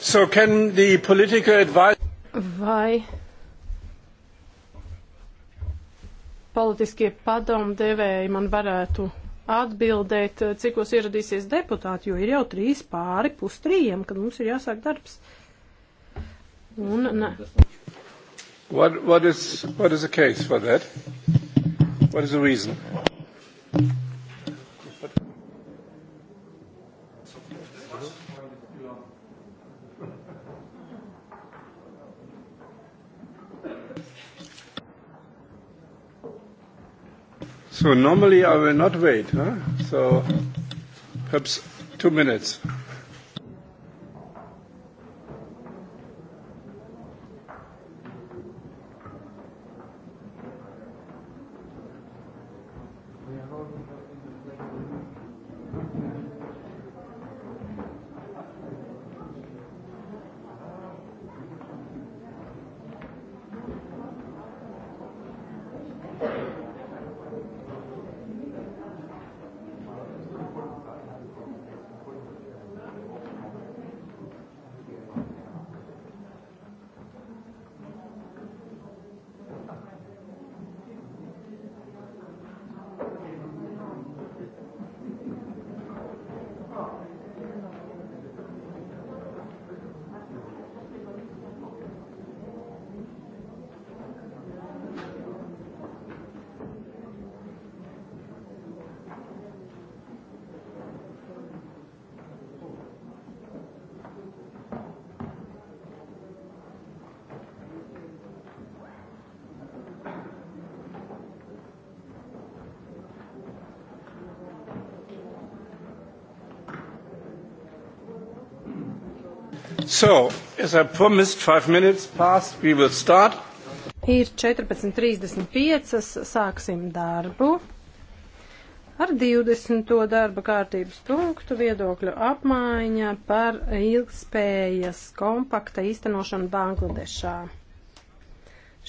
So can the political advice... Vai politiskie padomdevēji man varētu atbildēt, cikos ieradīsies deputāti, jo ir jau trīs pāri pus trījiem, kad mums ir jāsāk darbs. Un, ne. What, what is, what is the case for that? What is the reason? So normally I will not wait, huh? So perhaps two minutes. So, as I promised, five minutes past, we will start. Ir 14.35, sāksim darbu ar 20. darba kārtības punktu viedokļu apmaiņa par ilgspējas kompakta īstenošanu Bangladešā.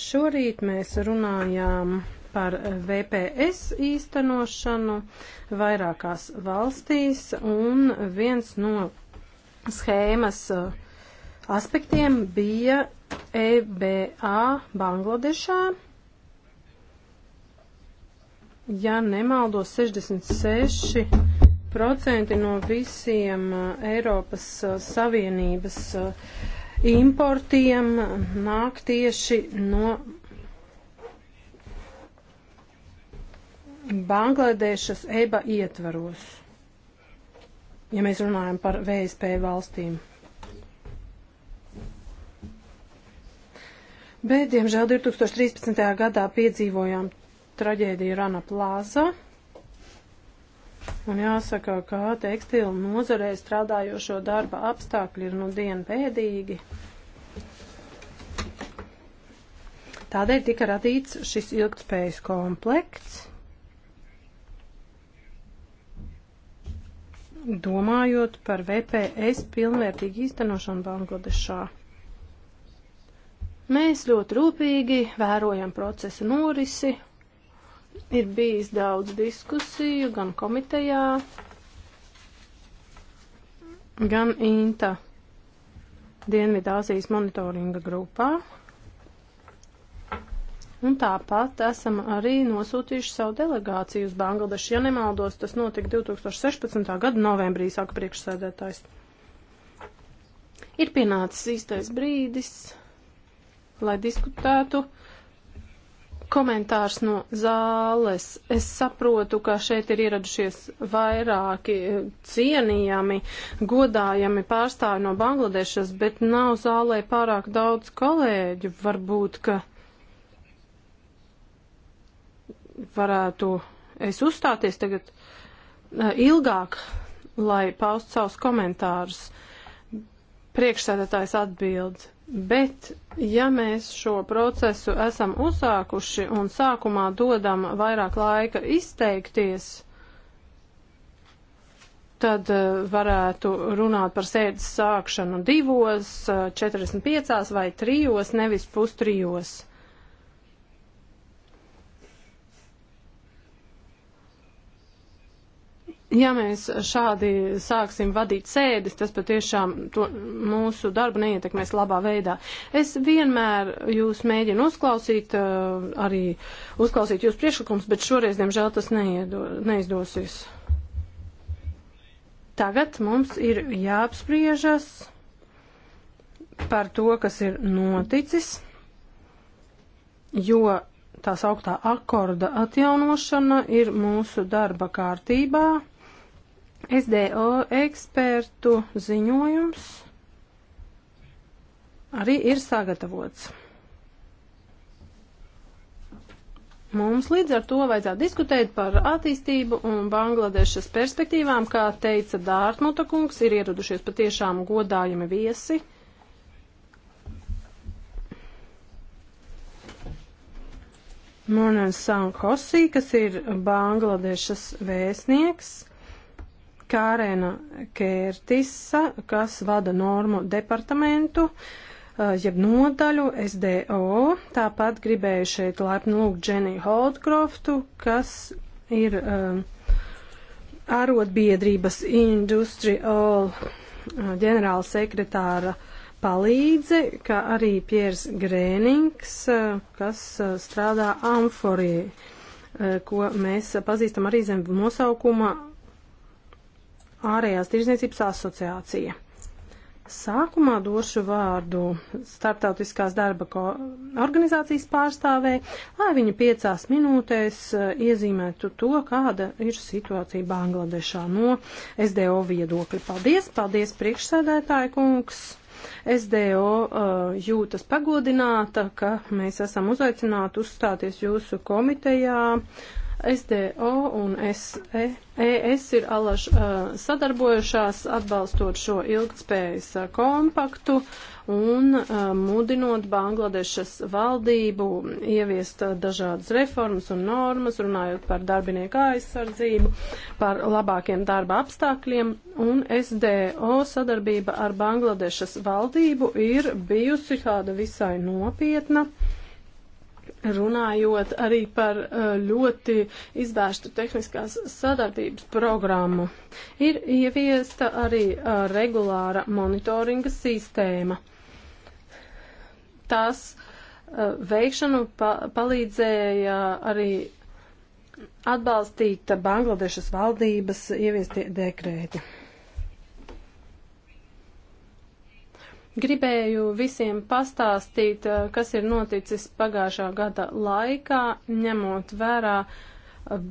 Šorīt mēs runājām par VPS īstenošanu vairākās valstīs un viens no schēmas uh, aspektiem bija EBA Bangladešā. Ja nemaldos, 66% no visiem uh, Eiropas uh, Savienības uh, importiem nāk tieši no Bangladešas EBA ietvaros, ja mēs runājam par VSP valstīm. Bet, diemžēl, 2013. gadā piedzīvojām traģēdiju Rana Plāza. Un jāsaka, ka tekstilu nozarē strādājošo darba apstākļi ir nu dienu pēdīgi. Tādēļ tika radīts šis ilgtspējas komplekts. Domājot par VPS pilnvērtīgu īstenošanu Bangladešā. Mēs ļoti rūpīgi vērojam procesa norisi. Ir bijis daudz diskusiju gan komitejā, gan INTA Dienvidāzijas monitoringa grupā. Un tāpat esam arī nosūtījuši savu delegāciju uz Bangladešu. Ja nemaldos, tas notika 2016. gada novembrī, saka priekšsēdētājs. Ir pienācis īstais brīdis lai diskutētu. Komentārs no zāles. Es saprotu, ka šeit ir ieradušies vairāki eh, cienījami, godājami pārstāvi no Bangladešas, bet nav zālē pārāk daudz kolēģu. Varbūt, ka varētu es uzstāties tagad eh, ilgāk, lai paust savus komentārus. Priekšsēdētājs atbildes. Bet, ja mēs šo procesu esam uzsākuši un sākumā dodam vairāk laika izteikties, tad eh, varētu runāt par sēdes sākšanu divos, 45 eh, vai trijos, nevis pustrijos. ja mēs šādi sāksim vadīt sēdes, tas patiešām to, mūsu darbu neietekmēs labā veidā. Es vienmēr jūs mēģinu uzklausīt, eh, arī uzklausīt jūs priekšlikums, bet šoreiz, diemžēl, tas neiedo, neizdosies. Tagad mums ir jāapspriežas par to, kas ir noticis, jo tā sauktā akorda atjaunošana ir mūsu darba kārtībā. SDO ekspertu ziņojums arī ir sagatavots. Mums līdz ar to vajadzētu diskutēt par attīstību un Bangladešas perspektīvām, kā teica Dārtmuta kungs, ir ieradušies patiešām godājumi viesi. Monan Sankosī, kas ir Bangladešas vēstnieks. Kārēna Kērtisa, kas vada normu departamentu, eh, jeb nodaļu SDO. Tāpat gribēju šeit laipni lūgt Dženiju Holdcroftu, kas ir um, arotbiedrības Industrial eh, ģenerāla sekretāra palīdze, kā arī Piers Grēnings, kas strādā amforī, ko mēs pazīstam arī zem nosaukuma ārējās tirzniecības asociācija. Sākumā došu vārdu Startautiskās darba organizācijas pārstāvē, lai viņa piecās minūtēs eh, iezīmētu to, kāda ir situācija Bangladešā no SDO viedokļa. Paldies, paldies priekšsēdētāji kungs! SDO uh, eh, jūtas pagodināta, ka mēs esam uzaicināti uzstāties jūsu komitejā SDO un SE, ES ir alaž uh, sadarbojušās atbalstot šo ilgtspējas uh, kompaktu un uh, mudinot Bangladešas valdību ieviest dažādas reformas un normas, runājot par darbinieku aizsardzību, par labākiem darba apstākļiem, un SDO sadarbība ar Bangladešas valdību ir bijusi tāda visai nopietna runājot arī par eh, ļoti izvērstu tehniskās sadarbības programmu. Ir ieviesta arī eh, regulāra monitoringa sistēma. Tas eh, veikšanu pa palīdzēja arī atbalstīt Bangladešas valdības ieviestie dekrēti. Gribēju visiem pastāstīt, eh, kas ir noticis pagājušā gada laikā, ņemot vērā eh,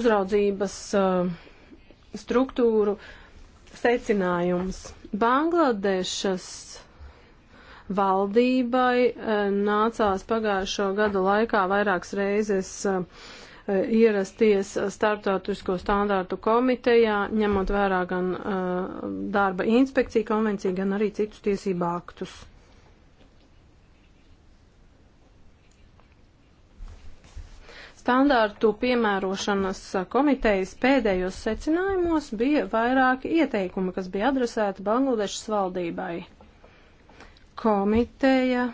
uzraudzības eh, struktūru secinājums. Bangladešas valdībai nācās pagājušo gada laikā vairākas reizes uh, ierasties starptautisko standārtu komitejā, ņemot vērā gan uh, darba inspekciju konvenciju, gan arī citus tiesību aktus. standārtu piemērošanas komitejas pēdējos secinājumos bija vairāki ieteikumi, kas bija adresēti Bangladešas valdībai. Komiteja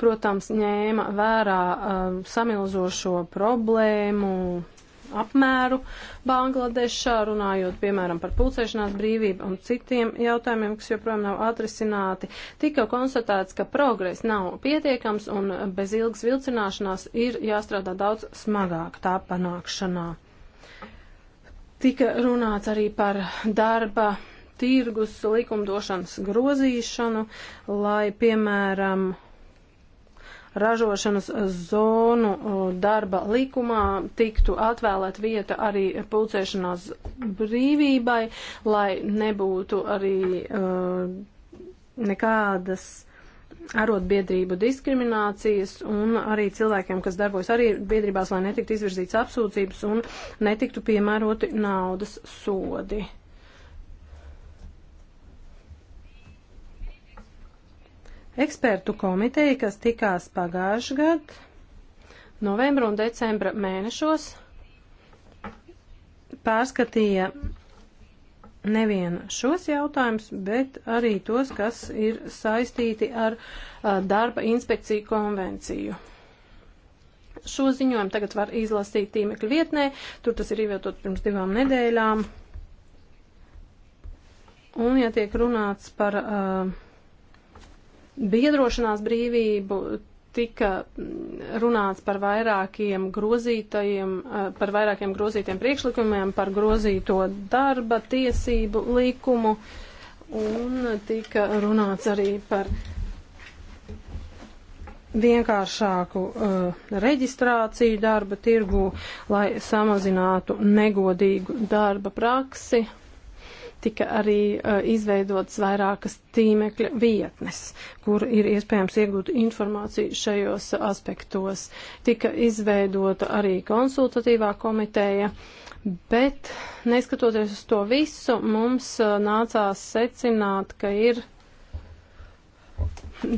protams, ņēma vērā uh, samilzošo problēmu apmēru Bangladešā, runājot, piemēram, par pulcēšanās brīvību un citiem jautājumiem, kas joprojām nav atrisināti, tika konstatēts, ka progress nav pietiekams un bez ilgas vilcināšanās ir jāstrādā daudz smagāk tā panākšanā. Tika runāts arī par darba tirgus likumdošanas grozīšanu, lai, piemēram, ražošanas zonu darba likumā tiktu atvēlēt vieta arī pulcēšanās brīvībai, lai nebūtu arī uh, nekādas arotbiedrību diskriminācijas un arī cilvēkiem, kas darbojas arī biedrībās, lai netiktu izvirzīts apsūdzības un netiktu piemēroti naudas sodi. Ekspertu komiteja, kas tikās pagājuši gadu, novembra un decembra mēnešos, pārskatīja nevien šos jautājumus, bet arī tos, kas ir saistīti ar darba inspekciju konvenciju. Šo ziņojumu tagad var izlasīt tīmekļa vietnē, tur tas ir ievietot pirms divām nedēļām. Un, ja tiek runāts par uh, biedrošanās brīvību tika mm, runāts par vairākiem grozītajiem, eh, par vairākiem grozītiem priekšlikumiem, par grozīto darba tiesību likumu un tika runāts arī par vienkāršāku uh, reģistrāciju darba tirgu, lai samazinātu negodīgu darba praksi tika arī uh, izveidotas vairākas tīmekļa vietnes, kur ir iespējams iegūt informāciju šajos aspektos. Tika izveidota arī konsultatīvā komiteja, bet neskatoties uz to visu, mums uh, nācās secināt, ka ir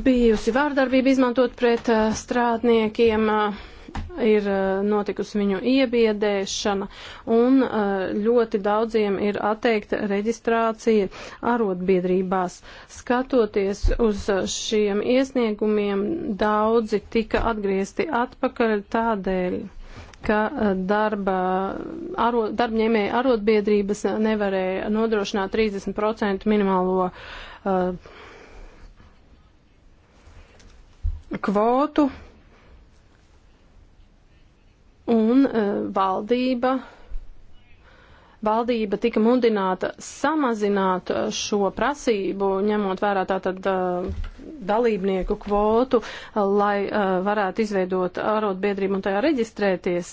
bijusi vārdarbība izmantot pret uh, strādniekiem. Uh, ir uh, notikusi viņu iebiedēšana un uh, ļoti daudziem ir atteikta reģistrācija arotbiedrībās. Skatoties uz šiem iesniegumiem, daudzi tika atgriezti atpakaļ tādēļ ka uh, darba, aro, darbņēmēja arotbiedrības nevarēja nodrošināt 30% minimālo uh, kvotu, un e, valdība, valdība tika mudināta samazināt e, šo prasību, ņemot vērā tātad e, dalībnieku kvotu, lai varētu izveidot arotbiedrību un tajā reģistrēties.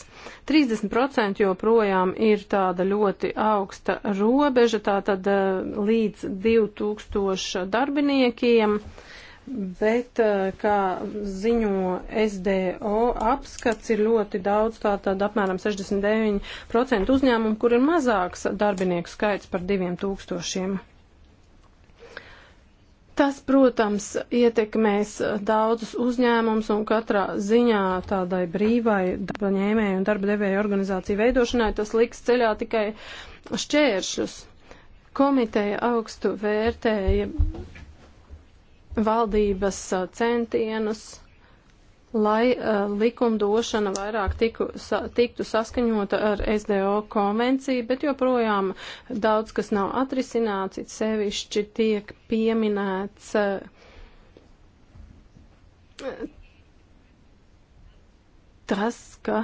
30% joprojām ir tāda ļoti augsta robeža, tātad līdz 2000 darbiniekiem. Uh, Bet, eh, kā ziņo SDO apskats, ir ļoti daudz, tātad apmēram 69% uzņēmumu, kur ir mazāks darbinieku skaits par 2000. Tas, protams, ietekmēs daudzus uzņēmumus un katrā ziņā tādai brīvai darba ņēmēju un darba devēju organizāciju veidošanai tas liks ceļā tikai šķēršļus. Komiteja augstu vērtēja valdības centienus, lai uh, likumdošana vairāk tiku, sa, tiktu saskaņota ar SDO konvenciju, bet joprojām daudz kas nav atrisināts, it sevišķi tiek pieminēts. Uh, tas, ka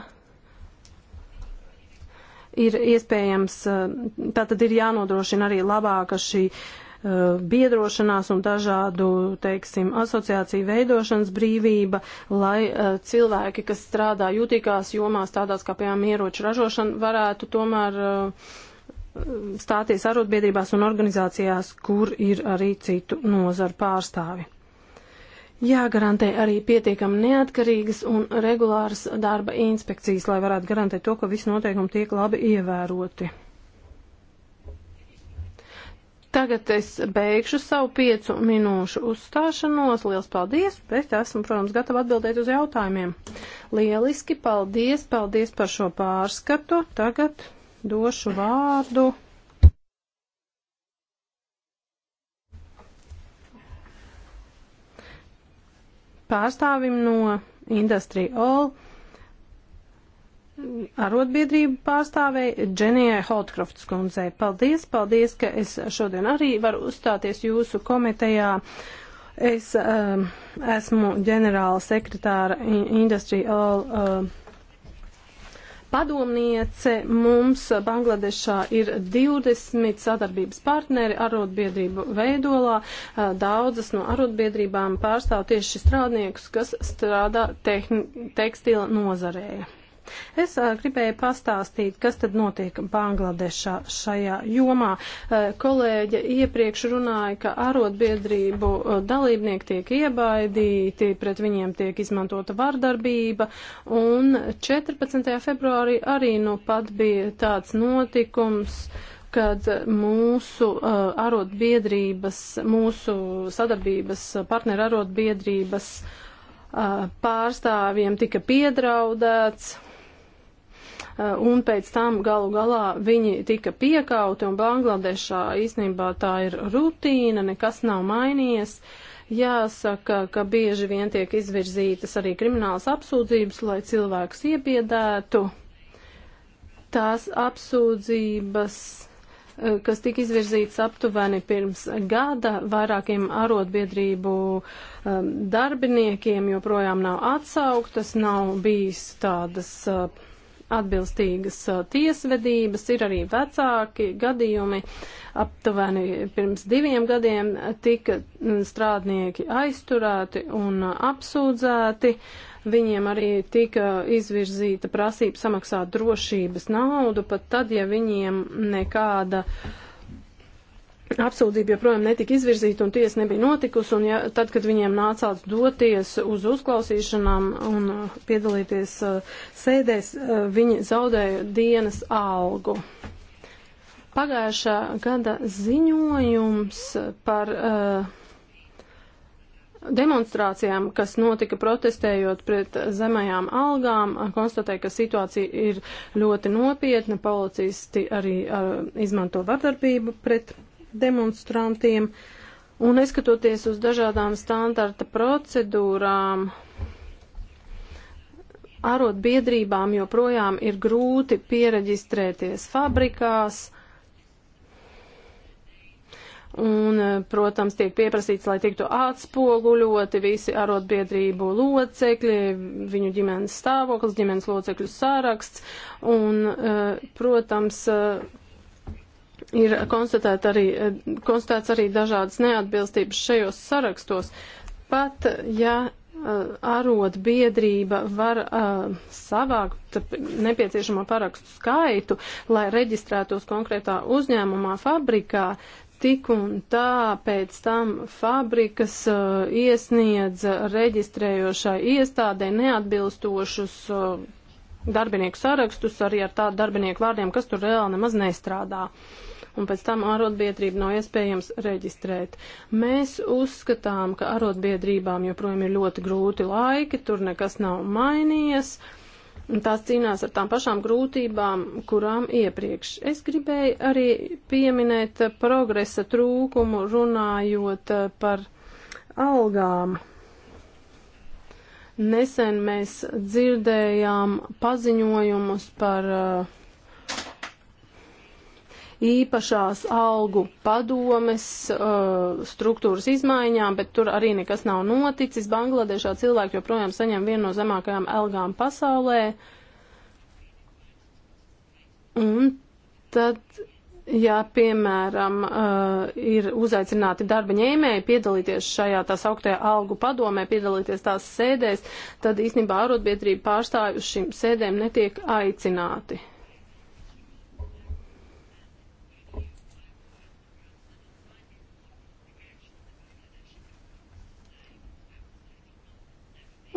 ir iespējams, tātad ir jānodrošina arī labāka šī uh, Uh, biedrošanās un dažādu, teiksim, asociāciju veidošanas brīvība, lai uh, cilvēki, kas strādā jūtīgās jomās, tādās kā, piemēram, ieroču ražošana, varētu tomēr uh, stāties arotbiedrībās un organizācijās, kur ir arī citu nozaru pārstāvi. Jāgarantē arī pietiekami neatkarīgas un regulāras darba inspekcijas, lai varētu garantēt to, ka visi noteikumi tiek labi ievēroti. Tagad es beigšu savu piecu minūšu uzstāšanos. Lielas paldies, bet esmu, protams, gatava atbildēt uz jautājumiem. Lieliski, paldies, paldies par šo pārskatu. Tagad došu vārdu. Pārstāvim no Industry All arotbiedrību pārstāvēji Dženijai Holtkrofts kundzei. Paldies, paldies, ka es šodien arī varu uzstāties jūsu komitejā. Es um, esmu ģenerāla sekretāra Industrija All. Uh, padomniece. Mums Bangladešā ir 20 sadarbības partneri arotbiedrību veidolā. Uh, daudzas no arotbiedrībām pārstāv tieši strādniekus, kas strādā tekstila nozarēja. Es uh, gribēju pastāstīt, kas tad notiek Bangladešā šajā jomā. Uh, kolēģa iepriekš runāja, ka arotbiedrību uh, dalībnieki tiek iebaidīti, pret viņiem tiek izmantota vardarbība, un 14. februārī arī nu pat bija tāds notikums, kad mūsu uh, arotbiedrības, mūsu sadarbības partneru arotbiedrības uh, pārstāvjiem tika piedraudēts, Eh, un pēc tam galu galā viņi tika piekauti, un Bangladešā īstenībā tā ir rutīna, nekas nav mainījies. Jāsaka, ka bieži vien tiek izvirzītas arī kriminālas apsūdzības, lai cilvēkus iebiedētu. Tās apsūdzības eh, kas tika izvirzīts aptuveni pirms gada vairākiem arotbiedrību eh, darbiniekiem, joprojām nav atsauktas, nav bijis tādas atbilstīgas tiesvedības, ir arī vecāki gadījumi. Aptuveni pirms diviem gadiem tika strādnieki aizturēti un apsūdzēti. Viņiem arī tika izvirzīta prasība samaksāt drošības naudu, pat tad, ja viņiem nekāda uh, apsūdzība joprojām netika izvirzīta un tiesa nebija notikusi, un ja, tad, kad viņiem nācās doties uz uzklausīšanām un uh, piedalīties uh, sēdēs, uh, viņi zaudēja dienas algu. Pagājušā gada ziņojums par uh, demonstrācijām, kas notika protestējot pret zemajām algām, uh, konstatēja, ka situācija ir ļoti nopietna, policisti arī uh, izmanto vardarbību pret demonstrantiem. Un neskatoties uz dažādām standarta procedūrām, arotbiedrībām joprojām ir grūti pieregistrēties fabrikās. Un, protams, tiek pieprasīts, lai tiktu atspoguļoti visi arotbiedrību locekļi, viņu ģimenes stāvoklis, ģimenes locekļu saraksts. Un, eh, protams, eh, Ir konstatēt arī, konstatēts arī dažādas neatbilstības šajos sarakstos. Pat, ja arotbiedrība var uh, savākt nepieciešamo parakstu skaitu, lai reģistrētos konkrētā uzņēmumā, fabrikā. Tik un tā pēc tam fabrikas uh, iesniedz reģistrējošai iestādē neatbilstošus uh, darbinieku sarakstus arī ar tādu darbinieku vārdiem, kas tur reāli nemaz nestrādā. Uh, un pēc tam arotbiedrību nav iespējams reģistrēt. Mēs uzskatām, ka arotbiedrībām joprojām ir ļoti grūti laiki, tur nekas nav mainījies. Tās cīnās ar tām pašām grūtībām, kurām iepriekš. Es gribēju arī pieminēt progresa trūkumu runājot eh, par algām. Nesen mēs dzirdējām paziņojumus par uh, īpašās algu padomes uh, struktūras izmaiņām, bet tur arī nekas nav noticis. Bangladešā cilvēki joprojām saņem vienu no zemākajām algām pasaulē. Un tad, ja, piemēram, uh, ir uzaicināti darba ņēmēji piedalīties šajā tās augtajā algu padomē, piedalīties tās sēdēs, tad īstenībā arotbiedrība pārstāvi uz šīm sēdēm netiek aicināti.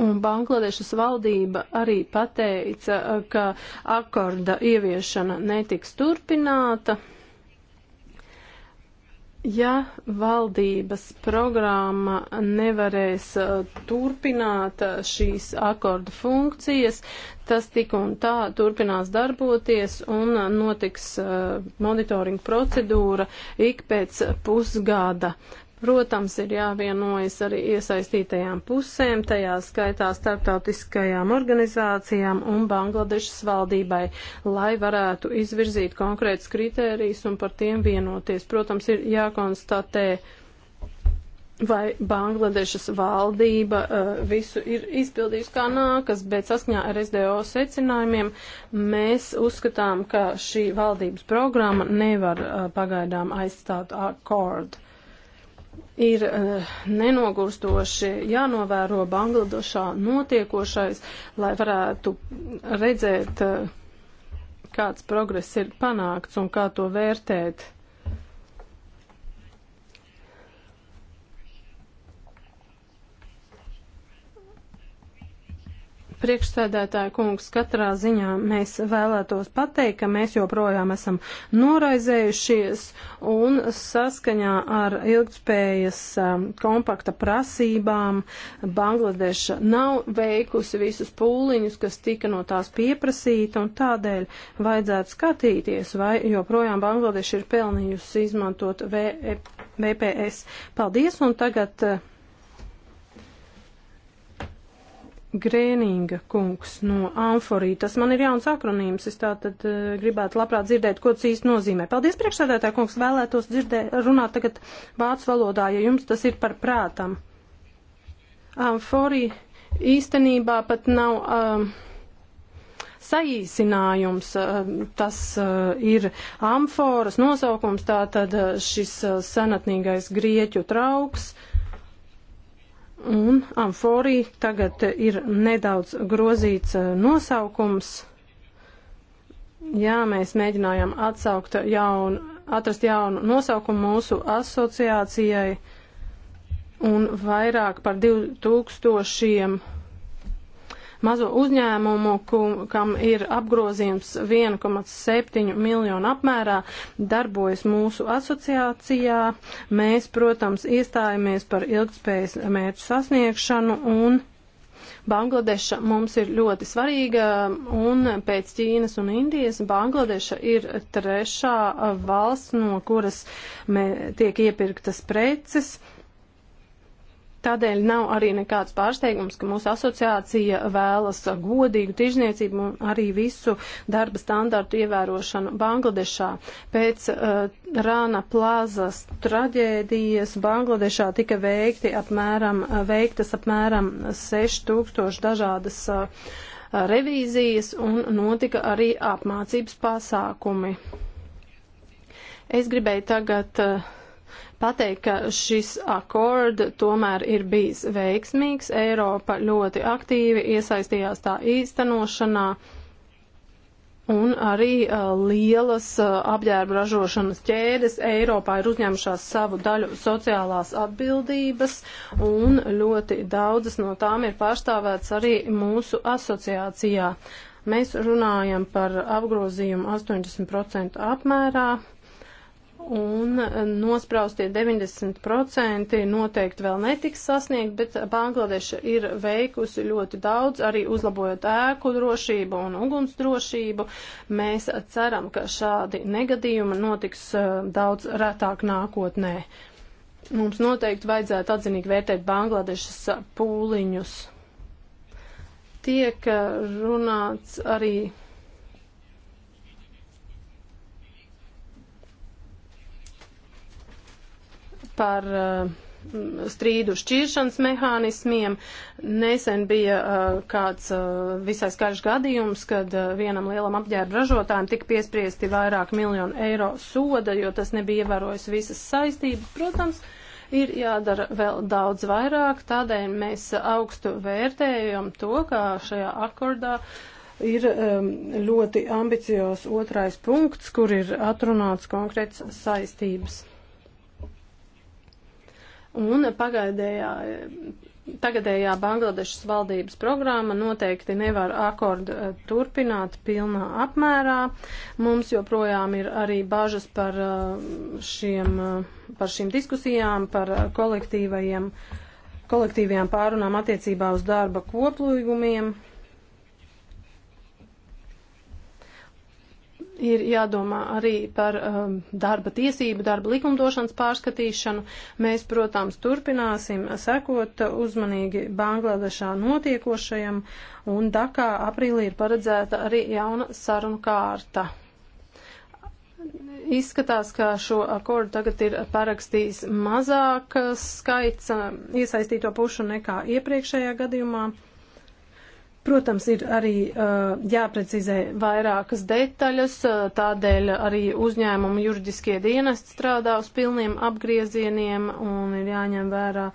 Un Bangladešas valdība arī pateica, eh, ka akorda ieviešana netiks turpināta. Ja valdības programma nevarēs eh, turpināt eh, šīs akorda funkcijas, tas tik un tā turpinās darboties un notiks monitoringa procedūra ik pēc pusgada. Uh, Protams, ir jāvienojas arī iesaistītajām pusēm, tajā skaitā starptautiskajām organizācijām un Bangladešas valdībai, lai varētu izvirzīt konkrētas kritērijas un par tiem vienoties. Protams, ir jākonstatē, vai Bangladešas valdība uh, visu ir izpildījusi kā nākas, bet saskaņā ar SDO secinājumiem mēs uzskatām, ka šī valdības programma nevar uh, pagaidām aizstāt akordu ir eh, nenogurstoši jānovēro Bangladešā notiekošais, lai varētu redzēt, eh, kāds progress ir panākts un kā to vērtēt. Priekšsēdētāja kungs, katrā ziņā mēs vēlētos pateikt, ka mēs joprojām esam noraizējušies un saskaņā ar ilgtspējas um, kompakta prasībām Bangladeša nav veikusi visus pūliņus, kas tika no tās pieprasīta un tādēļ vajadzētu skatīties, vai joprojām Bangladeša ir pelnījusi izmantot VPS. E Paldies un tagad. Uh, Grēninga kungs no Amforī. Tas man ir jauns akronīms. Es tātad uh, gribētu labprāt dzirdēt, ko tas īsti nozīmē. Paldies, priekšsēdētā kungs. Vēlētos dzirdēt, runāt tagad vācu valodā, ja jums tas ir par prātam. Amforī īstenībā pat nav. Um, Saīsinājums, ehm, tas eh, ir amforas nosaukums, tātad eh, šis senatnīgais grieķu trauks, uh, Un amforī tagad ir nedaudz grozīts eh, nosaukums. Jā, mēs mēģinājām atsaukt jaunu, atrast jaunu nosaukumu mūsu asociācijai un vairāk par 2000 mazo uzņēmumu, kam ir apgrozījums 1,7 miljonu apmērā, darbojas mūsu asociācijā. Mēs, protams, iestājamies par ilgspējas mērķu sasniegšanu un Bangladeša mums ir ļoti svarīga, un pēc Ķīnas un Indijas Bangladeša ir trešā valsts, no kuras mē, tiek iepirktas preces. Uh, Tādēļ nav arī nekāds pārsteigums, ka mūsu asociācija vēlas godīgu tirzniecību un arī visu darba standartu ievērošanu Bangladešā. Pēc uh, eh, Rāna plazas traģēdijas Bangladešā tika veikti apmēram, veiktas apmēram 6000 dažādas uh, revīzijas un notika arī apmācības pasākumi. Es gribēju tagad. Uh, pateikt, ka šis akord tomēr ir bijis veiksmīgs. Eiropa ļoti aktīvi iesaistījās tā īstenošanā. Un arī uh, lielas uh, apģērba ražošanas ķēdes Eiropā ir uzņemšās savu daļu sociālās atbildības, un ļoti daudzas no tām ir pārstāvēts arī mūsu asociācijā. Mēs runājam par apgrozījumu 80% apmērā, un nospraustie 90% noteikti vēl netiks sasniegt, bet Bangladeša ir veikusi ļoti daudz, arī uzlabojot ēku drošību un uguns drošību. Mēs ceram, ka šādi negadījumi notiks eh, daudz retāk nākotnē. Mums noteikti vajadzētu atzinīgi vērtēt Bangladešas pūliņus. Tiek eh, runāts arī par uh, strīdu šķiršanas mehānismiem. Nesen bija uh, kāds uh, visai skaļš gadījums, kad uh, vienam lielam apģērba ražotājam tika piespriesti vairāk miljonu eiro soda, jo tas nebija ievērojis visas saistības, protams. Ir jādara vēl daudz vairāk, tādēļ mēs augstu vērtējam to, ka šajā akordā ir um, ļoti ambiciozs otrais punkts, kur ir atrunāts konkrēts saistības un pagaidējā, tagadējā Bangladešas valdības programma noteikti nevar akordu eh, turpināt pilnā apmērā. Mums joprojām ir arī bažas par, eh, šiem, eh, par šīm diskusijām, par kolektīvajiem, kolektīvajām pārunām attiecībā uz darba koplīgumiem. ir jādomā arī par um, darba tiesību, darba likumdošanas pārskatīšanu. Mēs, protams, turpināsim sekot uzmanīgi Bangladešā notiekošajam, un Dakā aprīlī ir paredzēta arī jauna sarunu kārta. Izskatās, ka šo akordu tagad ir parakstījis mazāk skaits um, iesaistīto pušu nekā iepriekšējā gadījumā. Protams, ir arī uh, jāprecizē vairākas detaļas, uh, tādēļ arī uzņēmumu juridiskie dienesti strādā uz pilniem apgriezieniem un ir jāņem vērā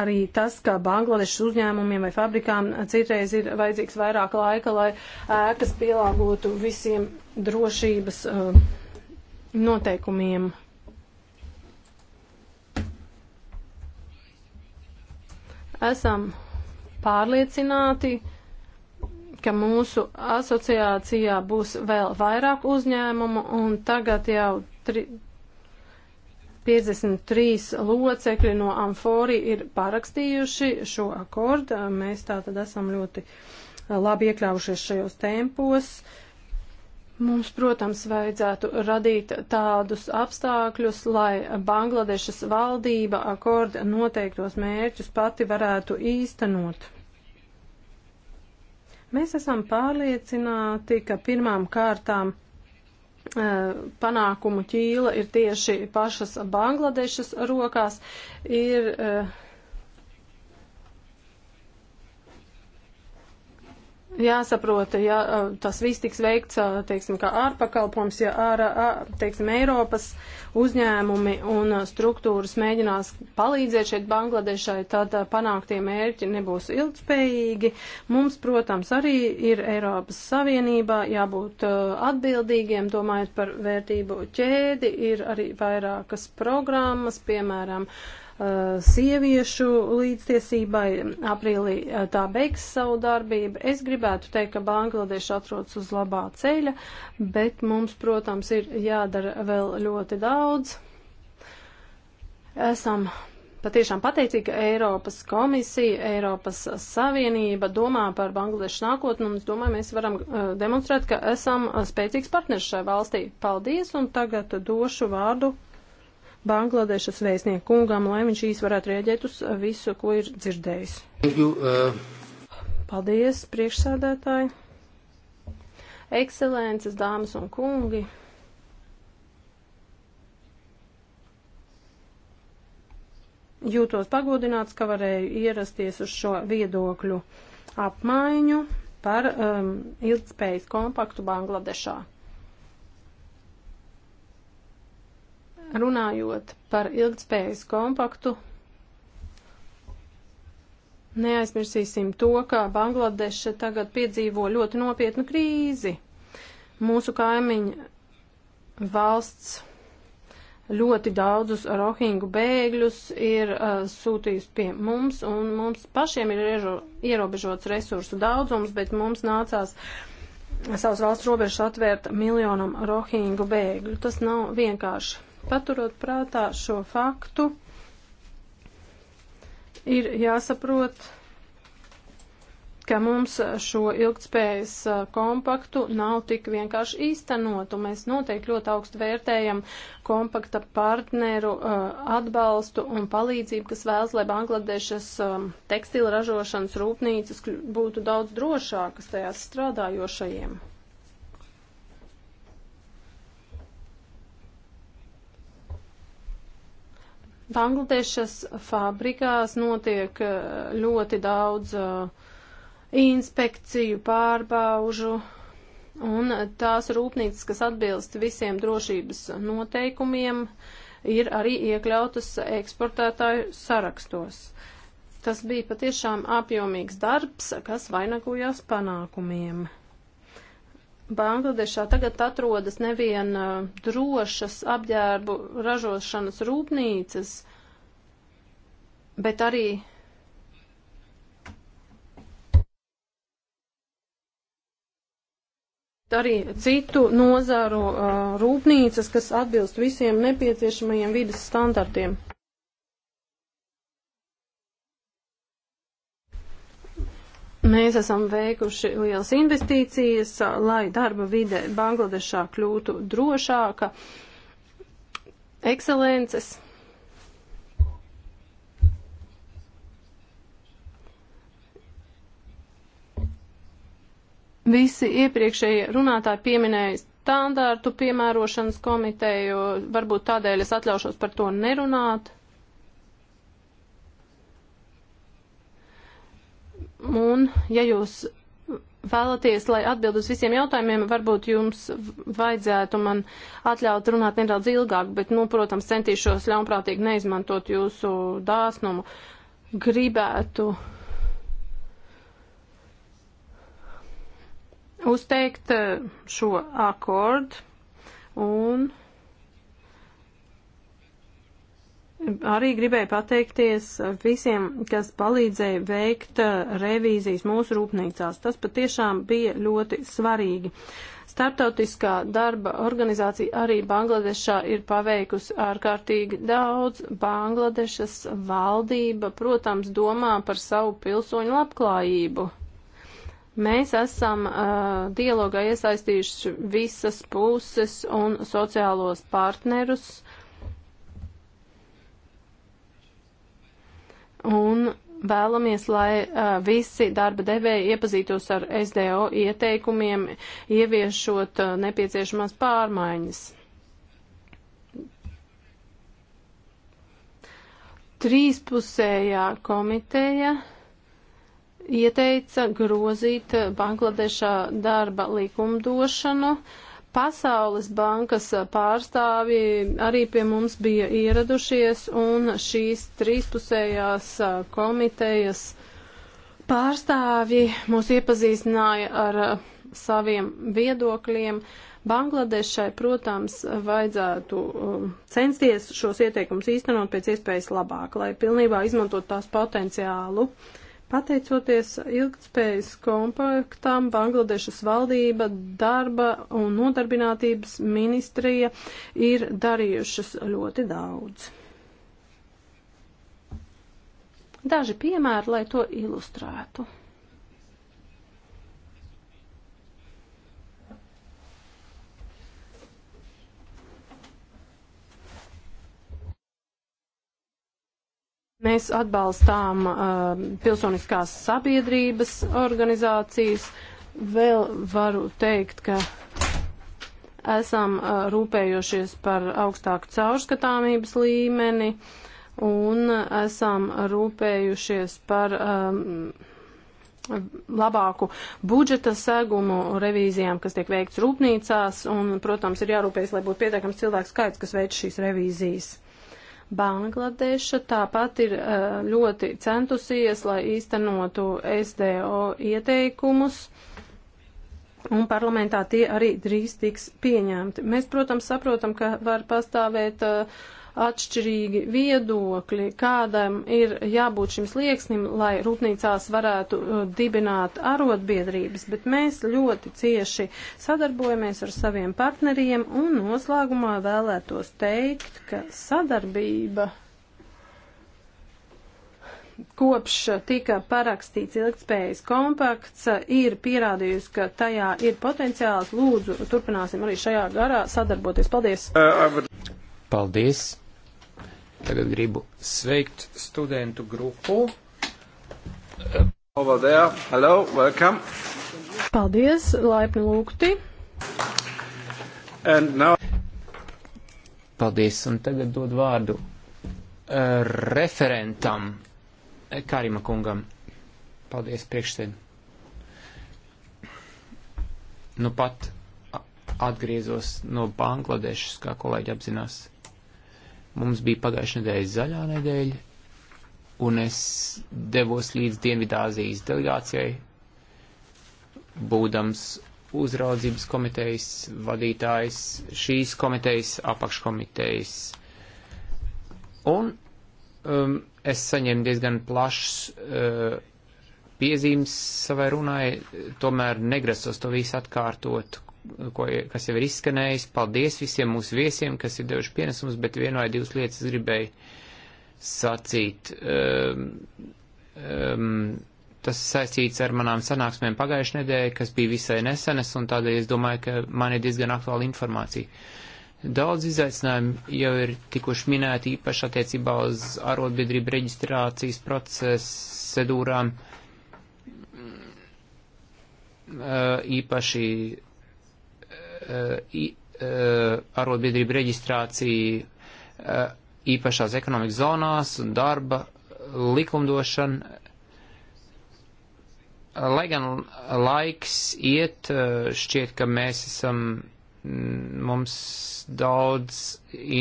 arī tas, ka Bangladešas uzņēmumiem vai fabrikām citreiz ir vajadzīgs vairāk laika, lai ēkas pielāgotu visiem drošības uh, noteikumiem. Esam pārliecināti, ka mūsu asociācijā būs vēl vairāk uzņēmumu un tagad jau 53 locekļi no Amfori ir parakstījuši šo akordu. Mēs tā tad esam ļoti labi iekļaujušies šajos tempos. Uh, Mums, protams, vajadzētu radīt tādus apstākļus, lai Bangladešas valdība akorda noteiktos mērķus pati varētu īstenot. Mēs esam pārliecināti, ka pirmām kārtām eh, panākumu ķīla ir tieši pašas Bangladešas rokās, ir eh, jāsaprota, ja tas viss tiks veikts, teiksim, kā ārpakalpojums, ja ārā, teiksim, Eiropas uzņēmumi un struktūras mēģinās palīdzēt šeit Bangladešai, tad panāktie mērķi nebūs ilgspējīgi. Mums, protams, arī ir Eiropas Savienībā jābūt atbildīgiem, domājot par vērtību ķēdi, ir arī vairākas programmas, piemēram, uh, Eh, sieviešu līdztiesībai. Aprīlī eh, tā beigs savu darbību. Es gribētu teikt, ka Bangladeša atrodas uz labā ceļa, bet mums, protams, ir jādara vēl ļoti daudz. Esam patiešām pateicīgi, ka Eiropas komisija, Eiropas Savienība domā par Bangladešu nākotni, un es domāju, mēs varam eh, demonstrēt, ka esam spēcīgs partners šai valstī. Paldies, un tagad došu vārdu Bangladešas vēstnieku kungam, lai viņš īs varētu rēģēt uz uh, visu, ko ir dzirdējis. You, uh... Paldies, priekšsādētāji. Ekscelences, dāmas un kungi. Jūtos pagodināts, ka varēju ierasties uz šo viedokļu apmaiņu par um, ilgspējas kompaktu Bangladešā. Runājot par ilgtspējas kompaktu, neaizmirsīsim to, ka Bangladeša tagad piedzīvo ļoti nopietnu krīzi. Mūsu kaimiņa valsts ļoti daudzus rohingu bēgļus ir uh, sūtījusi pie mums, un mums pašiem ir iežo, ierobežots resursu daudzums, bet mums nācās savas valsts robežas atvērt miljonam rohingu bēgļu. Tas nav vienkārši. Paturot prātā šo faktu, ir jāsaprot, ka mums šo ilgtspējas kompaktu nav tik vienkārši īstenot, un mēs noteikti ļoti augstu vērtējam kompakta partneru atbalstu un palīdzību, kas vēlas, lai Bangladešas tekstila ražošanas rūpnīcas būtu daudz drošākas tajās strādājošajiem. Bangladešas fabrikās notiek eh, ļoti daudz eh, inspekciju, pārbaužu, un tās rūpnīcas, kas atbilst visiem drošības noteikumiem, ir arī iekļautas eksportētāju sarakstos. Tas bija patiešām apjomīgs darbs, kas vainagojās panākumiem. Bangladešā tagad atrodas neviena uh, drošas apģērbu ražošanas rūpnīcas, bet arī arī citu nozaru uh, rūpnīcas, kas atbilst visiem nepieciešamajiem vidas standartiem. Mēs esam veikuši lielas investīcijas, lai darba vide Bangladešā kļūtu drošāka, ekscelences. Visi iepriekšējie runātāji pieminēja standārtu piemērošanas komiteju, varbūt tādēļ es atļaušos par to nerunāt. Un, ja jūs vēlaties, lai atbild uz visiem jautājumiem, varbūt jums vajadzētu man atļaut runāt nedaudz ilgāk, bet, nu, protams, centīšos ļaunprātīgi neizmantot jūsu dāsnumu. Gribētu uzteikt eh, šo akordu un. Arī gribēju pateikties visiem, kas palīdzēja veikt uh, revīzijas mūsu rūpnīcās. Tas patiešām bija ļoti svarīgi. Startautiskā darba organizācija arī Bangladešā ir paveikusi ārkārtīgi daudz. Bangladešas valdība, protams, domā par savu pilsoņu labklājību. Mēs esam uh, dialogā iesaistījuši visas puses un sociālos partnerus un vēlamies, lai uh, visi darba devēji iepazītos ar SDO ieteikumiem, ieviešot uh, nepieciešamās pārmaiņas. 13. komiteja ieteica grozīt Bangladešā darba likumdošanu, uh, Pasaules bankas eh, pārstāvji arī pie mums bija ieradušies un šīs trīspusējās eh, komitejas pārstāvji mūs iepazīstināja ar eh, saviem viedokļiem. Bangladešai, protams, vajadzētu um, censties šos ieteikumus īstenot pēc iespējas labāk, lai pilnībā izmantot tās potenciālu. Uh, Pateicoties ilgtspējas kompaktam, Bangladešas valdība, darba un nodarbinātības ministrija ir darījušas ļoti daudz. Daži piemēri, lai to ilustrētu. Mēs atbalstām uh, pilsoniskās sabiedrības organizācijas. Vēl varu teikt, ka esam uh, rūpējušies par augstāku caurskatāmības līmeni un esam rūpējušies par. Um, labāku budžeta segumu revīzijām, kas tiek veikts rūpnīcās, un, protams, ir jārūpējas, lai būtu pietiekams cilvēku skaits, kas veic šīs revīzijas. Bangladeša tāpat ir eh, ļoti centusies, lai īstenotu SDO ieteikumus, un parlamentā tie arī drīz tiks pieņemti. Mēs, protams, saprotam, ka var pastāvēt uh, atšķirīgi viedokļi, kādam ir jābūt šim slieksnim, lai rūpnīcās varētu uh, dibināt arotbiedrības, bet mēs ļoti cieši sadarbojamies ar saviem partneriem un noslēgumā vēlētos teikt, ka sadarbība kopš tika parakstīts ilgspējas kompakts, uh, ir pierādījusi, ka tajā ir potenciāls. Lūdzu, turpināsim arī šajā garā sadarboties. Paldies! Uh, Paldies! Tagad gribu sveikt studentu grupu. Over there. Hello, welcome. Paldies, laipni lūgti. And now... Paldies, un tagad dod vārdu uh, referentam eh, Karima kungam. Paldies, priekšsēd. Nu pat atgriezos no Bangladešas, kā kolēģi apzinās. Mums bija pagājušā nedēļa zaļā nedēļa, un es devos līdz Dienvidāzijas delegācijai, būdams uzraudzības komitejas vadītājs, šīs komitejas apakškomitejas. Un um, es saņēmu diezgan plašs uh, piezīmes savai runai, tomēr negrasos to visu atkārtot, ko, kas jau ir izskanējis. Paldies visiem mūsu viesiem, kas ir devuši pienesumus, bet vienu vai divas lietas gribēju sacīt. Um, um, tas saistīts ar manām sanāksmēm pagājušajā nedēļā, kas bija visai nesenas, un tādēļ es domāju, ka man ir diezgan aktuāla informācija. Daudz izaicinājumu jau ir tikuši minēti īpaši attiecībā uz arotbiedrību reģistrācijas procedūrām, ehm, īpaši Eh, eh, arotbiedrību reģistrāciju eh, īpašās ekonomikas zonās un darba likumdošana. Lai gan laiks iet, šķiet, ka mēs esam, mm, mums daudz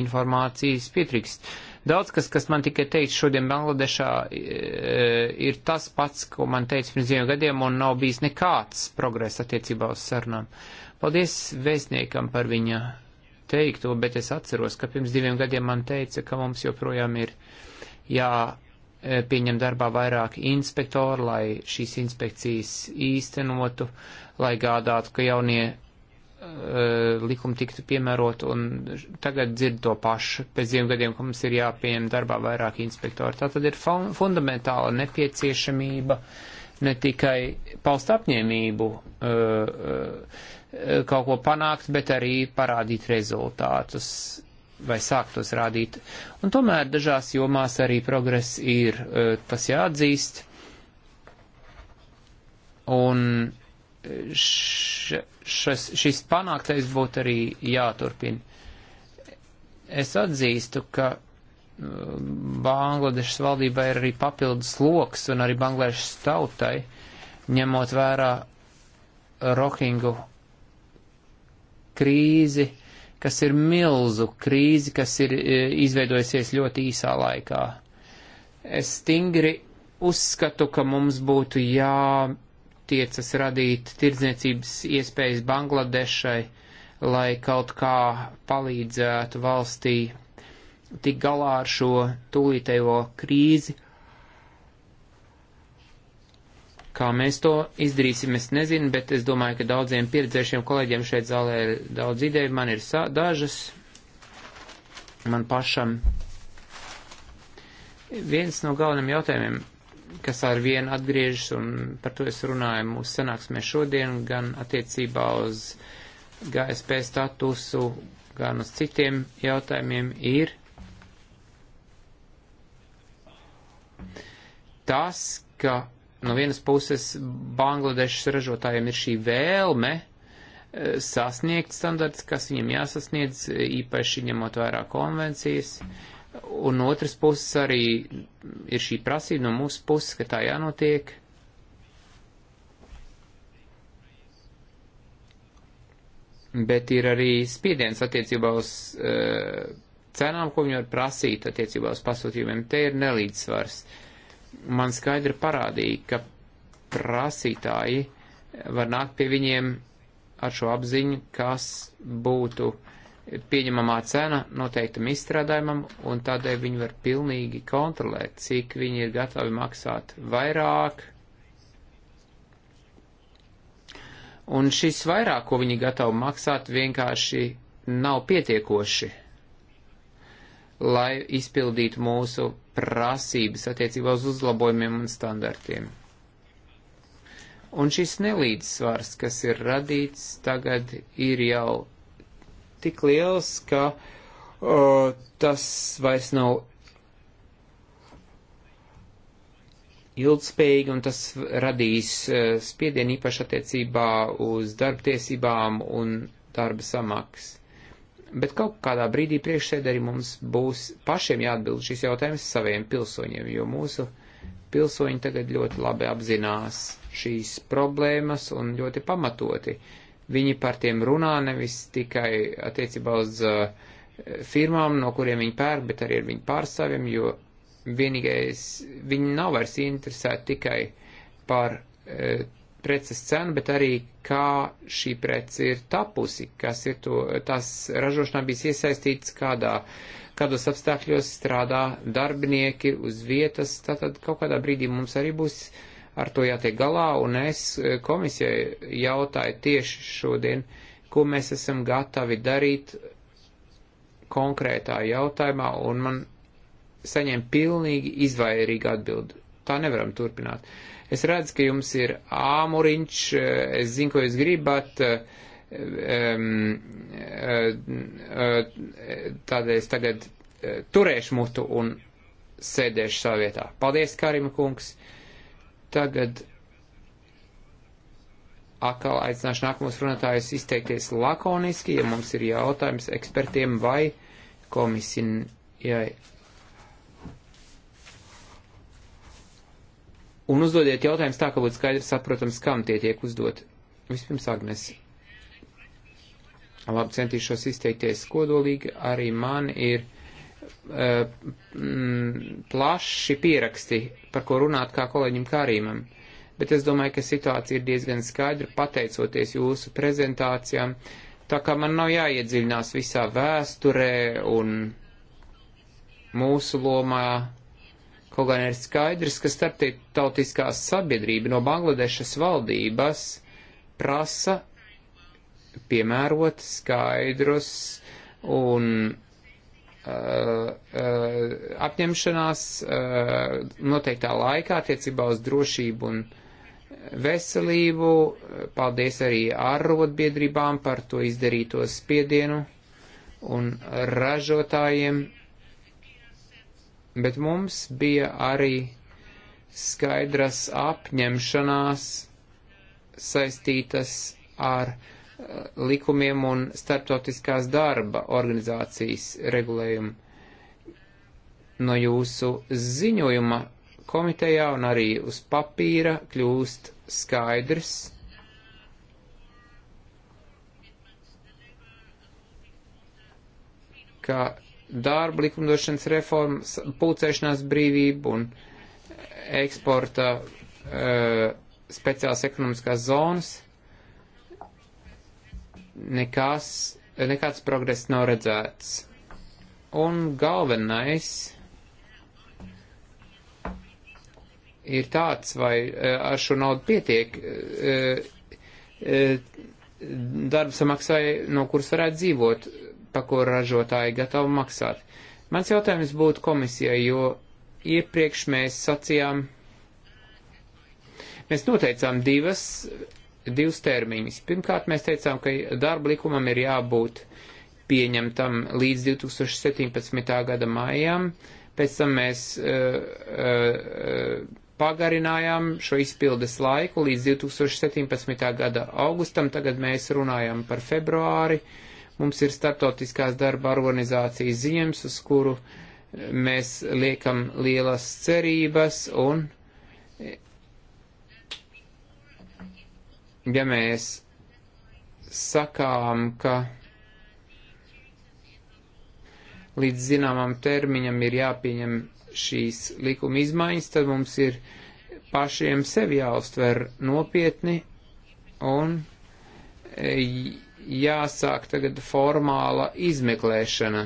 informācijas pietrikst. Daudz kas, kas man tikai teica šodien Bangladešā, ir tas pats, ko man teica pirms diviem gadiem, un nav bijis nekāds progress attiecībā uz sarunām. Uh, Paldies vēstniekam par viņa teikto, bet es atceros, ka pirms diviem gadiem man teica, ka mums joprojām ir jāpieņem e, darbā vairāk inspektoru, lai šīs inspekcijas īstenotu, lai gādātu, ka jaunie uh, likumi tiktu piemērot, un tagad dzird to pašu pēc diviem gadiem, ka mums ir jāpieņem darbā vairāk inspektori. Tā tad ir fundamentāla nepieciešamība ne tikai paust apņēmību uh, uh, Eh, kaut ko panākt, bet arī parādīt rezultātus vai sākt tos rādīt. Un tomēr dažās jomās arī progress ir, eh, tas jāatzīst. Un eh, šis, šis panāktais būtu arī jāturpina. Es atzīstu, ka Bangladešas valdībai ir arī papildus loks un arī Bangladešas tautai, ņemot vērā Rohingu krīzi, kas ir milzu krīzi, kas ir e, izveidojusies ļoti īsā laikā. Es stingri uzskatu, ka mums būtu jātiecas radīt tirdzniecības iespējas Bangladešai, lai kaut kā palīdzētu valstī tik galā ar šo tūlītējo krīzi Kā mēs to izdarīsim, es nezinu, bet es domāju, ka daudziem pieredzējušiem kolēģiem šeit zālē ir daudz ideju, man ir dažas, man pašam. Viens no galveniem jautājumiem, kas ar vienu atgriežas, un par to es runāju mūsu sanāksmē šodien, gan attiecībā uz GSP statusu, gan uz citiem jautājumiem, ir tas, ka no vienas puses Bangladešas ražotājiem ir šī vēlme eh, sasniegt standarts, kas viņam jāsasniedz, īpaši ņemot vērā konvencijas, un otras puses arī ir šī prasība no mūsu puses, ka tā jānotiek. Bet ir arī spiediens attiecībā uz uh, cenām, ko viņi var prasīt attiecībā uz pasūtījumiem. Te ir nelīdzsvars. Uh, man skaidri parādīja, ka prasītāji var nākt pie viņiem ar šo apziņu, kas būtu pieņemamā cena noteiktam izstrādājumam, un tādēļ viņi var pilnīgi kontrolēt, cik viņi ir gatavi maksāt vairāk. Un šis vairāk, ko viņi gatavi maksāt, vienkārši nav pietiekoši, lai izpildītu mūsu prasības attiecībā uz uzlabojumiem un standartiem. Un šis nelīdzsvars, kas ir radīts tagad, ir jau tik liels, ka o, tas vairs nav ilgspējīgi, un tas radīs e, spiedienu īpaši attiecībā uz darba tiesībām un darba samaksu. Bet kaut kādā brīdī priekšsēdē arī mums būs pašiem jāatbild šis jautājums saviem pilsoņiem, jo mūsu pilsoņi tagad ļoti labi apzinās šīs problēmas un ļoti pamatoti. Viņi par tiem runā nevis tikai attiecībā uz uh, firmām, no kuriem viņi pērk, bet arī ar viņu pārstāvjiem, jo vienīgais viņi nav vairs interesēti tikai par uh, preces cenu, bet arī kā šī prece ir tapusi, kas ir to, tās ražošanā bijis iesaistīts, kādā, kādos apstākļos strādā darbinieki uz vietas, tātad kaut kādā brīdī mums arī būs ar to jātiek galā, un es eh, komisijai jautāju tieši šodien, ko mēs esam gatavi darīt konkrētā jautājumā, un man saņem pilnīgi izvairīgu atbildi. Tā nevaram turpināt. Uh, Es redzu, ka jums ir āmuriņš, es zinu, ko jūs gribat. Ehm, eh, eh, tādēļ es tagad eh, turēšu mutu un sēdēšu savā vietā. Paldies, Karima kungs. Tagad atkal aicināšu nākamos runātājus izteikties lakoniski, ja mums ir jautājums ekspertiem vai komisijai Un uzdodiet jautājumus tā, ka būtu skaidrs saprotams, kam tie tiek uzdot. Vispirms Agnes. Labi, centīšos izteikties kodolīgi. Arī man ir uh, m, plaši pieraksti, par ko runāt kā kolēģim Kārīmam. Bet es domāju, ka situācija ir diezgan skaidra, pateicoties jūsu prezentācijām. Tā kā man nav jāiedziļinās visā vēsturē un mūsu lomā Kaut gan ir skaidrs, ka starptautiskā sabiedrība no Bangladešas valdības prasa piemērot skaidrus un uh, uh, apņemšanās uh, noteiktā laikā attiecībā uz drošību un veselību. Paldies arī ārrotbiedrībām par to izdarīto spiedienu un ražotājiem bet mums bija arī skaidras apņemšanās saistītas ar eh, likumiem un starptautiskās darba organizācijas regulējumu. No jūsu ziņojuma komitejā un arī uz papīra kļūst skaidrs, ka darba likumdošanas reformas, pulcēšanās brīvību un eksporta uh, speciālas ekonomiskās zonas, nekās, nekāds progress nav redzēts. Un galvenais ir tāds, vai uh, ar šo naudu pietiek. Uh, darba samaksai, no kuras varētu dzīvot pa ko ražotāji gatavi maksāt. Mans jautājums būtu komisijai, jo iepriekš mēs sacījām, mēs noteicām divas, divas termiņas. Pirmkārt, mēs teicām, ka darba likumam ir jābūt pieņemtam līdz 2017. gada maijam, pēc tam mēs uh, uh, pagarinājām šo izpildes laiku līdz 2017. gada augustam, tagad mēs runājam par februāri. Uh, Mums ir startautiskās darba organizācijas ziemas, uz kuru mēs liekam lielas cerības un, ja mēs sakām, ka līdz zināmam termiņam ir jāpieņem šīs likuma izmaiņas, tad mums ir pašiem sevi jāuztver nopietni un e, jāsāk tagad formāla izmeklēšana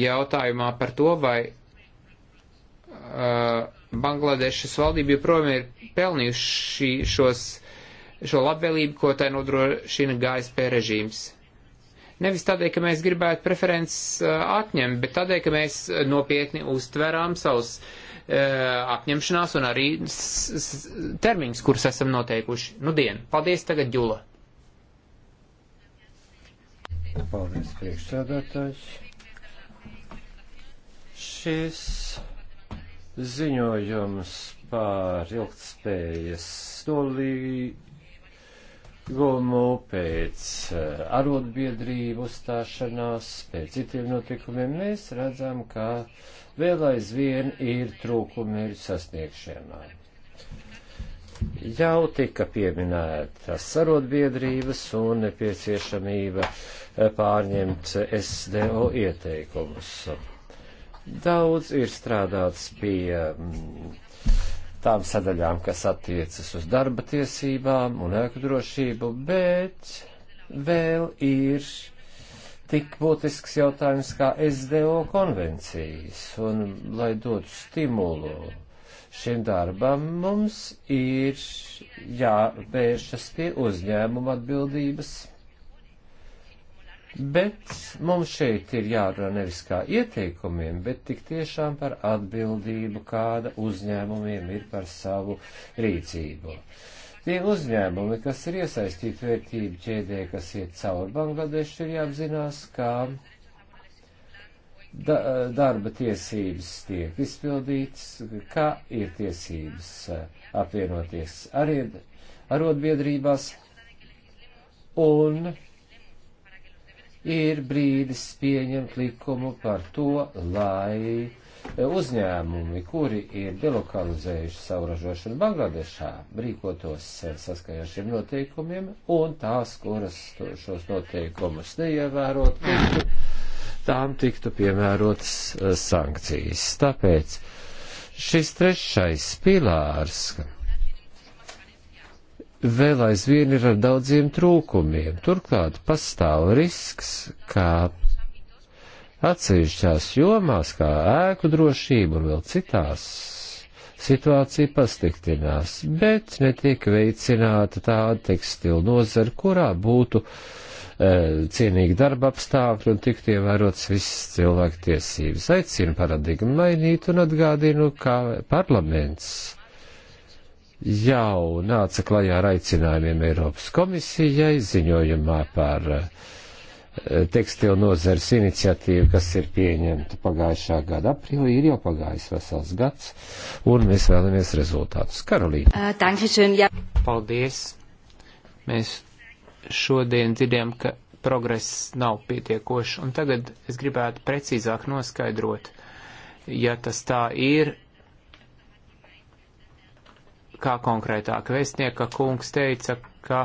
jautājumā par to, vai uh, Bangladešas valdība joprojām ir pelnījuši šos, šo labvēlību, ko tai nodrošina GSP režīms. Nevis tādēļ, ka mēs gribētu preferences uh, atņemt, bet tādēļ, ka mēs nopietni uztverām savus uh, E, apņemšanās un arī termiņus, kurus esam noteikuši. Nu, dien. Paldies tagad, Ģula. Paldies, priekšsēdētājs. Šis ziņojums par ilgtspējas nolīgumu pēc e, arotbiedrību uzstāšanās, pēc citiem notikumiem mēs redzam, ka vēl aizvien ir trūkumi mērķu sasniegšanā. Jau tika pieminētas sarotbiedrības un nepieciešamība eh, pārņemt SDO ieteikumus. Daudz ir strādāts pie mm, tām sadaļām, kas attiecas uz darba tiesībām un ēku drošību, bet vēl ir tik būtisks jautājums kā SDO konvencijas, un lai dotu stimulu šim darbam, mums ir jāvēršas pie uzņēmuma atbildības. Bet mums šeit ir jārunā nevis kā ieteikumiem, bet tik tiešām par atbildību, kāda uzņēmumiem ir par savu rīcību. Uh, Tie uzņēmumi, kas ir iesaistīti vērtību ķēdē, kas iet cauri Bangladešu, ir jāapzinās, ka da darba tiesības tiek izpildītas, ka ir tiesības eh, apvienoties arī arotbiedrībās un ir brīdis pieņemt likumu par to, lai uzņēmumi, kuri ir delokalizējuši savu ražošanu Bangladešā, rīkotos eh, saskaņā ar šiem noteikumiem, un tās, kuras šos noteikumus neievērot, tām tiktu piemērotas eh, sankcijas. Tāpēc šis trešais pilārs, vēl aizvien ir ar daudziem trūkumiem. Turklāt pastāv risks, ka Atsevišķās jomās, kā ēku drošība un vēl citās, situācija pasliktinās, bet netiek veicināta tāda tekstila nozara, kurā būtu e, cienīgi darba apstākļi un tiktu ievērots visas cilvēku tiesības. Aicinu paradigmu mainīt un atgādinu, ka parlaments jau nāca klajā ar aicinājumiem Eiropas komisijai ziņojumā par uh, tekstilu nozares iniciatīva, kas ir pieņemta pagājušā gada aprīlī, ir jau pagājis vesels gads, un mēs vēlamies rezultātus. Karolīna. Uh, Paldies. Mēs šodien dzirdējam, ka progress nav pietiekošs, un tagad es gribētu precīzāk noskaidrot, ja tas tā ir, kā konkrētāk vēstnieka kungs teica, ka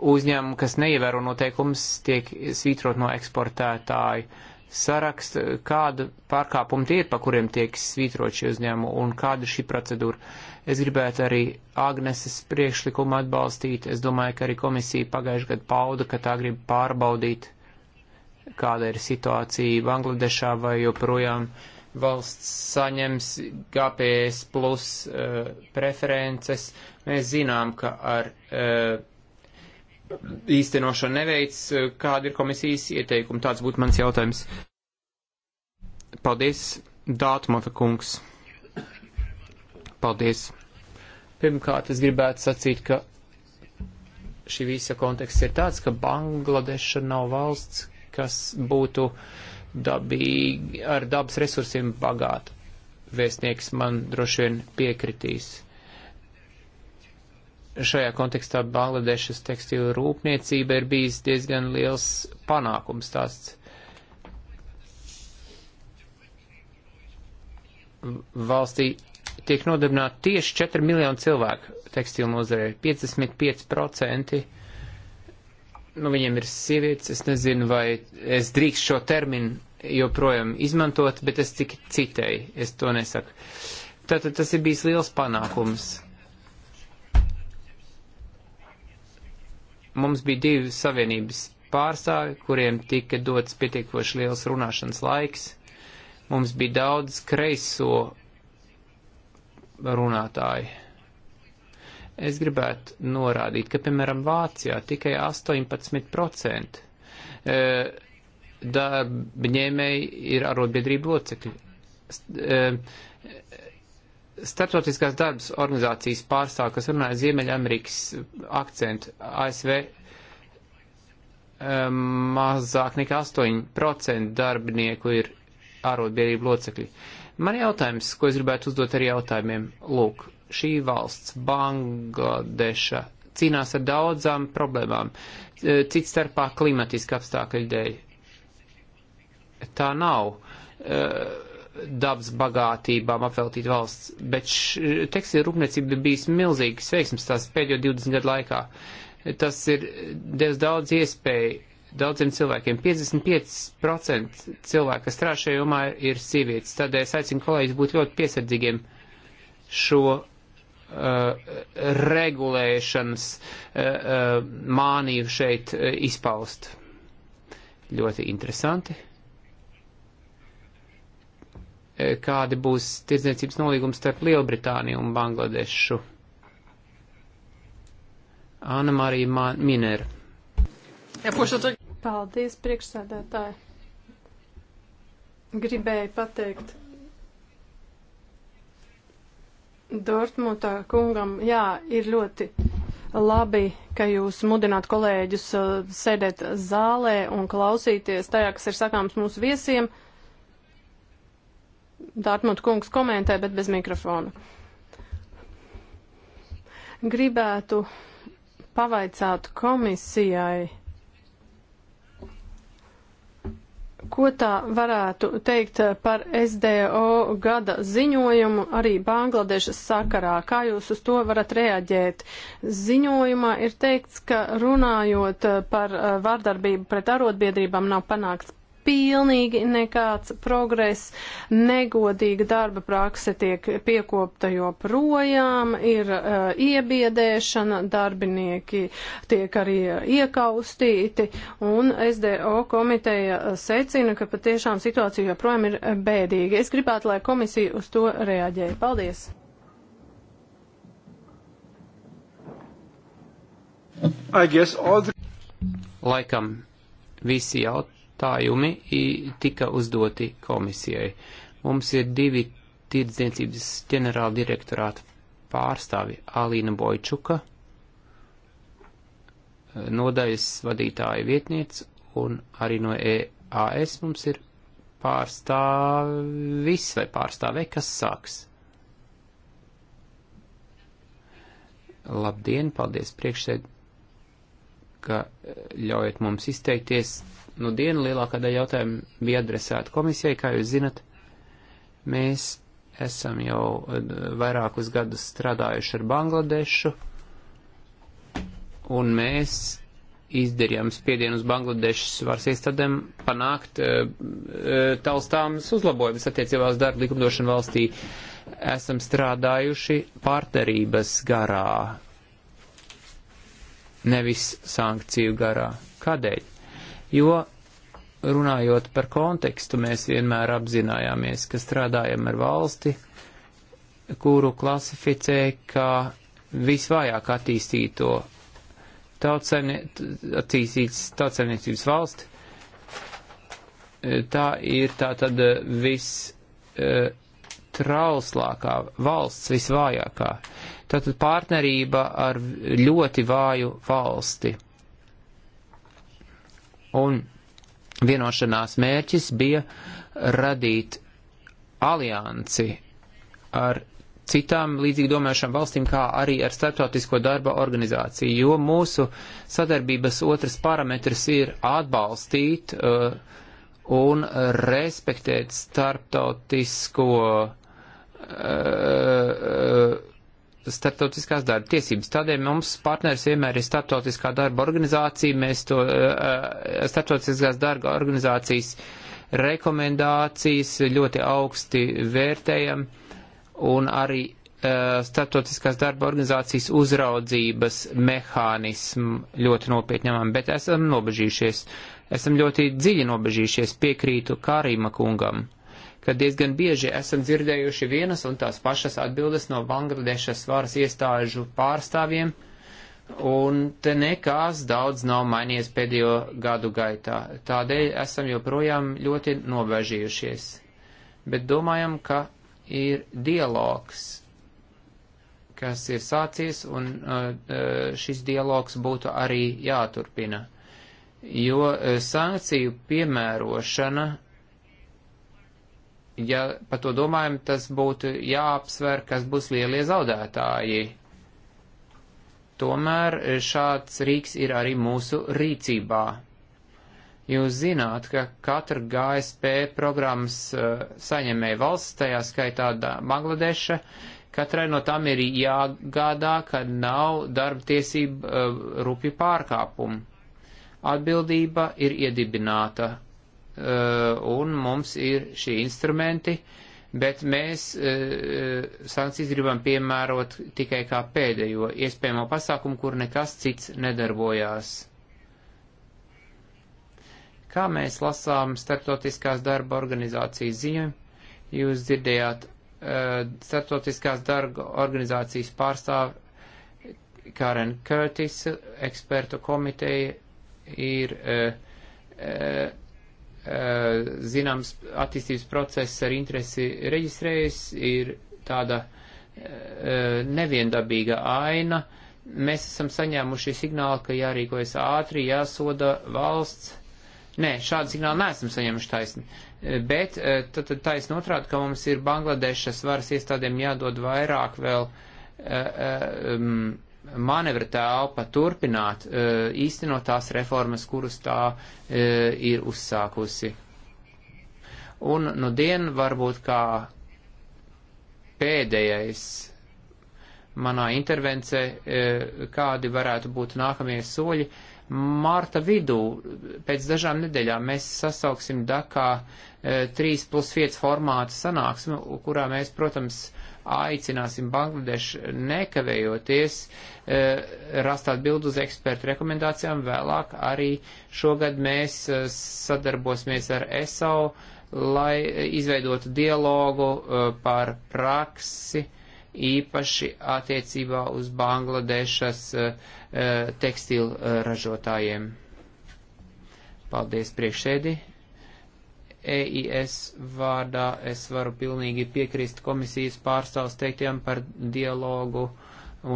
uzņēmumi, kas neievēro noteikumus, tiek svītrot no eksportētāju saraksta, kāda pārkāpuma tie ir, pa kuriem tiek svītrot šie uzņēmumi un kāda šī procedūra. Es gribētu arī Agneses priekšlikumu atbalstīt. Es domāju, ka arī komisija pagājušajā gadā pauda, ka tā grib pārbaudīt, kāda ir situācija Bangladešā vai joprojām valsts saņems GPS plus uh, preferences. Mēs zinām, ka ar uh, īstenošana neveic, kāda ir komisijas ieteikuma? Tāds būtu mans jautājums. Paldies, Dātmata kungs. Paldies. Pirmkārt, es gribētu sacīt, ka šī visa konteksts ir tāds, ka Bangladeša nav valsts, kas būtu dabīgi, ar dabas resursiem bagāta. Vēstnieks man droši vien piekritīs šajā kontekstā Bangladešas tekstīlu rūpniecība ir bijis diezgan liels panākums tāds. Valstī tiek nodarbināti tieši 4 miljoni cilvēku tekstīlu nozarē, 55% nu, viņiem ir sievietes, es nezinu, vai es drīkst šo terminu joprojām izmantot, bet es cik citēju, es to nesaku. Tātad tas ir bijis liels panākums. mums bija divi savienības pārstāvi, kuriem tika dots pietiekoši liels runāšanas laiks. Mums bija daudz kreiso runātāji. Es gribētu norādīt, ka, piemēram, Vācijā tikai 18% e, darba ņēmēji ir arotbiedrību locekļi. E, Startautiskās darbas organizācijas pārstāv, kas runāja Ziemeļamerikas akcentu ASV, um, eh, mazāk nekā 8% darbinieku ir ārotbiedrību locekļi. Man jautājums, ko es gribētu uzdot ar jautājumiem, lūk, šī valsts, Bangladeša, cīnās ar daudzām problēmām, eh, cits starpā klimatiska apstākļu dēļ. Tā nav. Uh, dabas bagātībām apveltīt valsts, bet tekstīla rūpniecība ir bijis milzīgs veiksms tās pēdējo 20 gadu laikā. Tas ir devis daudz iespēju daudziem cilvēkiem. 55% cilvēku, kas strādā šajā jomā, ir sievietes. Tādēļ es aicinu kolēģis būt ļoti piesardzīgiem šo uh, regulēšanas uh, uh, mānīju šeit uh, izpaust. Ļoti interesanti. E, kādi būs tirdzniecības nolīgums starp Lielbritāniju un Bangladešu. Anna Marija Miner. Paldies, priekšsēdētāji. Gribēju pateikt Dortmutā kungam, jā, ir ļoti labi, ka jūs mudināt kolēģus uh, sēdēt zālē un klausīties tajā, kas ir sakāms mūsu viesiem. Uh, Dārtmut kungs komentē, bet bez mikrofona. Gribētu pavaicāt komisijai, ko tā varētu teikt par SDO gada ziņojumu arī Bangladešas sakarā. Kā jūs uz to varat reaģēt? Ziņojumā ir teikts, ka runājot par vārdarbību pret arotbiedrībām nav panākts pilnīgi nekāds progress, negodīga darba prakse tiek piekopta joprojām, ir uh, iebiedēšana, darbinieki tiek arī uh, iekaustīti, un SDO komiteja uh, secina, ka patiešām situācija joprojām ir uh, bēdīga. Es gribētu, lai komisija uz to reaģē. Paldies! I guess all the... Laikam visi jautājumi jautājumi tika uzdoti komisijai. Mums ir divi tirdzniecības ģenerāla direktorāta pārstāvi - Alīna Bojčuka, nodaļas vadītāja vietniece, un arī no EAS mums ir pārstāvis vai pārstāvē, kas sāks. Labdien, paldies priekšsēd, ka ļaujat mums izteikties nu dienu lielākā daļa jautājumu bija adresēta komisijai, kā jūs zinat, mēs esam jau eh, vairākus gadus strādājuši ar Bangladešu, un mēs izdarījām spiedienu uz Bangladešas varas iestādēm panākt e, taustāmas uzlabojumus attiecībā uz darba likumdošanu valstī. Esam strādājuši partnerības garā, nevis sankciju garā. Kādēļ? jo runājot par kontekstu, mēs vienmēr apzinājāmies, ka strādājam ar valsti, kuru klasificē kā visvājāk attīstīto tautsaimniecības valsti. Tā ir tā tad vis e, trauslākā valsts, visvājākā. Tātad partnerība ar ļoti vāju valsti. Un vienošanās mērķis bija radīt aliansi ar citām līdzīgi domājušām valstīm, kā arī ar starptautisko darba organizāciju, jo mūsu sadarbības otrs parametrs ir atbalstīt uh, un respektēt starptautisko uh, uh, starptautiskās darba tiesības. Tādēļ mums partners vienmēr ir starptautiskā darba organizācija, mēs to eh, eh, starptautiskās darba organizācijas rekomendācijas ļoti augsti vērtējam un arī eh, starptautiskās darba organizācijas uzraudzības mehānismu ļoti nopietņamam, bet esam nobežījušies, esam ļoti dziļi nobežījušies, piekrītu Kārīma kungam. Uh, ka diezgan bieži esam dzirdējuši vienas un tās pašas atbildes no Bangladešas varas iestāžu pārstāvjiem, un te nekās daudz nav mainījies pēdējo gadu gaitā. Tādēļ esam joprojām ļoti nobežījušies. Bet domājam, ka ir dialogs, kas ir sācies, un uh, uh, šis dialogs būtu arī jāturpina. Jo uh, sankciju piemērošana ja par to domājam, tas būtu jāapsver, kas būs lielie zaudētāji. Tomēr šāds rīks ir arī mūsu rīcībā. Jūs zināt, ka katra GSP programmas eh, saņemēja valsts, tajā skaitā Bangladeša, katrai no tām ir jāgādā, ka nav darba tiesība eh, rupju pārkāpumu. Atbildība ir iedibināta Eh, un mums ir šie instrumenti, bet mēs eh, sankcijas gribam piemērot tikai kā pēdējo iespējamo pasākumu, kur nekas cits nedarbojās. Kā mēs lasām starptautiskās darba organizācijas ziņu, jūs dzirdējāt eh, starptautiskās darba organizācijas pārstāvi Karen Curtis, ekspertu komiteja, ir uh, uh, Eh, zināms attīstības process ar interesi reģistrējas, ir tāda eh, neviendabīga aina. Mēs esam saņēmuši signālu, ka jārīkojas ātri, jāsoda valsts. Nē, šādu signālu neesam saņēmuši taisni. Eh, bet tad taisni otrādi, ka mums ir Bangladešas varas iestādēm jādod vairāk vēl uh, um, manevra telpa turpināt e, īstenot tās reformas, kuras tā e, ir uzsākusi. Un nu dien varbūt kā pēdējais manā intervencē, e, kādi varētu būt nākamie soļi. Mārta vidū, pēc dažām nedēļām, mēs sasauksim Dakā 3 plus 5 formātu sanāksmi, kurā mēs, protams, aicināsim Bangladešu nekavējoties eh, rast atbildu uz ekspertu rekomendācijām. Vēlāk arī šogad mēs eh, sadarbosimies ar ESAU, lai izveidotu dialogu eh, par praksi īpaši attiecībā uz Bangladešas tekstilu ražotājiem. Paldies priekšsēdi! EIS vārdā es varu pilnīgi piekrist komisijas pārstāvs teiktiem par dialogu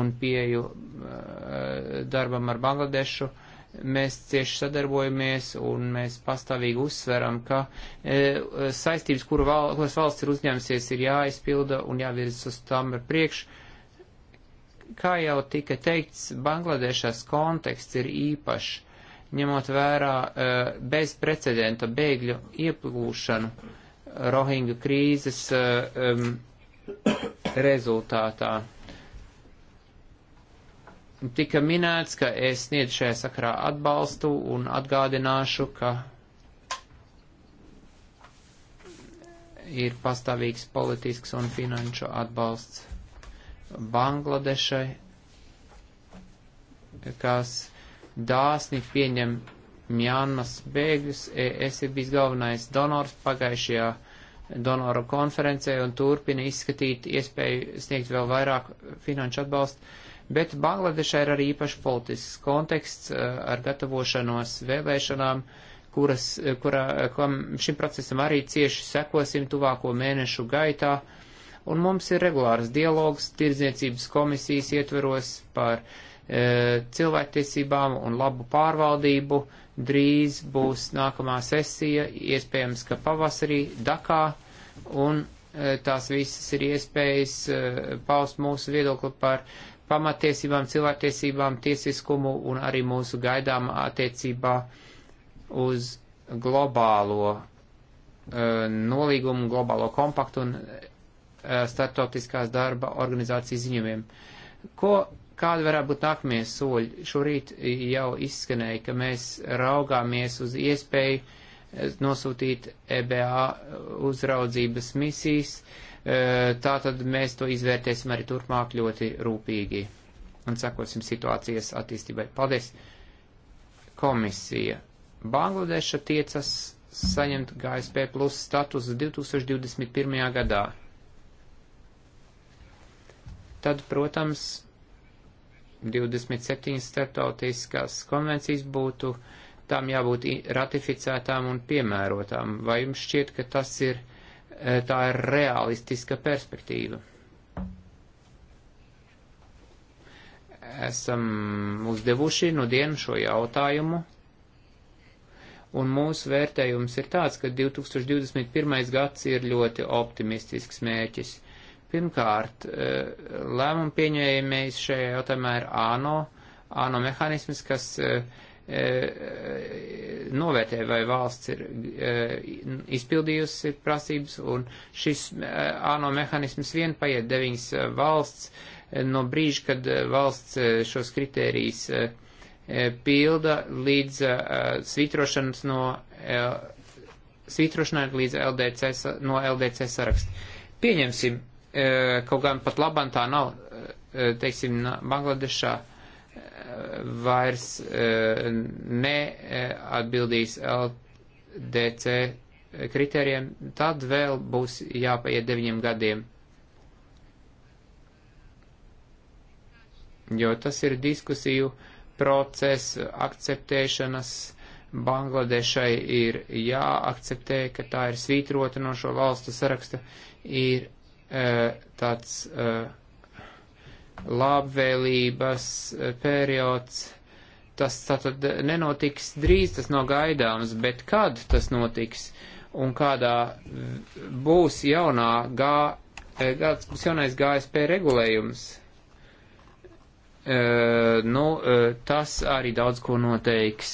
un pieju eh, darbam ar Bangladešu. Mēs cieši sadarbojamies un mēs pastāvīgi uzsveram, ka e, saistības, kuras val, valsts ir uzņēmusies, ir jāizpilda un jāvirzas uz tām ar priekšu kā jau tika teikts, Bangladešas konteksts ir īpašs ņemot vērā e, bezprecedenta bēgļu ieplūšanu Rohinga krīzes e, rezultātā. Tika minēts, ka es sniedzu šajā sakrā atbalstu un atgādināšu, ka ir pastāvīgs politisks un finanšu atbalsts Bangladešai, kas dāsni pieņem Mjānmas bēgļus. E, es ir bijis galvenais donors pagājušajā donoru konferencē un turpina izskatīt iespēju sniegt vēl vairāk finanšu atbalstu. Bet Bangladešā ir arī īpaši politisks konteksts e, ar gatavošanos vēlēšanām, kuras, e, kurā, kam šim procesam arī cieši sekosim tuvāko mēnešu gaitā. Un mums ir regulārs dialogs tirdzniecības komisijas ietveros par uh, E, cilvēktiesībām un labu pārvaldību. Drīz būs nākamā sesija, iespējams, ka pavasarī Dakā, un e, tās visas ir iespējas e, paust mūsu viedokli par pamatiesībām, cilvēktiesībām, tiesiskumu un arī mūsu gaidām attiecībā uz globālo nolīgumu, globālo kompaktu un startautiskās darba organizācijas ziņojumiem. Ko Kāda varētu būt nākamie soļi? Šorīt jau izskanēja, ka mēs raugāmies uz iespēju eh, nosūtīt EBA uzraudzības misijas, eh, tātad mēs to izvērtēsim arī turpmāk ļoti rūpīgi un sakosim situācijas attīstībai. Paldies! Komisija. Bangladeša tiecas saņemt GSP plus statusu 2021. gadā. Tad, protams, 27 starptautiskās konvencijas būtu tām jābūt ratificētām un piemērotām. Vai jums šķiet, ka tas ir, e, tā ir realistiska perspektīva? Esam uzdevuši nu dienu šo jautājumu, un mūsu vērtējums ir tāds, ka 2021. gads ir ļoti optimistisks mērķis Pirmkārt, e, lēmumu pieņēmējs šajā jautājumā ir ANO, ANO mehānisms, kas e, e, novērtē, vai valsts ir izpildījusi prasības, un šis ANO mehānisms vien paiet deviņas valsts no brīža, kad valsts šos kritērijus pilda līdz svitrošanas no svitrošanai līdz LDC, no LDC saraksta. Pieņemsim, E, kaut gan pat labam tā nav, e, teiksim, Bangladešā e, vairs neatbildīs LDC kritērijiem, tad vēl būs jāpaiet deviņiem gadiem. Jo tas ir diskusiju process, akceptēšanas. Bangladešai ir jāakceptē, ka tā ir svītrota no šo valstu saraksta, ir E, tāds e, labvēlības e, periods, tas tātad nenotiks drīz, tas nav gaidāms, bet kad tas notiks un kādā būs jaunā gā, kāds būs jaunais GSP regulējums, nu, tas arī daudz ko noteiks.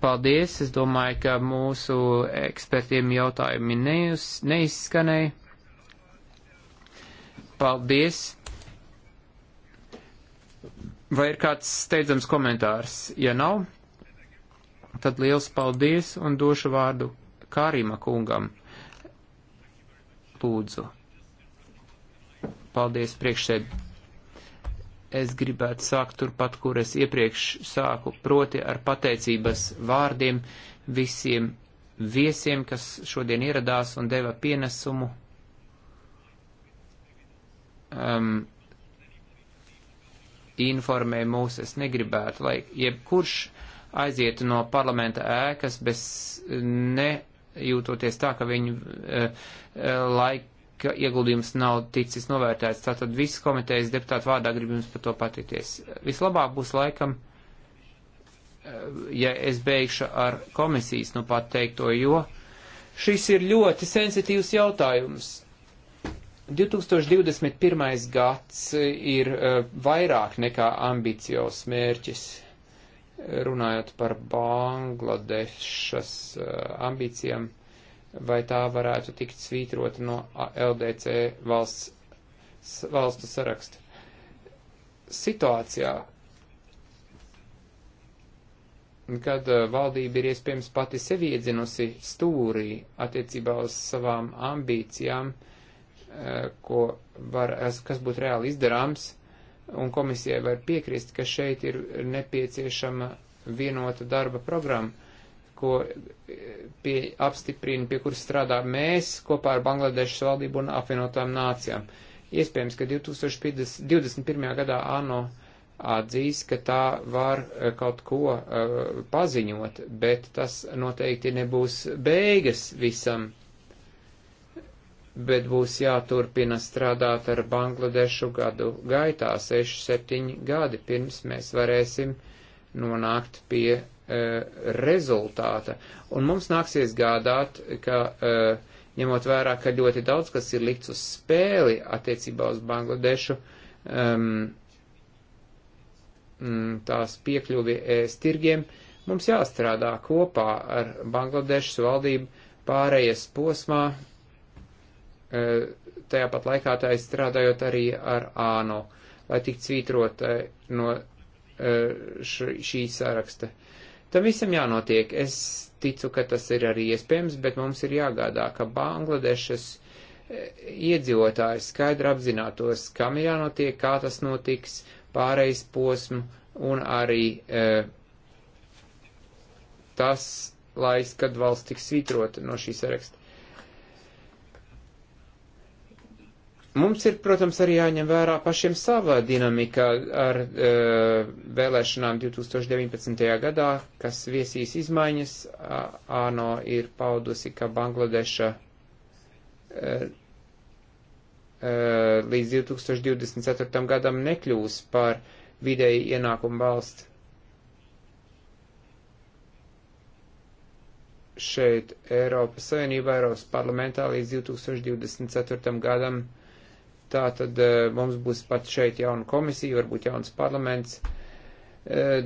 Paldies, es domāju, ka mūsu ekspertiem jautājumi neuz, neizskanēja. Paldies. Vai ir kāds steidzams komentārs? Ja nav, tad liels paldies un došu vārdu Kārīma kungam. Lūdzu. Paldies priekšsēdētājiem es gribētu sākt turpat, kur es iepriekš sāku, proti ar pateicības vārdiem visiem viesiem, kas šodien ieradās un deva pienesumu. Um, informē mūs, es negribētu, lai jebkurš aizietu no parlamenta ēkas bez nejūtoties tā, ka viņu uh, eh, eh, laik ka ieguldījums nav ticis novērtēts. Tātad visas komitejas deputātu vārdā grib jums par to patīties. Vislabāk būs laikam, eh, ja es beigšu ar komisijas nu pat teikto, jo šis ir ļoti sensitīvs jautājums. 2021. gads ir eh, vairāk nekā ambiciozs mērķis. Runājot par Bangladešas eh, ambīcijām, uh, vai tā varētu tikt svītrota no LDC valsts, valstu saraksta. Situācijā, kad uh, valdība ir iespējams pati sevi iedzinusi stūrī attiecībā uz savām ambīcijām, uh, ko var, kas būtu reāli izdarāms, un komisijai var piekrist, ka šeit ir nepieciešama vienota darba programma ko pie, apstiprina, pie kuras strādā mēs kopā ar Bangladešas valdību un apvienotām nācijām. Iespējams, ka 2021. gadā ANO atzīs, ka tā var eh, kaut ko uh, paziņot, bet tas noteikti nebūs beigas visam, bet būs jāturpina strādāt ar Bangladešu gadu gaitā 6-7 gadi, pirms mēs varēsim nonākt pie E, rezultāta. Un mums nāksies gādāt, ka e, ņemot vērā, ka ļoti daudz kas ir likts uz spēli attiecībā uz Bangladešu, um, tās piekļuvi ēst tirgiem, mums jāstrādā kopā ar Bangladešas valdību pārējas posmā, e, tajā pat laikā tā ir strādājot arī ar āno, lai tik cvītrot no šī saraksta. Uh, Tam visam jānotiek. Es ticu, ka tas ir arī iespējams, bet mums ir jāgādā, ka Bangladešas e, iedzīvotāji skaidri apzinātos, kam ir jānotiek, kā tas notiks, pārejas posmu un arī e, tas laiks, kad valsts tiks svītrota no šīs saraksta. Mums ir, protams, arī jāņem vērā pašiem savā dinamikā ar e, vēlēšanām 2019. gadā, kas viesīs izmaiņas. ANO ir paudusi, ka Bangladeša e, e, līdz 2024. gadam nekļūs par vidēji ienākumu valsts. Šeit Eiropas Savienībā, Eiropas parlamentā līdz 2024. gadam Tā tad eh, mums būs pat šeit jauna komisija, varbūt jauns parlaments. Eh,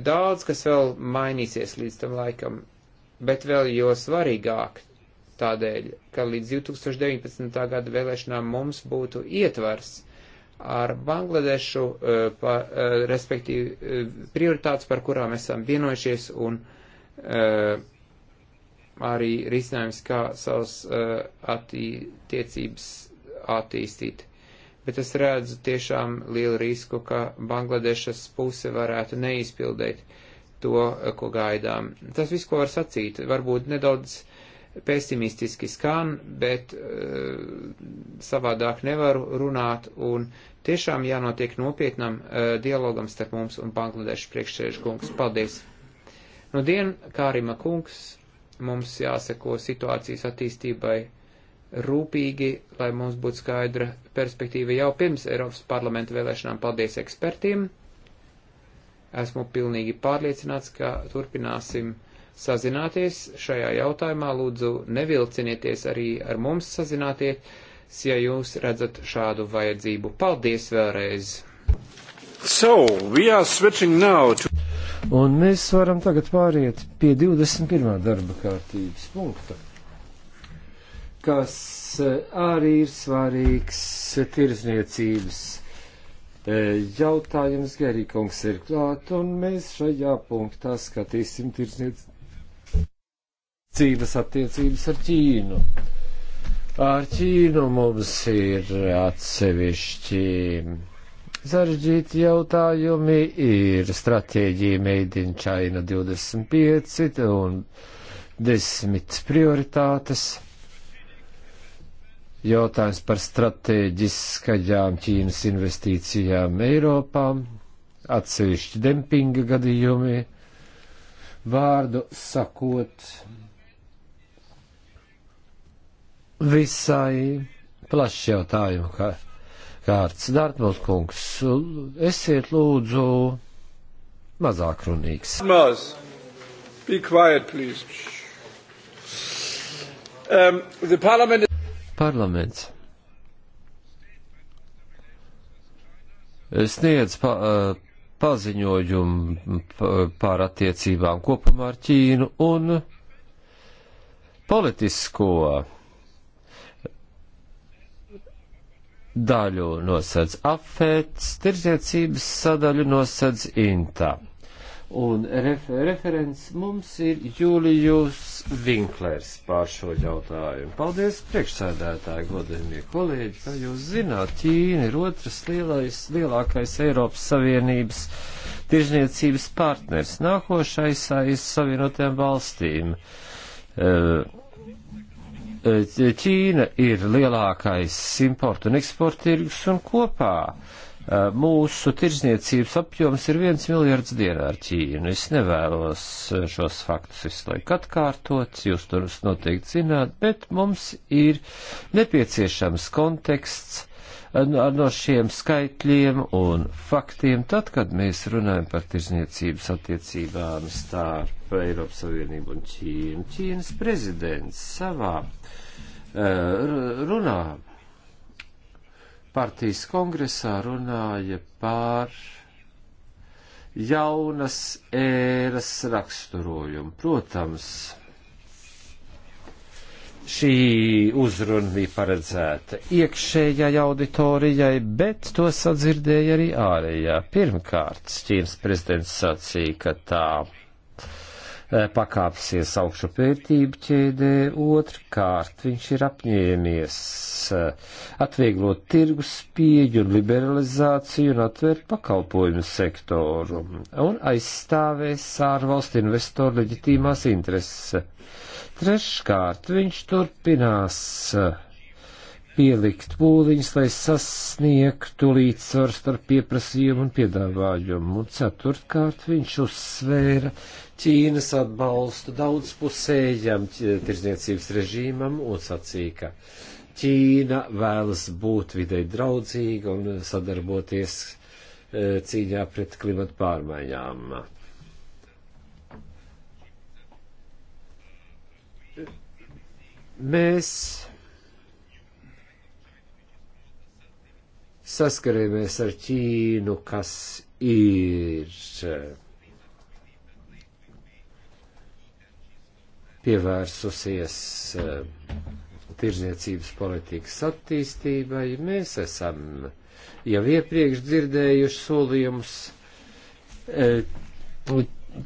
daudz, kas vēl mainīsies līdz tam laikam, bet vēl jo svarīgāk tādēļ, ka līdz 2019. gada vēlēšanām mums būtu ietvars ar Bangladešu, eh, pa, respektīvi prioritātes, par kurām esam vienojušies, un arī risinājums, kā savas attiecības attīstīt bet es redzu tiešām lielu risku, ka Bangladešas puse varētu neizpildīt to, ko gaidām. Tas viss, ko var sacīt, varbūt nedaudz pesimistiski skan, bet uh, savādāk nevaru runāt un tiešām jānotiek nopietnam uh, dialogam starp mums un Bangladešas priekšsēžu kungs. Paldies! Nu, dien, Kārima kungs, mums jāseko situācijas attīstībai rūpīgi, lai mums būtu skaidra perspektīva jau pirms Eiropas parlamenta vēlēšanām. Paldies ekspertiem! Esmu pilnīgi pārliecināts, ka turpināsim sazināties šajā jautājumā. Lūdzu, nevilcinieties arī ar mums sazināties, ja jūs redzat šādu vajadzību. Paldies vēlreiz! So, to... Un mēs varam tagad pāriet pie 21. darba kārtības punkta kas eh, arī ir svarīgs tirzniecības eh, jautājums. Gerīkungs ir klāt, un mēs šajā punktā skatīsim tirzniecības attiecības ar Ķīnu. Ar Ķīnu mums ir atsevišķi Sarežģīti jautājumi ir stratēģija Made in China 25 un 10 prioritātes jautājums par stratēģiskajām Ķīnas investīcijām Eiropā, atsevišķi dempinga gadījumi, vārdu sakot visai plašs jautājumu kā, kārts. Dārtmūs kungs, esiet lūdzu mazāk runīgs. Maz. Be quiet, please. Um, the parliament parlaments sniedz pa, eh, paziņojumu par attiecībām kopumā ar Ķīnu un politisko daļu nosedz afēts, tirdzniecības sadaļu nosedz intā. Un refer referents mums ir Jūlijus Vinklers pār šo jautājumu. Paldies, priekšsēdētāji, godējumie kolēģi, kā jūs zināt, Ķīna ir otrs lielais, lielākais Eiropas Savienības tirzniecības partners, nākošais aiz Savienotajām valstīm. Uh, Ķīna ir lielākais importu un eksporta tirgus un kopā Eh, mūsu tirzniecības apjoms ir viens miljards dienā ar Ķīnu. Es nevēlos eh, šos faktus visu laiku atkārtot, jūs tur noteikti zināt, bet mums ir nepieciešams konteksts eh, no šiem skaitļiem un faktiem, tad, kad mēs runājam par tirzniecības attiecībām starp Eiropas Savienību un Ķīnu. Ķīnas prezidents savā runā partijas kongresā runāja pār jaunas ēras raksturojumu. Protams, šī uzruna bija paredzēta iekšējai auditorijai, bet to sadzirdēja arī ārējā. Pirmkārt, Ķīnas prezidents sacīja, ka tā Eh, pakāpsies augšu pērtību ķēdē, otrkārt viņš ir apņēmies eh, atvieglot tirgus spieģu un liberalizāciju un atvērt pakalpojumu sektoru un aizstāvēs ārvalstu investoru leģitīmās intereses. Treškārt viņš turpinās uh, pielikt pūliņus, lai sasniegtu līdzsvaru starp pieprasījumu un piedāvājumu. Un ceturtkārt viņš uzsvēra Ķīnas atbalstu daudzpusējam tirzniecības režīmam un sacīja, ka Ķīna vēlas būt videi draudzīga un sadarboties e, cīņā pret klimatu pārmaiņām. Mēs saskarēmies ar Ķīnu, kas ir eh, pievērsusies eh, tirzniecības politikas attīstībai, mēs esam jau iepriekš dzirdējuši solījumus eh,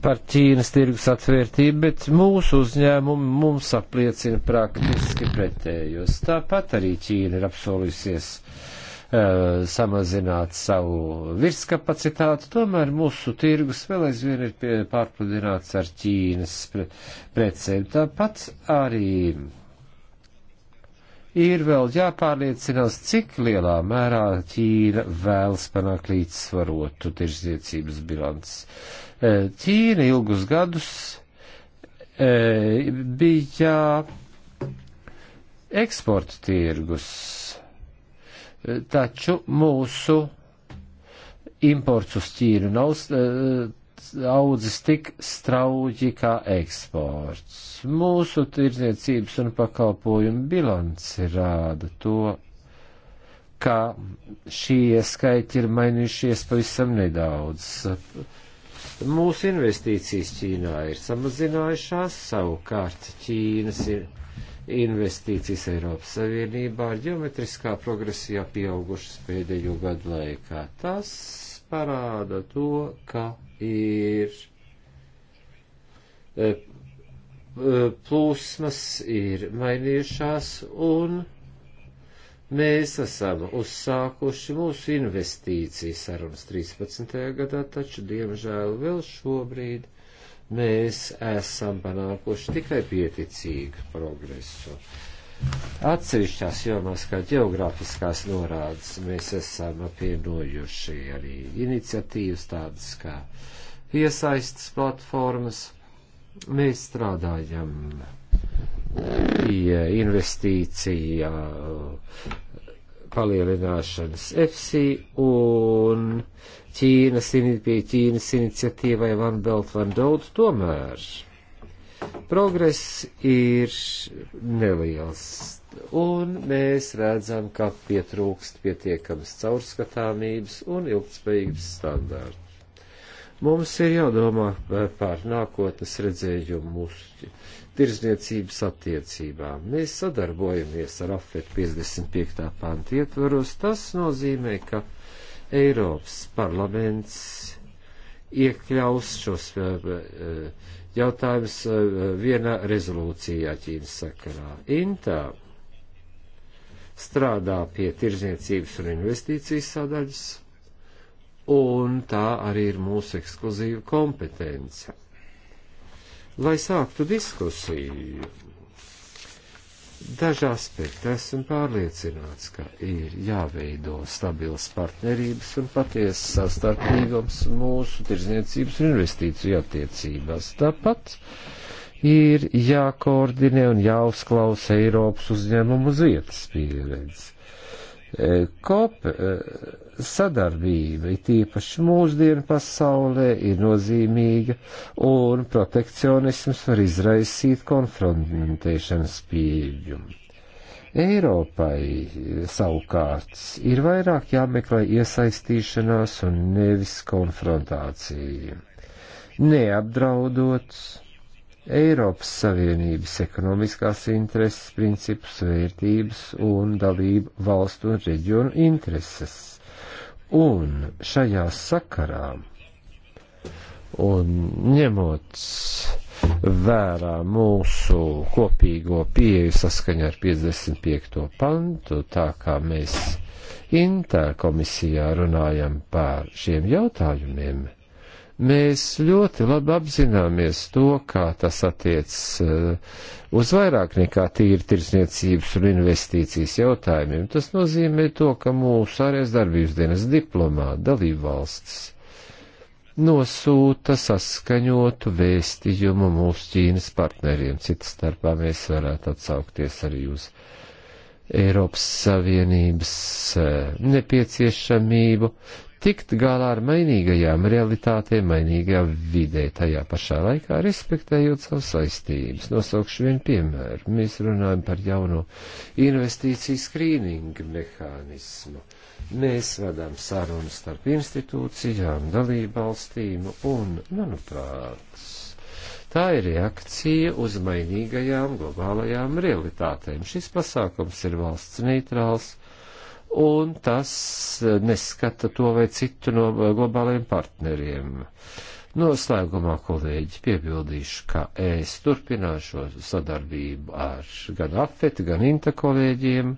par Ķīnas tirgus atvērtību, bet mūsu uzņēmumi mums apliecina praktiski pretējos. Tāpat arī Ķīna ir apsolusies uh, Eh, samazināt savu virskapacitāti, tomēr mūsu tirgus vēl aizvien ir pārpludināts ar Ķīnas precēm. Tāpat arī ir vēl jāpārliecinās, cik lielā mērā Ķīna vēlas panākt līdzsvarotu tirzniecības bilanci. Eh, Ķīna ilgus gadus eh, bija eksporta tirgus taču mūsu imports uz Ķīnu nav eh, audzis tik strauji kā eksports. Mūsu tirdzniecības un pakalpojumu bilanci rāda to, ka šie skaiti ir mainījušies pavisam nedaudz. Mūsu investīcijas Ķīnā ir samazinājušās, savukārt Ķīnas ir investīcijas Eiropas Savienībā ir geometriskā progresijā pieaugušas pēdējo gadu laikā. Tas parāda to, ka ir e, e, plūsmas ir mainījušās un mēs esam uzsākuši mūsu investīcijas sarunas 13. gadā, taču diemžēl vēl šobrīd mēs esam panākuši tikai pieticīgu progresu. Atsevišķās jomās, kā geogrāfiskās norādes, mēs esam apvienojuši arī iniciatīvas tādas kā piesaistas platformas. Mēs strādājam pie investīcija uh, palielināšanas EFSI un Ķīnas, pie Ķīnas iniciatīvai One Belt, One Road, tomēr progress ir neliels. Un mēs redzam, ka pietrūkst pietiekams caurskatāmības un ilgtspējības standārti. Mums ir jādomā eh, par nākotnes redzējumu mūsu tirzniecības attiecībām. Mēs sadarbojamies ar AFET 55. pantu ietvaros. Tas nozīmē, ka Eiropas parlaments iekļaus šos eh, eh, jautājumus eh, vienā rezolūcijā Ķīnas sakarā. Intā strādā pie tirzniecības un investīcijas sadaļas, un tā arī ir mūsu ekskluzīva kompetence. Lai sāktu diskusiju daži aspekti. Esmu pārliecināts, ka ir jāveido stabils partnerības un patiesas savstarpīgums mūsu tirzniecības un investīciju attiecībās. Tāpat ir jākoordinē un jāuzklausa Eiropas uzņēmumu uz vietas pieredze. E, kop e, sadarbība, it īpaši mūsdienu pasaulē, ir nozīmīga, un protekcionisms var izraisīt konfrontēšanas pieeju. Eiropai savukārt ir vairāk jāmeklē iesaistīšanās un nevis konfrontācija, neapdraudot Eiropas Savienības ekonomiskās intereses, principus, vērtības un dalību valstu un reģionu intereses. Un šajā sakarā, un ņemot vērā mūsu kopīgo pieeju saskaņā ar 55. pantu, tā kā mēs interkomisijā runājam par šiem jautājumiem, Mēs ļoti labi apzināmies to, kā tas attiec eh, uz vairāk nekā tīri tirsniecības un investīcijas jautājumiem. Tas nozīmē to, ka mūsu ārējās darbības dienas diplomāti dalībvalsts nosūta saskaņotu vēstījumu mūsu Ķīnas partneriem. Cita starpā mēs varētu atsaukties arī uz Eiropas Savienības eh, nepieciešamību tikt galā ar mainīgajām realitātēm, mainīgajā vidē, tajā pašā laikā respektējot savas saistības. Nosaukšu vienu piemēru. Mēs runājam par jauno investīciju skrīningu mehānismu. Mēs vadām sarunu starp institūcijām, dalību valstīm un, manuprāt, tā ir reakcija uz mainīgajām globālajām realitātēm. Šis pasākums ir valsts neitrāls un tas eh, neskata to vai citu no eh, globālajiem partneriem. Noslēgumā, kolēģi, piebildīšu, ka es turpināšu sadarbību ar gan Afet, gan Inta kolēģiem.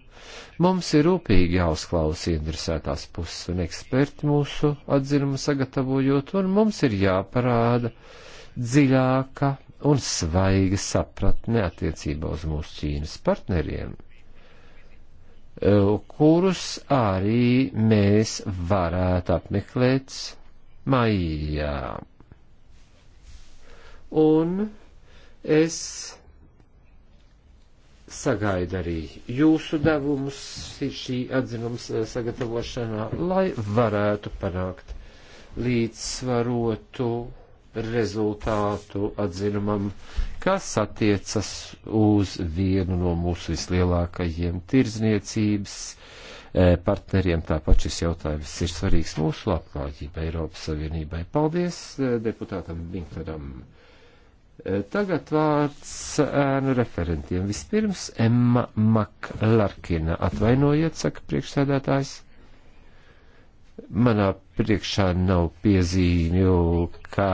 Mums ir rūpīgi jāuzklausa interesētās puses un eksperti mūsu atzinumu sagatavojot, un mums ir jāparāda dziļāka un svaiga sapratne attiecībā uz mūsu Ķīnas partneriem. Eh, kurus arī mēs varētu apmeklēt maijā. Un es sagaidu arī jūsu devumus šī atzinums eh, sagatavošanā, lai varētu panākt līdzsvarotu rezultātu atzinumam, kas attiecas uz vienu no mūsu vislielākajiem tirzniecības eh, partneriem. Tāpat šis jautājums ir svarīgs mūsu labklājībai Eiropas Savienībai. Paldies eh, deputātam Vinkaram. Eh, tagad vārds ēnu referentiem. Vispirms Emma Maklarkina. Atvainojiet, saka priekšsēdētājs. Manā priekšā nav piezīmju, kā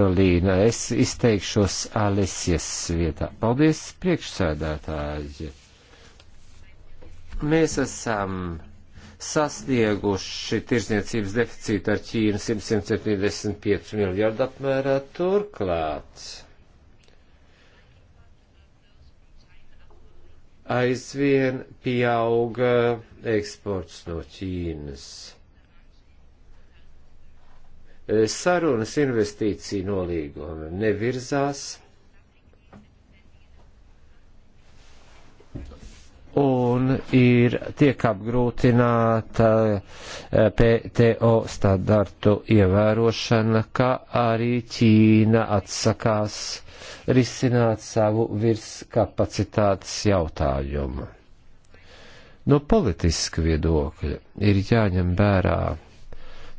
Rolīna. Es izteikšos Alesijas vietā. Paldies, priekšsēdētāji! Mēs esam sasnieguši tirzniecības deficītu ar Ķīnu 175 miljardu apmērā turklāt. Aizvien pieauga eksports no Ķīnas. E, sarunas investīciju nolīgumi nevirzās. Un ir tiek apgrūtināta e, PTO standartu ievērošana, kā arī Ķīna atsakās risināt savu virskapacitātes jautājumu. No politiska viedokļa ir jāņem vērā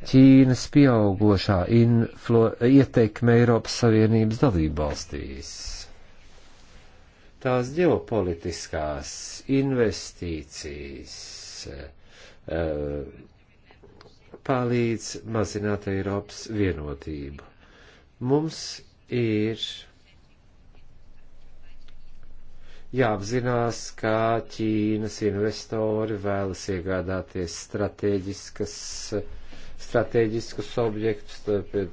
Ķīnas pieaugošā inflo, ieteikme Eiropas Savienības dalībvalstīs. Tās ģeopolitiskās investīcijas uh, palīdz mazināt Eiropas vienotību. Mums ir jāapzinās, ka Ķīnas investori vēlas iegādāties strateģiskas uh, strateģiskus objektus,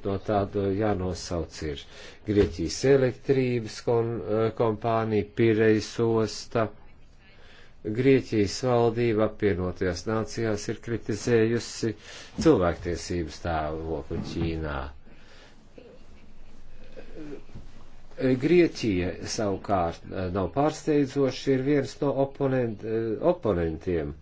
no tādu jānosauc ir Grieķijas elektrības eh, kompānija, Pirejas osta. Grieķijas valdība apvienotajās nācijās ir kritizējusi cilvēktiesības stāvokli Ķīnā. Grieķija savukārt eh, nav pārsteidzoši, ir viens no oponent, eh, oponentiem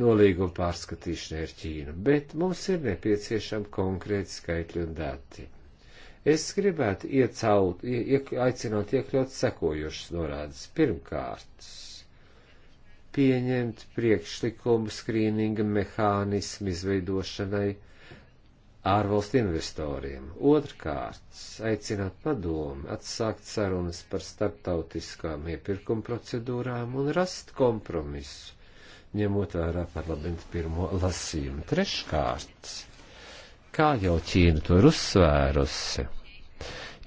nolīguma pārskatīšanai ar Ķīnu, bet mums ir nepieciešami konkrēti skaitļi un dati. Es gribētu iecaut, iek, aicināt iekļaut sekojošas norādes. Pirmkārt, pieņemt priekšlikumu skrīninga mehānismu izveidošanai ārvalstu investoriem. Otrkārt, aicināt padomu atsākt sarunas par starptautiskām iepirkuma procedūrām un rast kompromisu ņemot vērā parlamentu pirmo lasījumu. Treškārt, kā jau Ķīna to ir uzsvērusi,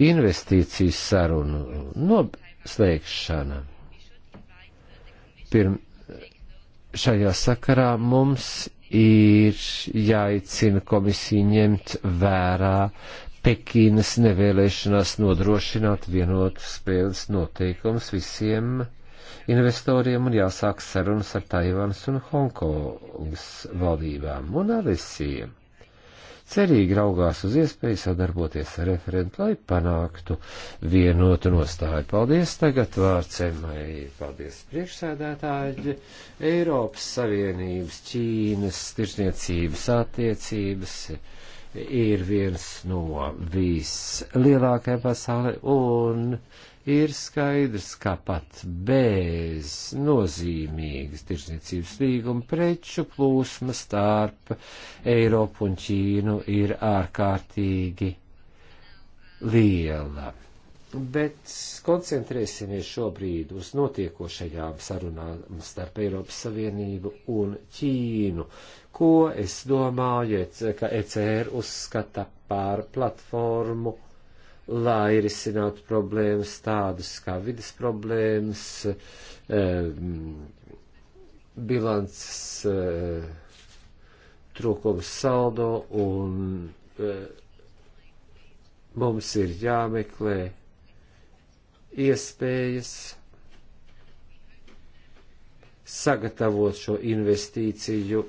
investīciju sarunu noslēgšana pirm šajā sakarā mums ir jāicina komisija ņemt vērā Pekīnas nevēlēšanās nodrošināt vienotu spēles noteikums visiem investoriem un jāsāk sarunas ar Taivānas un Hongkongas valdībām un ar visiem. Cerīgi raugās uz iespēju sadarboties ar referentu, lai panāktu vienotu nostāju. Paldies tagad vārcemai, paldies priekšsēdētāji, Eiropas Savienības, Ķīnas, tirsniecības attiecības ir viens no vislielākajiem pasaulē un Ir skaidrs, ka pat bez nozīmīgas tirsniecības līguma preču plūsma starp Eiropu un Ķīnu ir ārkārtīgi liela. Bet koncentrēsimies šobrīd uz notiekošajām sarunām starp Eiropas Savienību un Ķīnu, ko es domāju, ka ECR uzskata par platformu lai risinātu problēmas tādas kā vidas problēmas, ehm, bilances eh, trūkums saldo un eh, mums ir jāmeklē iespējas sagatavot šo investīciju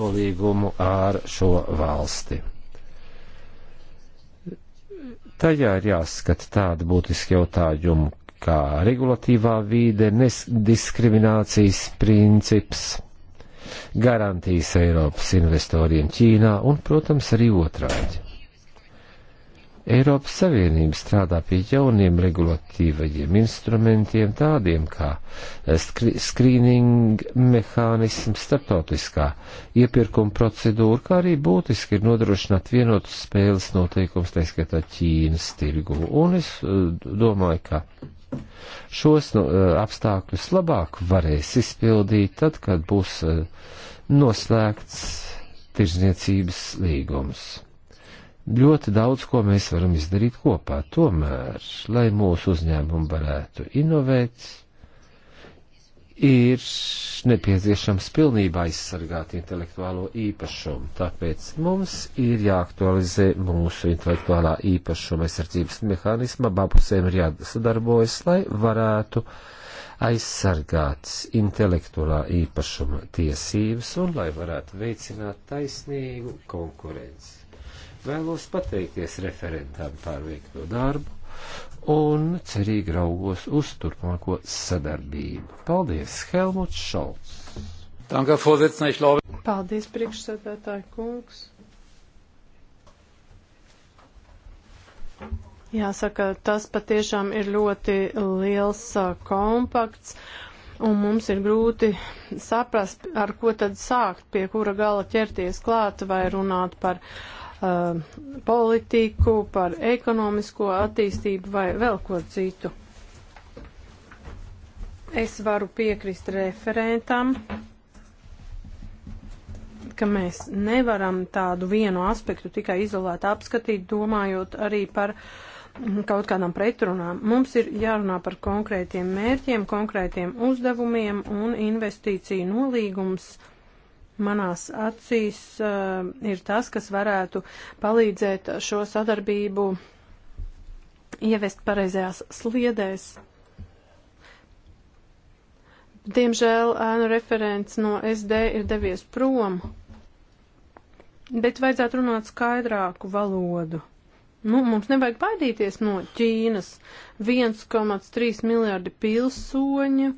nolīgumu ar šo valsti. Tajā ir jāskata tādi būtiski jautājumi kā regulatīvā vīde, diskriminācijas princips, garantijas Eiropas investoriem Ķīnā un, protams, arī otrādi. Eiropas Savienība strādā pie jauniem regulatīvajiem instrumentiem, tādiem kā eh, skrīninga mehānisms, starptautiskā iepirkuma procedūra, kā arī būtiski ir nodrošināt vienotus spēles noteikums, tā skaitā Ķīnas tirgu. Un es eh, domāju, ka šos no, eh, apstākļus labāk varēs izpildīt tad, kad būs noslēgts tirzniecības līgums ļoti daudz, ko mēs varam izdarīt kopā. Tomēr, lai mūsu uzņēmumi varētu inovēt, ir nepieciešams pilnībā aizsargāt intelektuālo īpašumu. Tāpēc mums ir jāaktualizē mūsu intelektuālā īpašuma aizsardzības mehānisma, abpusēm ir jāsadarbojas, lai varētu aizsargāt intelektuālā īpašuma tiesības un lai varētu veicināt taisnīgu konkurenci Vēlos pateikties referentam par veikto darbu un cerīgi raugos uz turpmāko sadarbību. Paldies, Helmuts Šalts! Paldies, priekšsēdētāji kungs! Jāsaka, tas patiešām ir ļoti liels uh, kompakts, un mums ir grūti saprast, ar ko tad sākt, pie kura gala ķerties klāt vai runāt par uh, uh, politiku, par ekonomisko attīstību vai vēl ko citu. Es varu piekrist referentam, ka mēs nevaram tādu vienu aspektu tikai izolēt apskatīt, domājot arī par mm, kaut kādām pretrunām. Mums ir jārunā par konkrētiem mērķiem, konkrētiem uzdevumiem un investīciju nolīgums. Uh, manās acīs uh, ir tas, kas varētu palīdzēt šo sadarbību ievest pareizajās sliedēs. Diemžēl ēnu referents no SD ir devies prom, bet vajadzētu runāt skaidrāku valodu. Nu, mums nevajag baidīties no Ķīnas 1,3 miljardi pilsoņu,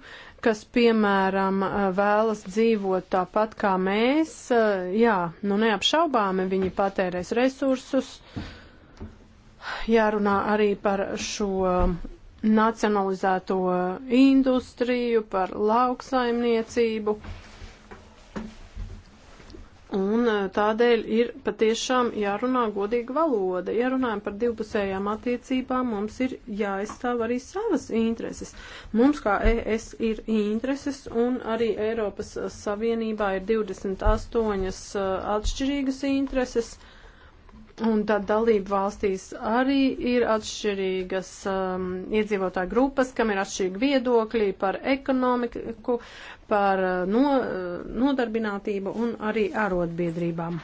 kas, piemēram, vēlas dzīvot tāpat kā mēs. Jā, nu neapšaubāmi viņi patērēs resursus. Jārunā arī par šo nacionalizēto industriju, par lauksaimniecību. Uh, Un eh, tādēļ ir patiešām jārunā godīga valoda. Ja runājam par divpusējām attiecībām, mums ir jāizstāv arī savas intereses. Mums kā ES ir intereses, un arī Eiropas Savienībā ir 28 eh, atšķirīgas intereses. Uh, Un tad dalību valstīs arī ir atšķirīgas um, iedzīvotāju grupas, kam ir atšķirīgi viedokļi par ekonomiku, par uh, no, uh, nodarbinātību un arī arotbiedrībām.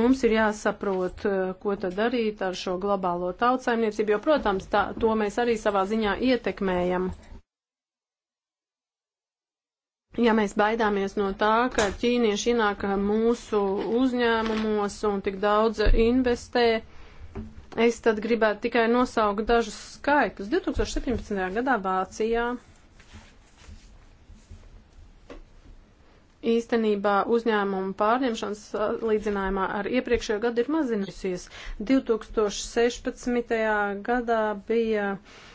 Mums ir jāsaprot, uh, ko tad darīt ar šo globālo tautsaimniecību, jo, protams, tā, to mēs arī savā ziņā ietekmējam. Ja mēs baidāmies no tā, ka ķīnieši ienāk mūsu uzņēmumos un tik daudz investē, es tad gribētu tikai nosaukt dažus skaitļus. 2017. gadā Vācijā īstenībā uzņēmumu pārņemšanas līdzinājumā ar iepriekšējo gadu ir mazinājusies. 2016. gadā bija. Uh,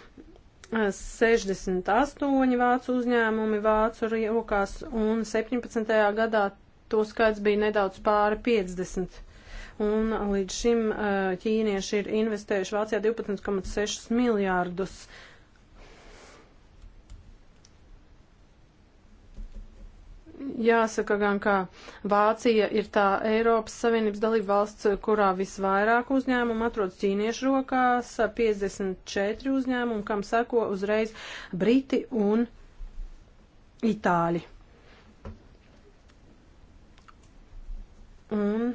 68 vācu uzņēmumi vācu rokās, un 17. gadā to skaits bija nedaudz pāri 50. Un līdz šim eh, ķīnieši ir investējuši Vācijā 12,6 miljārdus eiro Jāsaka gan, ka Vācija ir tā Eiropas Savienības dalība valsts, kurā visvairāk uzņēmumu atrodas ķīniešu rokās - 54 uzņēmumu, kam seko uzreiz Briti un Itāļi. Un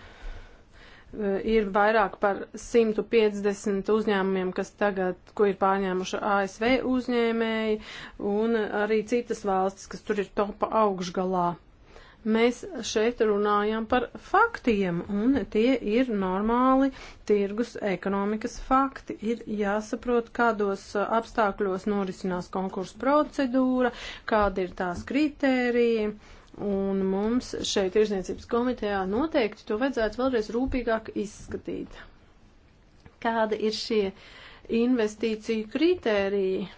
Eh, ir vairāk par 150 uzņēmumiem, kas tagad, ko ir pārņēmuši ASV uzņēmēji, un arī citas valstis, kas tur ir topa augšgalā. Mēs šeit runājam par faktiem, un tie ir normāli tirgus ekonomikas fakti. Ir jāsaprot, kādos eh, apstākļos norisinās konkursu procedūra, kādi ir tās kritērija. Un mums šeit tirzniecības komitejā noteikti to vajadzētu vēlreiz rūpīgāk izskatīt. Kāda ir šie investīciju kritēriji?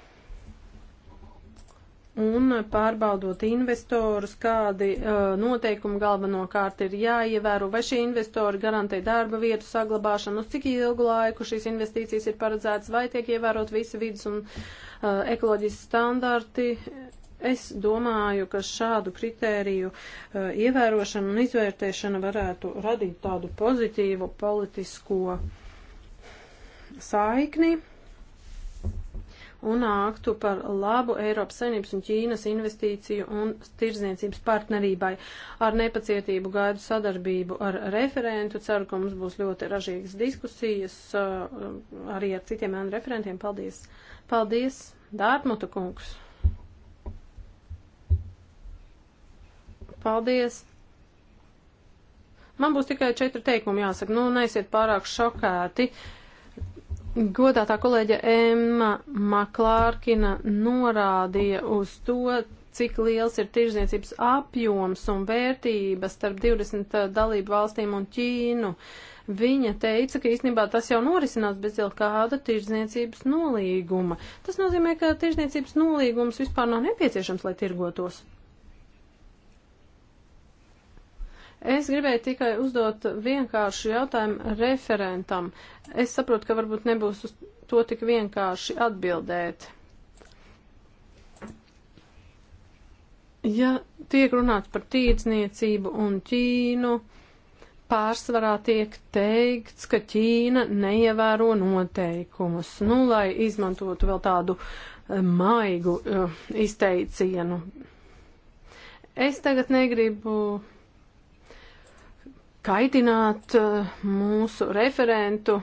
Un pārbaudot investorus, kādi uh, noteikumi galvenokārt ir jāievēro, vai šie investori garantē darba vietu saglabāšanu, uz cik ilgu laiku šīs investīcijas ir paredzētas, vai tiek ievērot visi vidas un uh, ekoloģijas standarti, uh, Es domāju, ka šādu kritēriju uh, ievērošana un izvērtēšana varētu radīt tādu pozitīvu politisko saikni un nāktu par labu Eiropas Savienības un Ķīnas investīciju un tirdzniecības partnerībai. Ar nepacietību gaidu sadarbību ar referentu. Ceru, ka mums būs ļoti ražīgas diskusijas uh, arī ar citiem referentiem. Paldies! Paldies, Dārtmuta kungs! Paldies! Man būs tikai četri teikumi jāsaka. Nu, neesiet pārāk šokēti. Godātā kolēģa Emma Maklārkina norādīja uz to, cik liels ir tirzniecības apjoms un vērtības starp 20 eh, dalību valstīm un Ķīnu. Viņa teica, ka īstenībā tas jau norisinās bez jau kāda tirzniecības nolīguma. Tas nozīmē, ka tirzniecības nolīgums vispār nav nepieciešams, lai tirgotos. Es gribēju tikai uzdot vienkāršu jautājumu referentam. Es saprotu, ka varbūt nebūs uz to tik vienkārši atbildēt. Ja tiek runāts par tīrdzniecību un Ķīnu, pārsvarā tiek teikts, ka Ķīna neievēro noteikumus. Nu, lai izmantotu vēl tādu eh, maigu eh, izteicienu. Es tagad negribu kaitināt eh, mūsu referentu.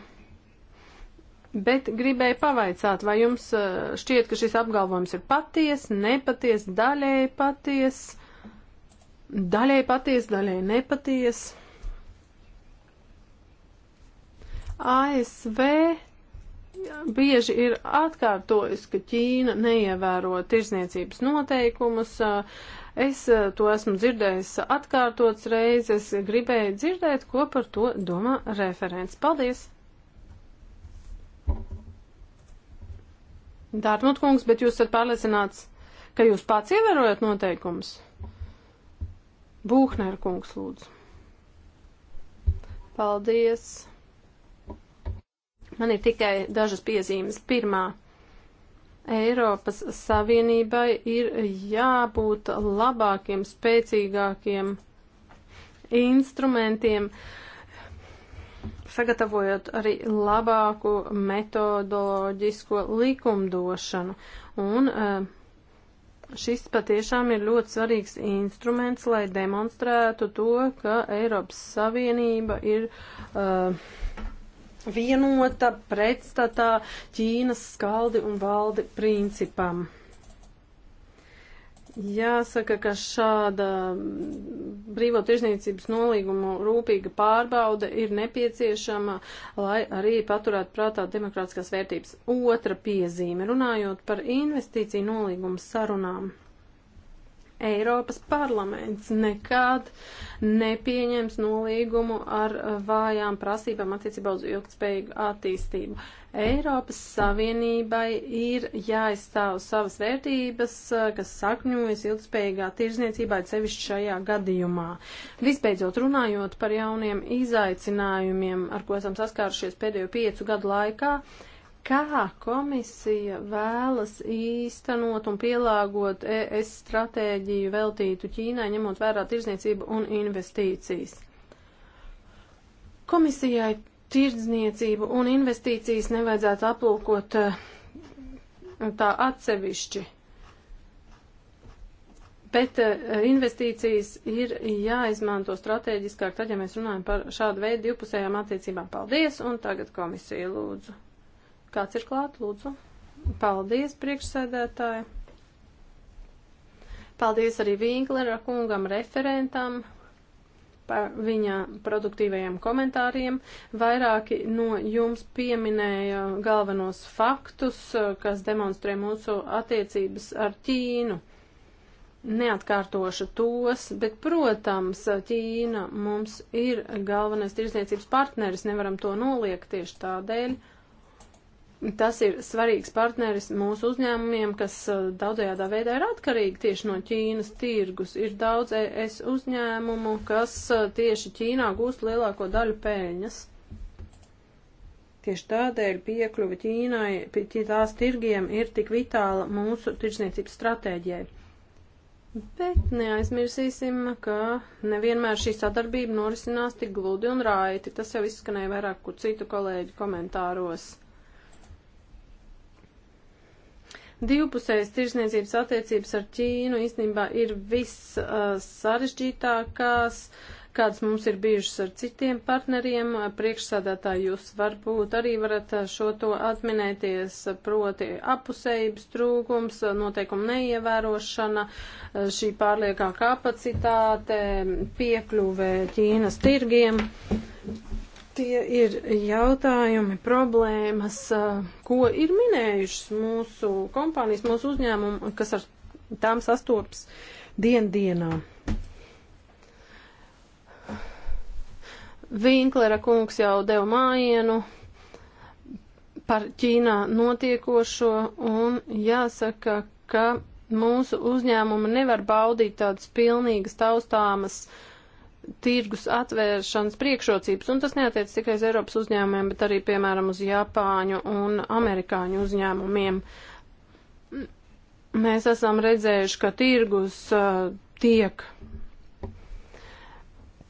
Bet gribēju pavaicāt, vai jums eh, šķiet, ka šis apgalvojums ir paties, nepaties, daļēji paties, daļēji paties, daļēji nepaties. ASV bieži ir atkārtojis, ka Ķīna neievēro tirzniecības noteikumus, uh, Es eh, to esmu dzirdējis atkārtots reizes, gribēju dzirdēt, ko par to domā referents. Paldies! Dārmut kungs, bet jūs esat pārliecināts, ka jūs pats ievērojat noteikumus? Būhner kungs, lūdzu. Paldies! Man ir tikai dažas piezīmes. Pirmā. Eiropas Savienībai ir jābūt labākiem, spēcīgākiem instrumentiem, sagatavojot arī labāku metodoloģisko likumdošanu. Un, uh, šis patiešām ir ļoti svarīgs instruments, lai demonstrētu to, ka Eiropas Savienība ir uh, vienota pretstatā Ķīnas skaldi un valdi principam. Jāsaka, ka šāda brīvo tirzniecības nolīgumu rūpīga pārbauda ir nepieciešama, lai arī paturētu prātā demokrātiskās vērtības. Otra piezīme, runājot par investīciju nolīgumu sarunām. Eiropas parlaments nekad nepieņems nolīgumu ar vājām prasībām attiecībā uz ilgtspējīgu attīstību. Eiropas Savienībai ir jāizstāv savas vērtības, kas sakņojas ilgtspējīgā tirzniecībā, sevišķi šajā gadījumā. Visbeidzot, runājot par jauniem izaicinājumiem, ar ko esam saskārušies pēdējo piecu gadu laikā, uh, Kā komisija vēlas īstenot un pielāgot ES stratēģiju veltītu Ķīnai, ņemot vērā tirzniecību un investīcijas? Komisijai tirdzniecību un investīcijas nevajadzētu aplūkot eh, tā atsevišķi, bet eh, investīcijas ir jāizmanto strateģiskāk, tad, ja mēs runājam par šādu veidu divpusējām attiecībām. Paldies, un tagad komisija lūdzu. Kāds ir klāt, lūdzu? Paldies, priekšsēdētāji. Paldies arī Vīnglera kungam, referentam par viņa produktīvajiem komentāriem. Vairāki no jums pieminēja galvenos faktus, kas demonstrē mūsu attiecības ar Ķīnu. Neatkārtošu tos, bet, protams, Ķīna mums ir galvenais tirsniecības partneris, nevaram to noliegt tieši tādēļ. Uh, Tas ir svarīgs partneris mūsu uzņēmumiem, kas uh, daudzajādā veidā ir atkarīgi tieši no Ķīnas tirgus. Ir daudz ES uzņēmumu, kas uh, tieši Ķīnā gūst lielāko daļu pēļņas. Tieši tādēļ piekļuva Ķīnai, pie tās tirgiem ir tik vitāla mūsu tirsniecības stratēģijai. Bet neaizmirsīsim, ka nevienmēr šī sadarbība norisinās tik gludi un raiti. Tas jau izskanēja vairāk kur citu kolēģu komentāros. Divpusējas tirzniecības attiecības ar Ķīnu īstenībā ir viss uh, sarežģītākās, kādas mums ir bijušas ar citiem partneriem. Priekšsādātāji jūs varbūt arī varat šo to atminēties, proti apusējības trūkums, noteikumu neievērošana, šī pārliekā kapacitāte, piekļuvē Ķīnas tirgiem. Tie ir jautājumi, problēmas, ko ir minējušas mūsu kompānijas, mūsu uzņēmumu, kas ar tām sastopas dien dienā. Vinklera kungs jau deva mājienu par Ķīnā notiekošo un jāsaka, ka mūsu uzņēmumi nevar baudīt tādas pilnīgas taustāmas uh, tirgus atvēršanas priekšrocības, un tas neatiec tikai uz Eiropas uzņēmumiem, bet arī, piemēram, uz Japāņu un Amerikāņu uzņēmumiem. Mēs esam redzējuši, ka tirgus uh, tiek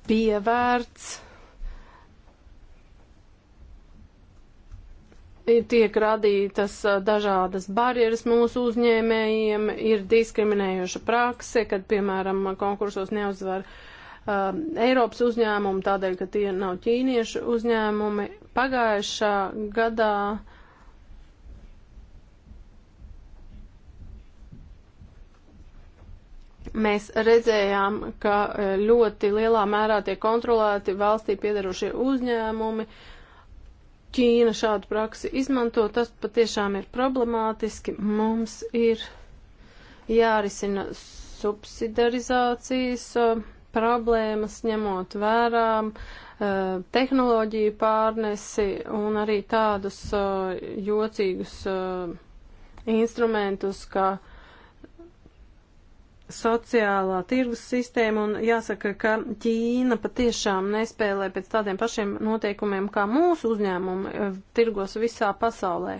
pievērts, tiek radītas uh, dažādas barjeras mūsu uzņēmējiem, ir diskriminējoša prakse, kad, piemēram, konkursos neuzvar uh, um, Eiropas uzņēmumi, tādēļ, ka tie nav ķīniešu uzņēmumi. Pagājušā gadā mēs redzējām, ka e, ļoti lielā mērā tiek kontrolēti valstī piedarošie uzņēmumi. Ķīna šādu praksi izmanto, tas patiešām ir problemātiski. Mums ir jārisina subsidarizācijas. Uh, problēmas, ņemot vērā eh, tehnoloģiju pārnesi un arī tādus eh, jocīgus eh, instrumentus, kā sociālā tirgus sistēma, un jāsaka, ka Ķīna patiešām nespēlē pēc tādiem pašiem noteikumiem, kā mūsu uzņēmumi tirgos visā pasaulē.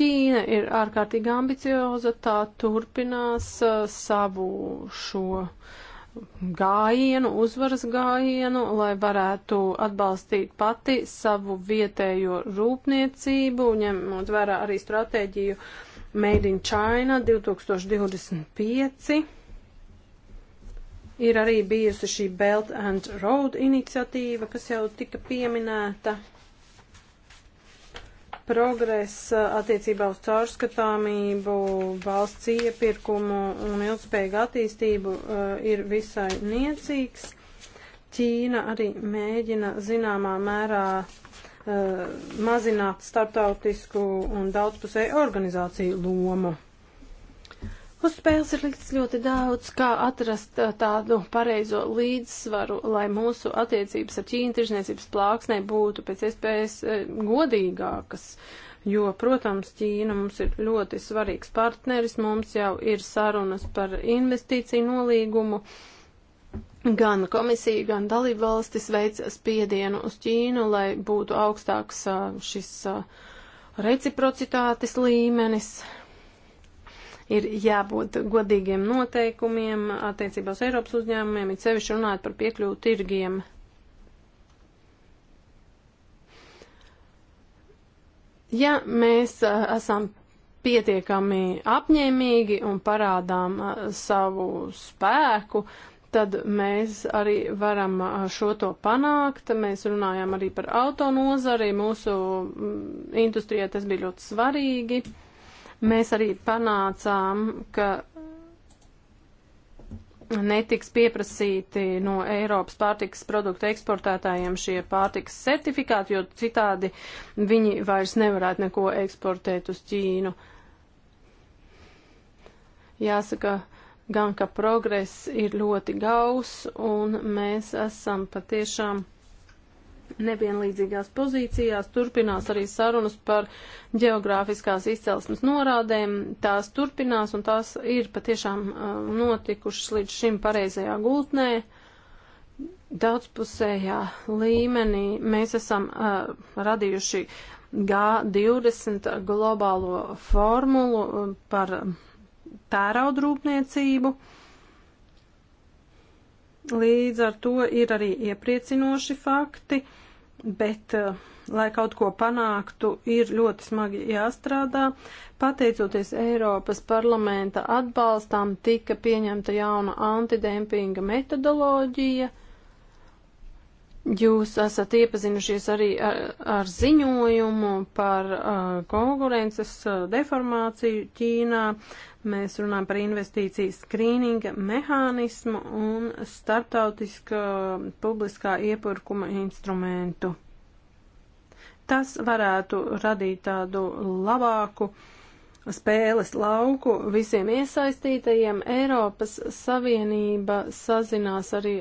Ķīna ir ārkārtīgi ambicioza, tā turpinās uh, savu šo uh, gājienu, uzvaras gājienu, lai varētu atbalstīt pati savu vietējo rūpniecību, ņemot vērā arī stratēģiju Made in China 2025. Ir arī bijusi šī Belt and Road iniciatīva, kas jau tika pieminēta progress attiecībā uz caurskatāmību, valsts iepirkumu un ilgspējīgu attīstību eh, ir visai niecīgs. Ķīna arī mēģina zināmā mērā eh, mazināt starptautisku un daudzpusēju organizāciju lomu. Uz spēles ir likts ļoti daudz, kā atrast uh, tādu pareizo līdzsvaru, lai mūsu attiecības ar Ķīnu tirzniecības plāksnē būtu pēc iespējas uh, godīgākas. Jo, protams, Ķīna mums ir ļoti svarīgs partneris, mums jau ir sarunas par investīciju nolīgumu. Gan komisija, gan dalībvalstis veic spiedienu uz Ķīnu, lai būtu augstāks uh, šis reciprocitātes līmenis, ir jābūt godīgiem noteikumiem attiecībā uz Eiropas uzņēmumiem, it sevišķi runājot par piekļuvu tirgiem. Ja mēs esam pietiekami apņēmīgi un parādām savu spēku, tad mēs arī varam šo to panākt. Mēs runājam arī par autonozari, mūsu industrijai tas bija ļoti svarīgi. Mēs arī panācām, ka netiks pieprasīti no Eiropas pārtikas produktu eksportētājiem šie pārtikas certifikāti, jo citādi viņi vairs nevarētu neko eksportēt uz Ķīnu. Jāsaka, gan ka progress ir ļoti gaus, un mēs esam patiešām nevienlīdzīgās pozīcijās. Turpinās arī sarunas par geogrāfiskās izcelsmes norādēm. Tās turpinās un tās ir patiešām uh, notikušas līdz šim pareizajā gultnē. Daudzpusējā līmenī mēs esam uh, radījuši G20 globālo formulu uh, par tērauda rūpniecību. Uh, Līdz ar to ir arī iepriecinoši fakti, bet, eh, lai kaut ko panāktu, ir ļoti smagi jāstrādā. Pateicoties Eiropas parlamenta atbalstam, tika pieņemta jauna antidempinga metodoloģija – Jūs esat iepazinušies arī ar, ar ziņojumu par uh, konkurences uh, deformāciju Ķīnā. Mēs runājam par investīciju skrīninga mehānismu un starptautiska publiskā iepirkuma instrumentu. Tas varētu radīt tādu labāku uh, spēles lauku visiem iesaistītajiem. Eiropas Savienība sazinās arī,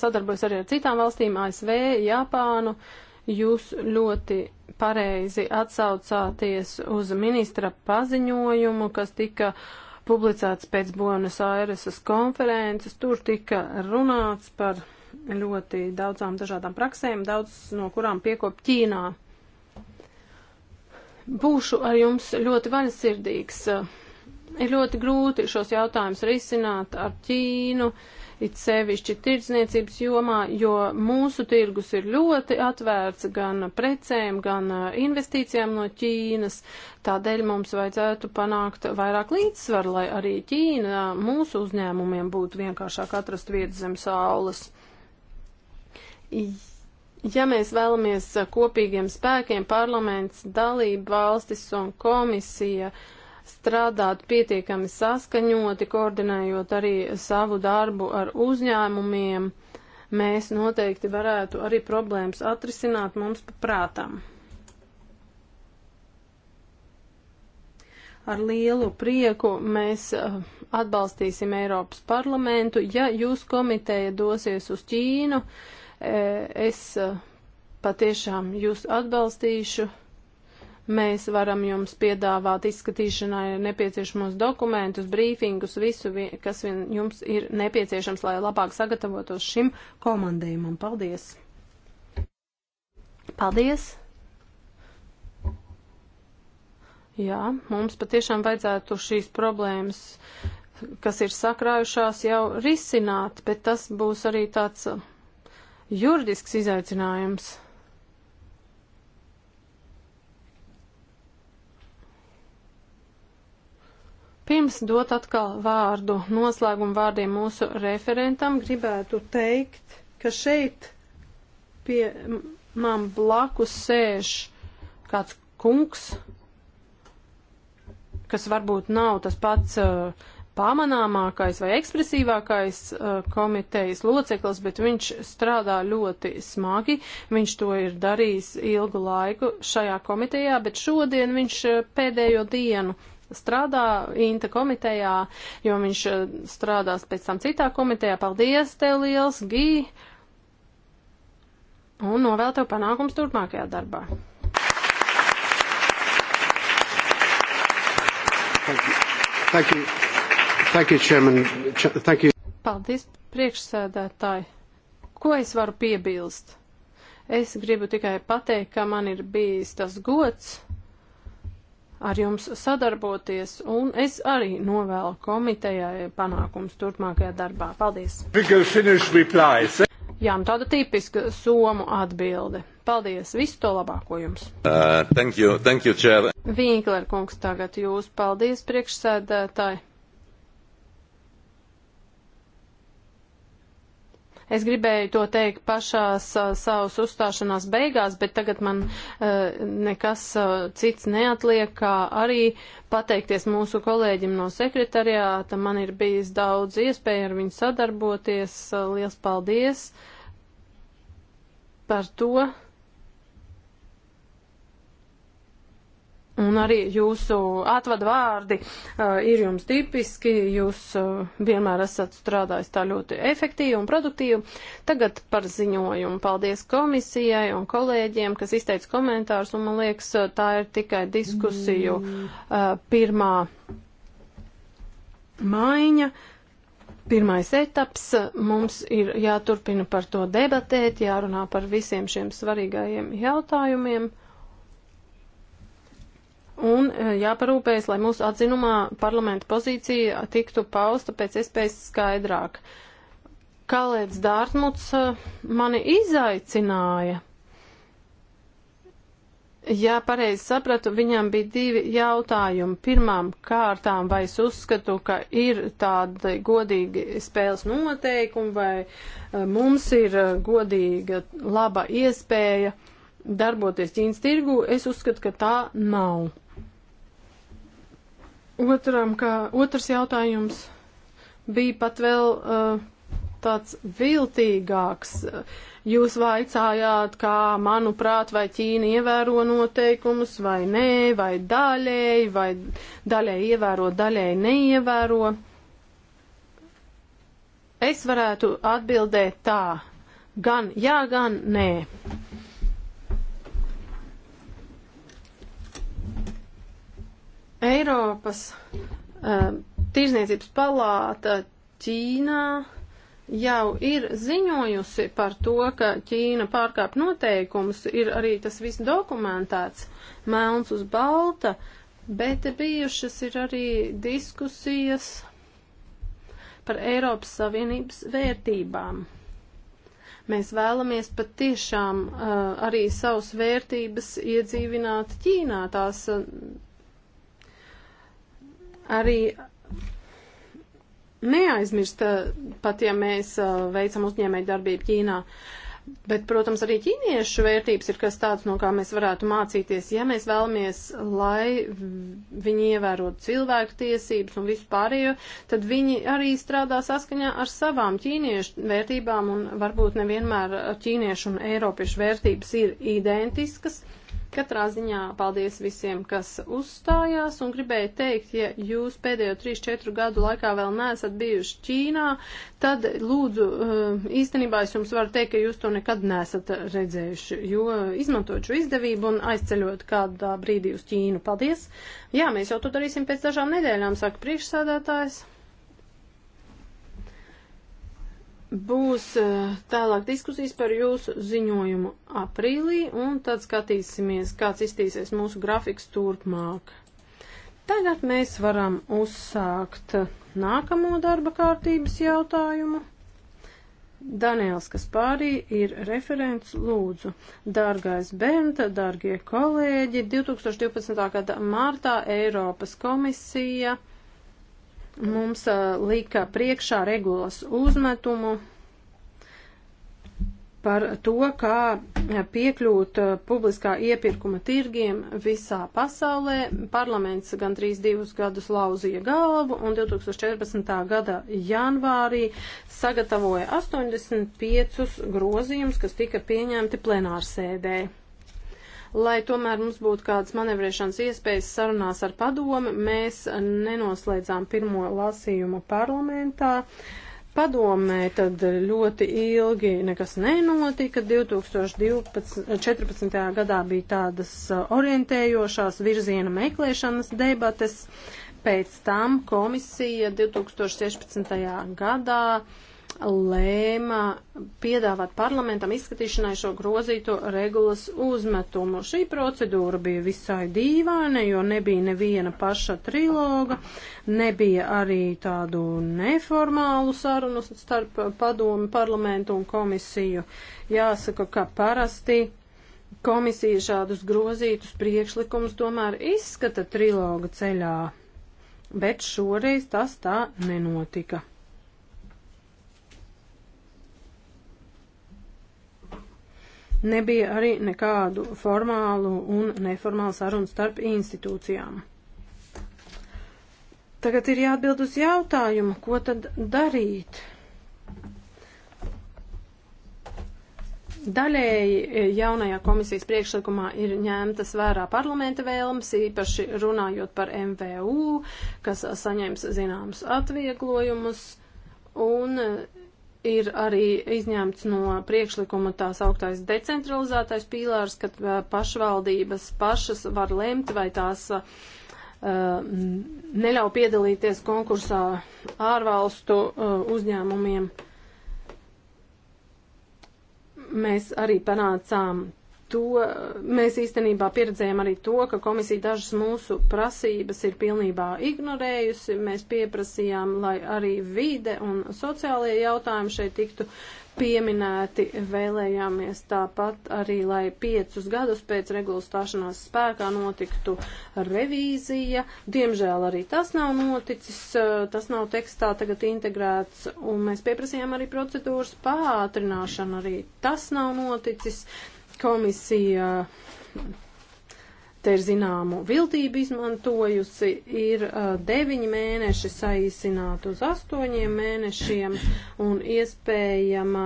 sadarbojas arī ar citām valstīm, ASV, Japānu. Jūs ļoti pareizi atsaucāties uz ministra paziņojumu, kas tika publicēts pēc Buenas Aireses konferences. Tur tika runāts par ļoti daudzām dažādām praksēm, daudz no kurām piekop Ķīnā. Būšu ar jums ļoti vaļasirdīgs. Ir ļoti grūti šos jautājumus risināt ar Ķīnu, it sevišķi tirdzniecības jomā, jo mūsu tirgus ir ļoti atvērts gan precēm, gan investīcijām no Ķīnas. Tādēļ mums vajadzētu panākt vairāk līdzsvaru, lai arī Ķīna mūsu uzņēmumiem būtu vienkāršāk atrast vietas zem saules. Ja mēs vēlamies kopīgiem spēkiem parlaments, dalība valstis un komisija strādāt pietiekami saskaņoti, koordinējot arī savu darbu ar uzņēmumiem, mēs noteikti varētu arī problēmas atrisināt mums pa prātām. Ar lielu prieku mēs eh, atbalstīsim Eiropas parlamentu, ja jūs komiteja dosies uz Ķīnu, uh, E, es e, patiešām jūs atbalstīšu. Mēs varam jums piedāvāt izskatīšanai nepieciešamos dokumentus, brīfingus, visu, kas vien jums ir nepieciešams, lai labāk sagatavotos šim komandējumam. Paldies! Paldies! Jā, mums patiešām vajadzētu šīs problēmas, kas ir sakrājušās, jau risināt, bet tas būs arī tāds juridisks izaicinājums. Pirms dot atkal vārdu noslēguma vārdiem mūsu referentam, gribētu teikt, ka šeit pie man blakus sēž kāds kungs, kas varbūt nav tas pats uh, pamanāmākais vai ekspresīvākais uh, komitejas loceklis, bet viņš strādā ļoti smagi. Viņš to ir darījis ilgu laiku šajā komitejā, bet šodien viņš uh, pēdējo dienu strādā Inta komitejā, jo viņš uh, strādās pēc tam citā komitejā. Paldies tev liels, Gī! Un novēl tev panākums turpmākajā darbā. Thank you. Thank you. Thank you, Chairman. Thank you. Paldies, priekšsēdētāji. Ko es varu piebilst? Es gribu tikai pateikt, ka man ir bijis tas gods ar jums sadarboties, un es arī novēlu komitejai panākums turpmākajā darbā. Paldies! Jā, un nu tāda tipiska somu atbilde. Paldies, visu to labāko jums! Uh, thank you, thank you, Chair! Vīnkler kungs, tagad jūs paldies, priekšsēdētāji! Es gribēju to teikt pašās savas uzstāšanās beigās, bet tagad man nekas cits neatliek, kā arī pateikties mūsu kolēģim no sekretariāta. Man ir bijis daudz iespēju ar viņu sadarboties. Liels paldies par to! Un arī jūsu atvadu vārdi uh, ir jums tipiski, jūs uh, vienmēr esat strādājis tā ļoti efektīvi un produktīvi. Tagad par ziņojumu. Paldies komisijai un kolēģiem, kas izteica komentārus, un man liekas, uh, tā ir tikai diskusiju uh, pirmā maiņa. Pirmais etaps mums ir jāturpina par to debatēt, jārunā par visiem šiem svarīgajiem jautājumiem un e, jāparūpējas, lai mūsu atzinumā parlamenta pozīcija tiktu pausta pēc iespējas skaidrāk. Kalēts Dārtmuts e, mani izaicināja. Jā, pareizi sapratu, viņam bija divi jautājumi. Pirmām kārtām, vai es uzskatu, ka ir tādi godīgi spēles noteikumi, vai e, mums ir godīga laba iespēja darboties Ķīnas tirgu, es uzskatu, ka tā nav. Otram, kā, otrs jautājums bija pat vēl uh, tāds viltīgāks. Jūs vaicājāt, kā, manuprāt, vai Ķīna ievēro noteikumus, vai nē, vai daļēji, vai daļēji ievēro, daļēji neievēro. Es varētu atbildēt tā, gan jā, gan nē. Eiropas uh, tirzniecības palāta Ķīnā jau ir ziņojusi par to, ka Ķīna pārkāp noteikumus, ir arī tas viss dokumentēts, melns uz balta, bet bijušas ir arī diskusijas par Eiropas Savienības vērtībām. Mēs vēlamies patiešām uh, arī savus vērtības iedzīvināt Ķīnā, tās uh, arī neaizmirst, eh, pat ja mēs eh, veicam uzņēmēju darbību Ķīnā, bet, protams, arī ķīniešu vērtības ir kas tāds, no kā mēs varētu mācīties, ja mēs vēlamies, lai viņi ievērotu cilvēku tiesības un visu pārējo, tad viņi arī strādā saskaņā ar savām ķīniešu vērtībām un varbūt nevienmēr ķīniešu un eiropiešu vērtības ir identiskas. Katrā ziņā paldies visiem, kas uzstājās un gribēju teikt, ja jūs pēdējo 3-4 gadu laikā vēl neesat bijuši Ķīnā, tad lūdzu, uh, īstenībā es jums varu teikt, ka jūs to nekad neesat redzējuši, jo izmantojot šo izdevību un aizceļot kādā brīdī uz Ķīnu. Paldies! Jā, mēs jau to darīsim pēc dažām nedēļām, saka priekšsēdētājs. Būs e, tālāk diskusijas par jūsu ziņojumu aprīlī, un tad skatīsimies, kāds iztīsies mūsu grafiks turpmāk. Tagad mēs varam uzsākt nākamo darba kārtības jautājumu. Daniels Kaspārī ir referents lūdzu. Dārgais Benta, dārgie kolēģi, 2012. gada martā Eiropas komisija mums lika priekšā regulas uzmetumu par to, kā piekļūt publiskā iepirkuma tirgiem visā pasaulē. Parlaments gandrīz divus gadus lauzīja galvu un 2014. gada janvārī sagatavoja 85 grozījumus, kas tika pieņemti plenārsēdē lai tomēr mums būtu kādas manevrēšanas iespējas sarunās ar padomi, mēs nenoslēdzām pirmo lasījumu parlamentā. Padomē tad ļoti ilgi nekas nenotika. 2014. gadā bija tādas orientējošās virziena meklēšanas debates. Pēc tam komisija 2016. gadā lēma piedāvāt parlamentam izskatīšanai šo grozīto regulas uzmetumu. Šī procedūra bija visai dīvaina, jo nebija neviena paša triloga, nebija arī tādu neformālu sarunu starp padomu parlamentu un komisiju. Jāsaka, ka parasti komisija šādus grozītus priekšlikumus tomēr izskata triloga ceļā, bet šoreiz tas tā nenotika. Nebija arī nekādu formālu un neformālu sarunu starp institūcijām. Tagad ir jāatbild uz jautājumu, ko tad darīt. Daļēji e, jaunajā komisijas priekšlikumā ir ņemtas vērā parlamenta vēlmes, īpaši runājot par MVU, kas saņems zināmus atvieglojumus, un e, ir arī izņemts no priekšlikuma tās augtais decentralizētais pīlārs, kad uh, pašvaldības pašas var lemt, vai tās uh, neļauj piedalīties konkursā ārvalstu uh, uzņēmumiem. Mēs arī panācām to mēs īstenībā pieredzējām arī to, ka komisija dažas mūsu prasības ir pilnībā ignorējusi. Mēs pieprasījām, lai arī vide un sociālajie jautājumi šeit tiktu pieminēti. Vēlējāmies tāpat arī, lai piecus gadus pēc regulas stāšanās spēkā notiktu revīzija. Diemžēl arī tas nav noticis, tas nav tekstā tagad integrēts, un mēs pieprasījām arī procedūras pātrināšanu, arī tas nav noticis komisija te ir zināmu viltību izmantojusi, ir uh, deviņi mēneši saīsināt uz astoņiem mēnešiem un iespējama,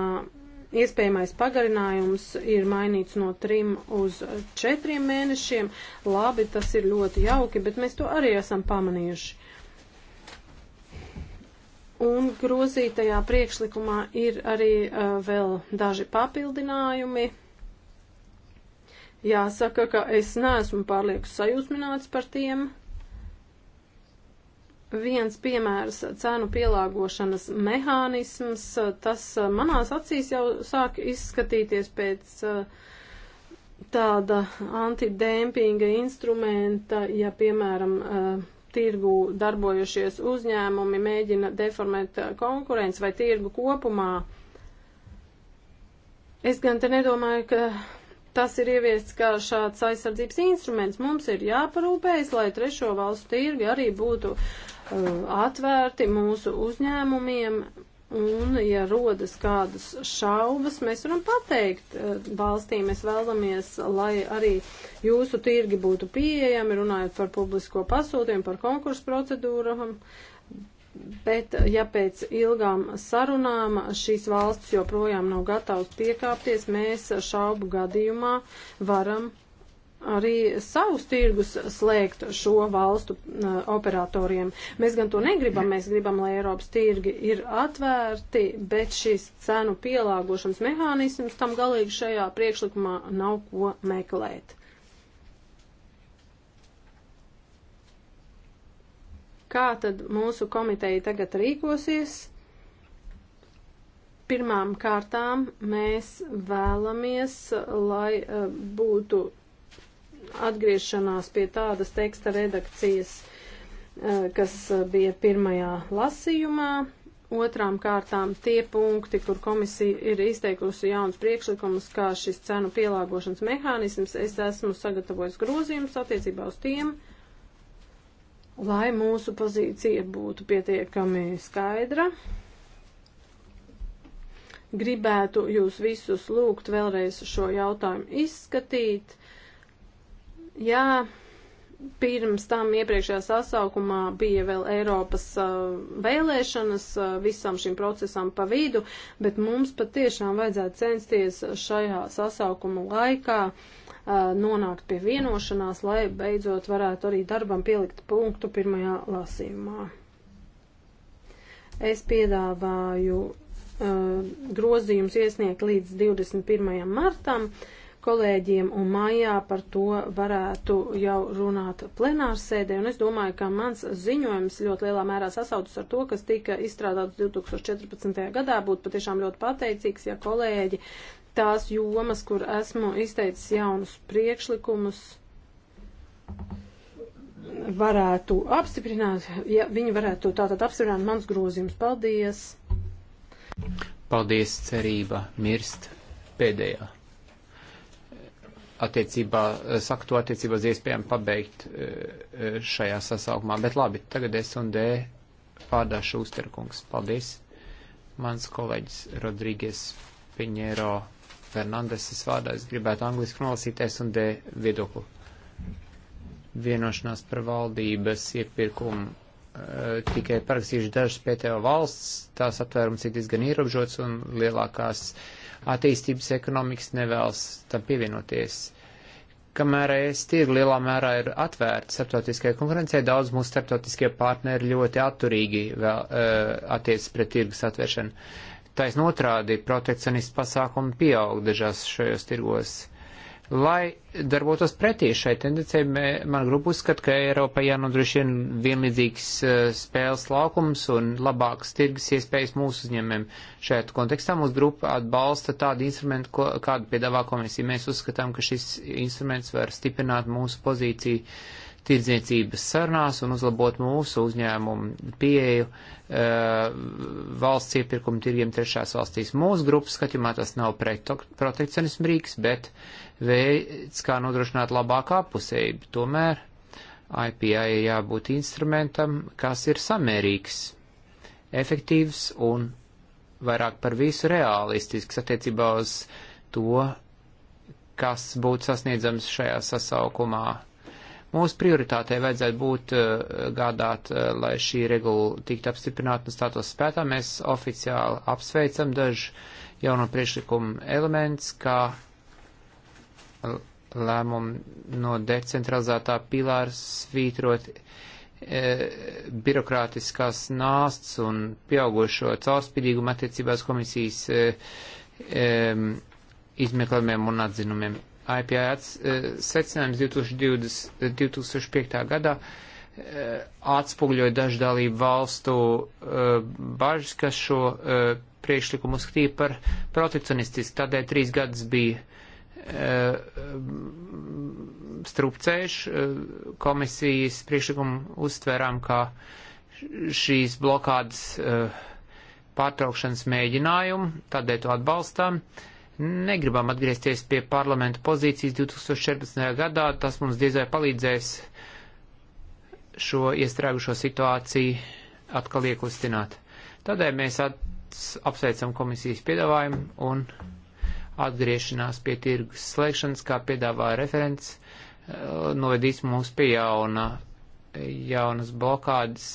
iespējamais pagarinājums ir mainīts no trim uz četriem mēnešiem. Labi, tas ir ļoti jauki, bet mēs to arī esam pamanījuši. Un grozītajā priekšlikumā ir arī uh, vēl daži papildinājumi Jāsaka, ka es neesmu pārlieku sajūsmināts par tiem. Viens piemērs cēnu pielāgošanas mehānisms, tas eh, manās acīs jau sāk izskatīties pēc uh, tāda antidēmpinga instrumenta, ja, piemēram, eh, tirgu darbojušies uzņēmumi mēģina deformēt konkurenci vai tirgu kopumā. Es gan te nedomāju, ka tas ir ieviests kā šāds aizsardzības instruments. Mums ir jāparūpējas, lai trešo valstu tirgi arī būtu uh, atvērti mūsu uzņēmumiem. Un, ja rodas kādas šaubas, mēs varam pateikt uh, valstī, mēs vēlamies, lai arī jūsu tirgi būtu pieejami, runājot par publisko pasūtījumu, par konkursu procedūru. Uh, Bet, ja pēc ilgām sarunām šīs valsts joprojām nav gatavas piekāpties, mēs šaubu gadījumā varam arī savus tirgus slēgt šo valstu uh, operatoriem. Mēs gan to negribam, mēs gribam, lai Eiropas tirgi ir atvērti, bet šis cenu pielāgošanas mehānisms tam galīgi šajā priekšlikumā nav ko meklēt. Kā tad mūsu komiteja tagad rīkosies? Pirmām kārtām mēs vēlamies, lai e, būtu atgriešanās pie tādas teksta redakcijas, e, kas e, bija pirmajā lasījumā. Otrām kārtām tie punkti, kur komisija ir izteikusi jaunas priekšlikumus, kā šis cenu pielāgošanas mehānisms, es esmu sagatavojis grozījumus attiecībā uz tiem. Uh, lai mūsu pozīcija būtu pietiekami skaidra. Gribētu jūs visus lūgt vēlreiz šo jautājumu izskatīt. Jā, pirms tam iepriekšējā sasaukumā bija vēl Eiropas uh, vēlēšanas uh, visam šim procesam pa vidu, bet mums patiešām vajadzētu censties šajā sasaukuma laikā uh, nonākt pie vienošanās, lai beidzot varētu arī darbam pielikt punktu pirmajā lasījumā. Es piedāvāju grozījums iesniegt līdz 21. martam kolēģiem un mājā par to varētu jau runāt plenārsēdē, un es domāju, ka mans ziņojums ļoti lielā mērā sasaucas ar to, kas tika izstrādāts 2014. gadā, būtu patiešām ļoti pateicīgs, ja kolēģi tās jomas, kur esmu izteicis jaunus priekšlikumus, varētu apstiprināt, ja viņi varētu tātad apstiprināt mans grozījums. Paldies! Paldies, cerība mirst pēdējā. Attiecībā, saktu attiecībā uz iespējām pabeigt e, e, šajā sasaukumā, bet labi, tagad es un D pārdāšu Usterkungs. Paldies! Mans kolēģis Rodrīgies Piņēro Fernandeses vārdā. Es gribētu angliski nolasīt S&D viedokli. Vienošanās par valdības iepirkumu eh, tikai parakstījuši dažas PTO valsts, tās aptvērums ir diezgan ierobežots un lielākās attīstības ekonomikas nevēlas tam pievienoties. Kamēr es tirgu lielā mērā ir atvērta starptautiskajai konkurencei, daudz mūsu starptautiskie partneri ļoti atturīgi vēl, uh, eh, attiec pret tirgus atvēršanu. Uh, Taisn otrādi protekcionistu pasākumi pieaug dažās šajos tirgos. Lai darbotos pretī šai tendencei, man grupa uzskata, ka Eiropai jānodrošina vienlīdzīgs e, spēles laukums un labāks tirgus iespējas mūsu uzņēmumiem. Šajā kontekstā mūsu grupa atbalsta tādu instrumentu, ko, kādu piedāvā komisija. Mēs uzskatām, ka šis instruments var stiprināt mūsu pozīciju tirdzniecības sarunās un uzlabot mūsu uzņēmumu pieeju eh, valsts iepirkuma tirgiem trešās valstīs. Mūsu grupas skatījumā tas nav protekcionismu rīks, bet veids, kā nodrošināt labāku apusēju. Tomēr IPI ir jābūt instrumentam, kas ir samērīgs, efektīvs un vairāk par visu realistisks attiecībā uz to, kas būtu sasniedzams šajā sasaukumā Mūsu prioritātei vajadzētu būt eh, gādāt, eh, lai šī regula tiktu apstiprināta un stātos spētā. Mēs oficiāli apsveicam dažu jauno priekšlikumu elements, kā lēmumu no decentralizētā pilāra svītrot e, birokrātiskās nāsts un pieaugušo caurspīdīgumu attiecībās komisijas e, e, izmeklējumiem un atzinumiem. IPAC eh, secinājums 2020, 2005. Eh, gadā eh, atspoguļoja dažu dalību valstu bažas, kas šo priekšlikumu uzskatīja par protekcionistisku. Tādēļ trīs gadus bija strupceļš, komisijas priekšlikumu uztvērām kā šīs blokādas pārtraukšanas mēģinājumu, tādēļ to atbalstām. Uh, negribam atgriezties pie parlamenta pozīcijas 2014. gadā, tas mums diezai palīdzēs šo iestrēgušo situāciju atkal ieklustināt. Tādēļ mēs apsveicam komisijas piedāvājumu un atgriešanās pie tirgus slēgšanas, kā piedāvāja referents, eh, novedīs mūs pie jauna, jaunas blokādes,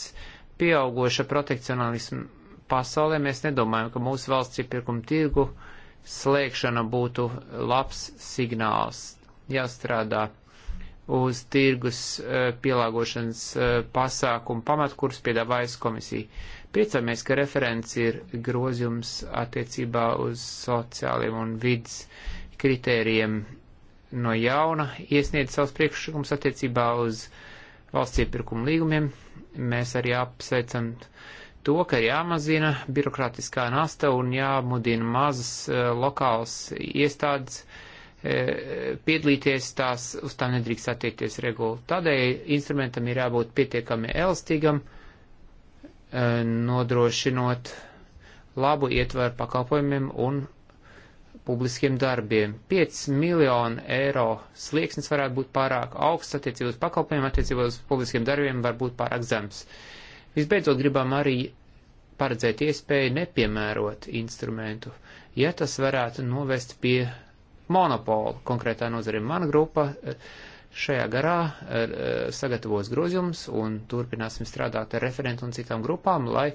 pieaugoša protekcionalismu pasaulē. Mēs nedomājam, ka mūsu valsts iepirkuma tirgu uh, slēgšana būtu labs signāls. Jāstrādā uz tirgus eh, pielāgošanas eh, pasākumu pamat, kurus piedāvājas komisija. Priecāmies, ka referents ir grozījums attiecībā uz sociāliem un vidas kritērijiem no jauna, iesniedz savus priekšlikumus attiecībā uz valsts iepirkuma līgumiem. Mēs arī apsveicam uh, to, ka ir jāmazina birokrātiskā nasta un jāmudina mazas eh, lokālas iestādes eh, piedalīties tās, uz tām nedrīkst attiekties regula. Tādēļ instrumentam ir jābūt pietiekami elastīgam, eh, nodrošinot labu ietvaru pakalpojumiem un publiskiem darbiem. 5 miljonu eiro slieksnis varētu būt pārāk augsts attiecībā uz pakalpojumiem, attiecībā uz publiskiem darbiem var būt pārāk zems. Uh, Visbeidzot, gribam arī paredzēt iespēju nepiemērot instrumentu, ja tas varētu novest pie monopola konkrētā nozarē. Mana grupa eh, šajā garā eh, eh, sagatavos grozījumus un turpināsim strādāt ar referentu un citām grupām, lai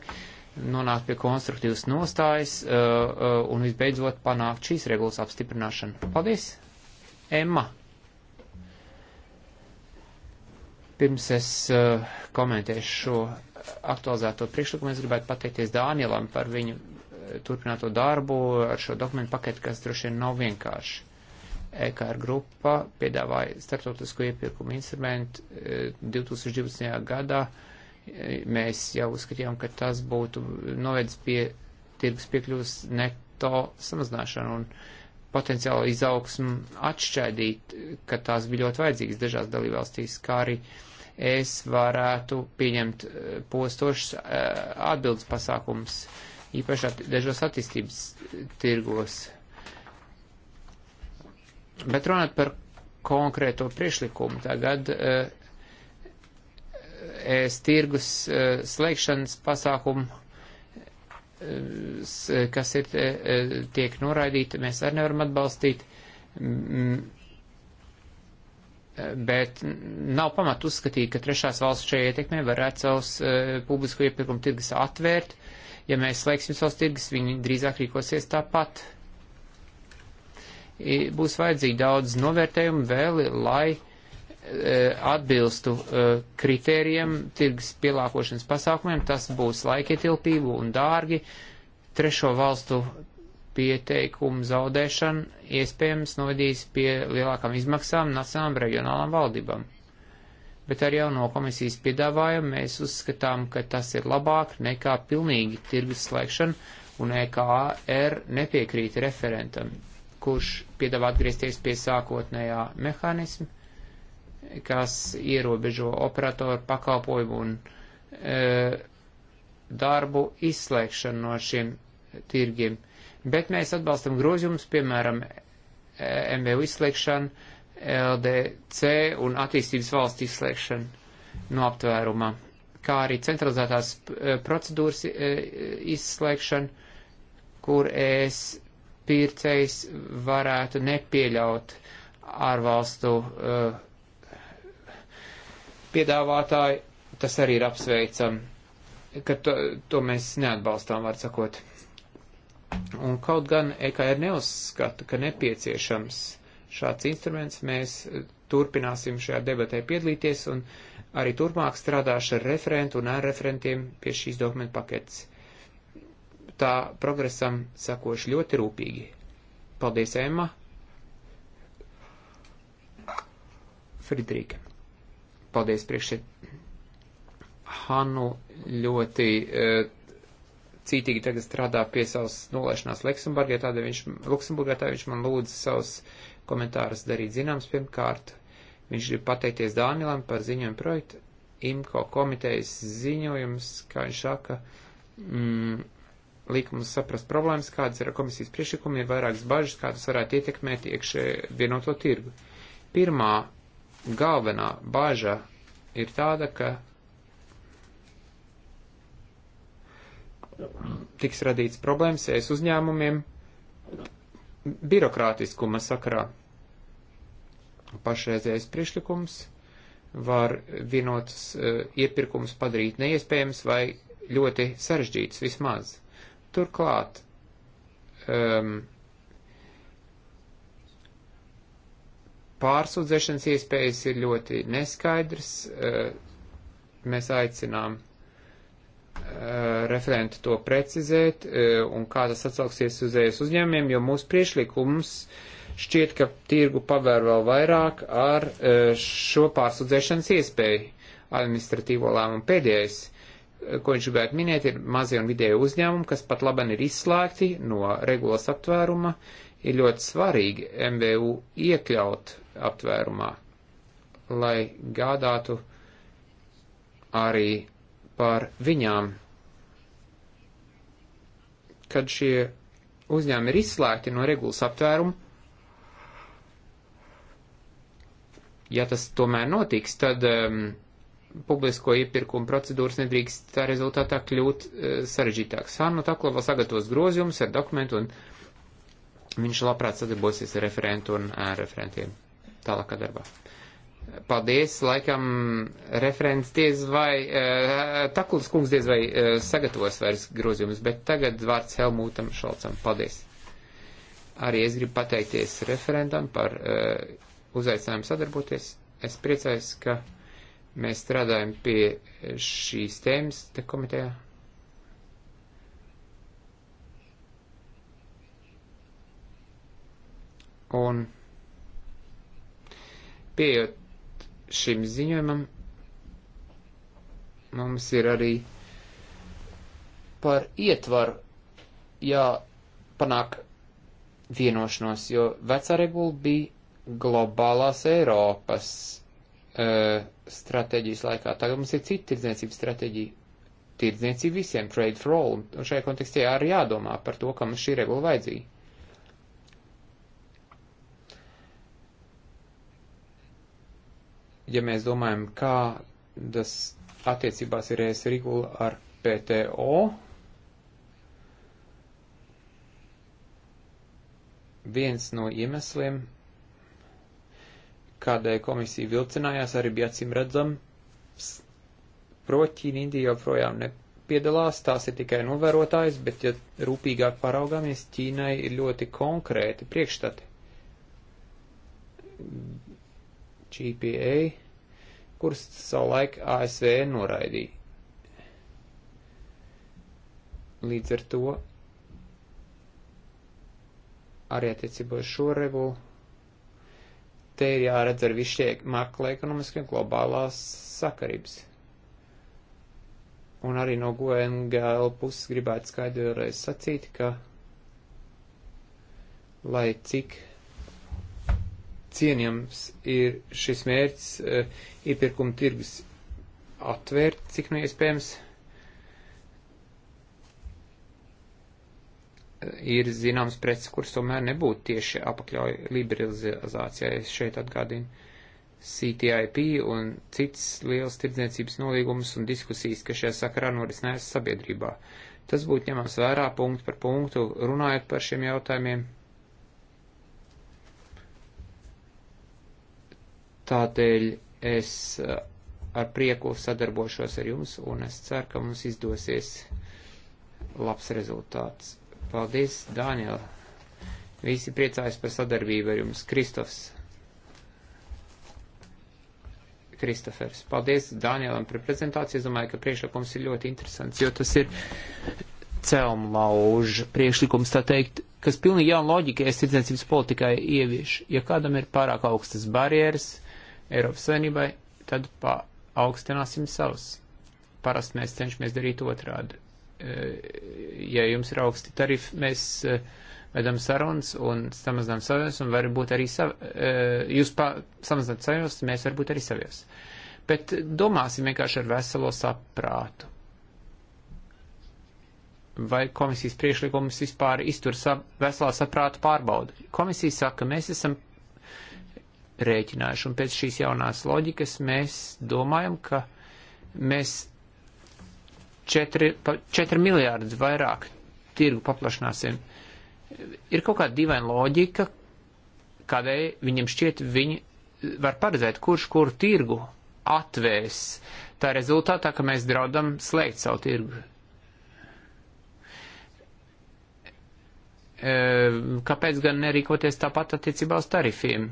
nonāktu pie konstruktīvas nostājas un visbeidzot panākt šīs regulas apstiprināšanu. Paldies! Emma! Pirms es komentēšu šo aktualizēto priekšlikumu. Es gribētu pateikties Dānielam par viņu eh, turpināto darbu ar šo dokumentu paketu, kas droši vien nav vienkārši. EKR grupa piedāvāja startautisko iepirkumu instrumentu 2020. Eh, gadā. Eh, mēs jau uzskatījām, ka tas būtu novedis pie tirgus piekļuvas neto samazināšanu un potenciāli izaugsmu atšķaidīt, ka tās bija ļoti vajadzīgas dažās dalībvalstīs, kā arī uh, es varētu pieņemt eh, postošs eh, atbildes pasākums, īpaši at dažos attīstības tirgos. Bet runāt par konkrēto priešlikumu tagad, eh, es tirgus slēgšanas pasākumu, kas ir, tiek noraidīta, mēs arī nevaram atbalstīt bet nav pamat uzskatīt, ka trešās valsts šajā ietekmē varētu savus uh, publisko iepirkumu tirgus atvērt. Ja mēs slēgsim savus tirgus, viņi drīzāk rīkosies tāpat. Būs vajadzīgi daudz novērtējumu vēl, lai uh, atbilstu uh, kritērijiem, tirgus pielāgošanas pasākumiem. Tas būs laikietilpību un dārgi. Trešo valstu pieteikumu zaudēšana iespējams novedīs pie lielākām izmaksām nacionālām reģionālām valdībām. Bet ar jauno komisijas piedāvājumu mēs uzskatām, ka tas ir labāk nekā pilnīgi tirgus slēgšana, un EKR nepiekrīt referentam, kurš piedāvā atgriezties pie sākotnējā mehānisma, kas ierobežo operatoru pakalpojumu un e, darbu izslēgšanu no šiem tirgiem. E, Bet mēs atbalstam grozījumus, piemēram, MBU izslēgšanu, LDC un attīstības valsts izslēgšanu no aptvērumā, kā arī centralizētās eh, procedūras eh, izslēgšanu, kur es pircējs varētu nepieļaut ārvalstu eh, piedāvātāju, tas arī ir apsveicam, ka to, to mēs neatbalstām, var sakot. Un kaut gan EKR neuzskata, ka nepieciešams šāds instruments, mēs eh, turpināsim šajā debatē piedalīties un arī turpmāk strādāšu ar referentu un ar referentiem pie šīs dokumentu paketes. Tā progresam sakoši ļoti rūpīgi. Paldies, Emma! Fridrīka. Paldies priekšē. Hanu ļoti uh, cītīgi tagad strādā pie savas nolaišanās Luksemburgā, tādēļ viņš, Luksemburgā tā viņš man lūdz savus komentārus darīt zināms. Pirmkārt, viņš grib pateikties Dānielam par ziņojumu projektu, IMCO komitejas ziņojums, kā viņš saka, mm, liek mums saprast problēmas, kādas ir komisijas priekšlikumi, ir vairākas bažas, kā tas varētu ietekmēt iekšē vienoto tirgu. Pirmā galvenā baža ir tāda, ka tiks radīts problēmas ES uzņēmumiem birokrātiskuma sakarā. Pašreizējais priešlikums var vienotus uh, eh, iepirkumus padarīt neiespējams vai ļoti sarežģīts vismaz. Turklāt um, pārsūdzēšanas iespējas ir ļoti neskaidrs. Uh, mēs aicinām uh, Eh, referenti to precizēt eh, un kā tas atsauksies uz ES uzņēmiem, jo mūsu priešlikums šķiet, ka tirgu pavēr vēl vairāk ar eh, šo pārsūdzēšanas iespēju administratīvo lēmumu pēdējais. Ko viņš gribētu minēt, ir mazie un vidēji uzņēmumi, kas pat laban ir izslēgti no regulas aptvēruma, ir ļoti svarīgi MVU iekļaut aptvērumā, lai gādātu arī par viņām, kad šie uzņēmumi ir izslēgti no regulas aptvērumu. Ja tas tomēr notiks, tad um, publisko iepirkumu procedūras nedrīkst tā rezultātā kļūt uh, sarežģītāks. Hannu Taklova sagatavos grozījumus ar dokumentu un viņš labprāt sadarbosies ar referentu un ar uh, referentiem tālākā darbā. Paldies, laikam referents diez vai, uh, eh, Takls kungs diez vai uh, sagatavos vairs grozījumus, bet tagad vārds Helmūtam Šolcam. Paldies. Arī es gribu pateikties referentam par uh, uzaicinājumu sadarboties. Es priecājos, ka mēs strādājam pie šīs tēmas te komitejā. Un pieejot šim ziņojumam mums ir arī par ietvaru jāpanāk vienošanos, jo vecā regula bija globālās Eiropas e, stratēģijas laikā. Tagad mums ir cita tirdzniecības stratēģija. Tirdzniecība visiem, trade for all. Un šajā kontekstā arī jādomā par to, kam šī regula vajadzīga. ja mēs domājam, kādas attiecībās ir ES regula ar PTO, viens no iemesliem, kādēļ komisija vilcinājās, arī bija acīm redzams, proti Indija joprojām nepiedalās, tās ir tikai novērotājs, bet ja rūpīgāk paraugāmies, Ķīnai ir ļoti konkrēti priekšstati. GPA kuras savulaik ASV noraidīja. Līdz ar to arī attiecībā uz šo regulu te ir jāredz ar visu šie makroekonomiskie globālās sakarības. Un arī no GNGL puses gribētu skaidri vēlreiz sacīt, ka lai cik cienījams ir šis mērķis uh, iepirkuma tirgus atvērt, cik nu iespējams. Eh, ir zināms preces, kuras tomēr nebūtu tieši apakļauj liberalizācijai. Es šeit atgādinu CTIP un cits liels tirdzniecības nolīgumus un diskusijas, kas šajā sakarā norisinājās sabiedrībā. Tas būtu ņemams vērā punktu par punktu, runājot par šiem jautājumiem, Tādēļ es eh, ar prieku sadarbošos ar jums un es ceru, ka mums izdosies labs rezultāts. Paldies, Dāniela! Visi priecājas par sadarbību ar jums, Kristofs. Kristofers. Paldies Dānielam par prezentāciju. Es domāju, ka priekšlikums ir ļoti interesants, jo tas ir celmlauža priekšlikums, tā teikt, kas pilnīgi jaunu loģiku es tirdzniecības politikai ievieš. Ja kādam ir pārāk augstas barjeras, Eiropas Savienībai, tad paaugstināsim savus. Parasti mēs cenšamies darīt otrādi. E, ja jums ir augsti tarifi, mēs e, vedam sarunas un samazinām savus, un varbūt arī sav, e, jūs pa, samazināt savus, mēs varbūt arī savus. Bet domāsim vienkārši ar veselo saprātu. Vai komisijas priekšlikums vispār iztur sap, veselā saprāta pārbaudu? Komisija saka, mēs esam rēķinājuši. Un pēc šīs jaunās loģikas mēs domājam, ka mēs 4, 4 miljārdus vairāk tirgu paplašināsim. Ir kaut kāda dīvaina loģika, kādēļ viņiem šķiet viņi var paredzēt, kurš kuru tirgu atvēs. Tā rezultātā, ka mēs draudam slēgt savu tirgu. Ehm, kāpēc gan nerīkoties tāpat attiecībā uz tarifiem?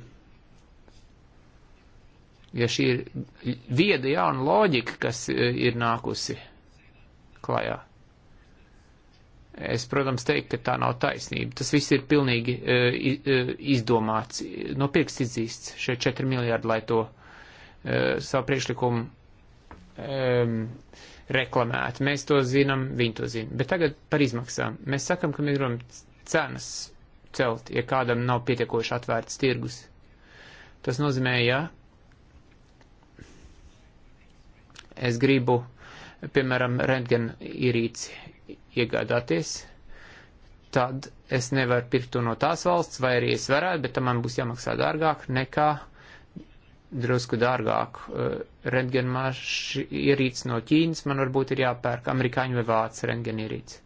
jo šī ir vieda jauna loģika, kas e, ir nākusi klajā. Es, protams, teiktu, ka tā nav taisnība. Tas viss ir pilnīgi uh, izdomāts, no pirksts izdzīsts šie 4 miljārdi, lai to uh, savu priekšlikumu um, reklamētu. Mēs to zinām, viņi to zina. Bet tagad par izmaksām. Mēs sakam, ka mēs gribam cenas celt, ja kādam nav pietiekoši atvērts tirgus. Tas nozīmē, ja es gribu, piemēram, rentgen ierīci iegādāties, tad es nevaru pirkt to no tās valsts, vai arī es varētu, bet tam man būs jāmaksā dārgāk nekā drusku dārgāk. Uh, Rentgenmašs ierīts no Ķīnas man varbūt ir jāpērk amerikāņu vai vācu rentgen ierīts.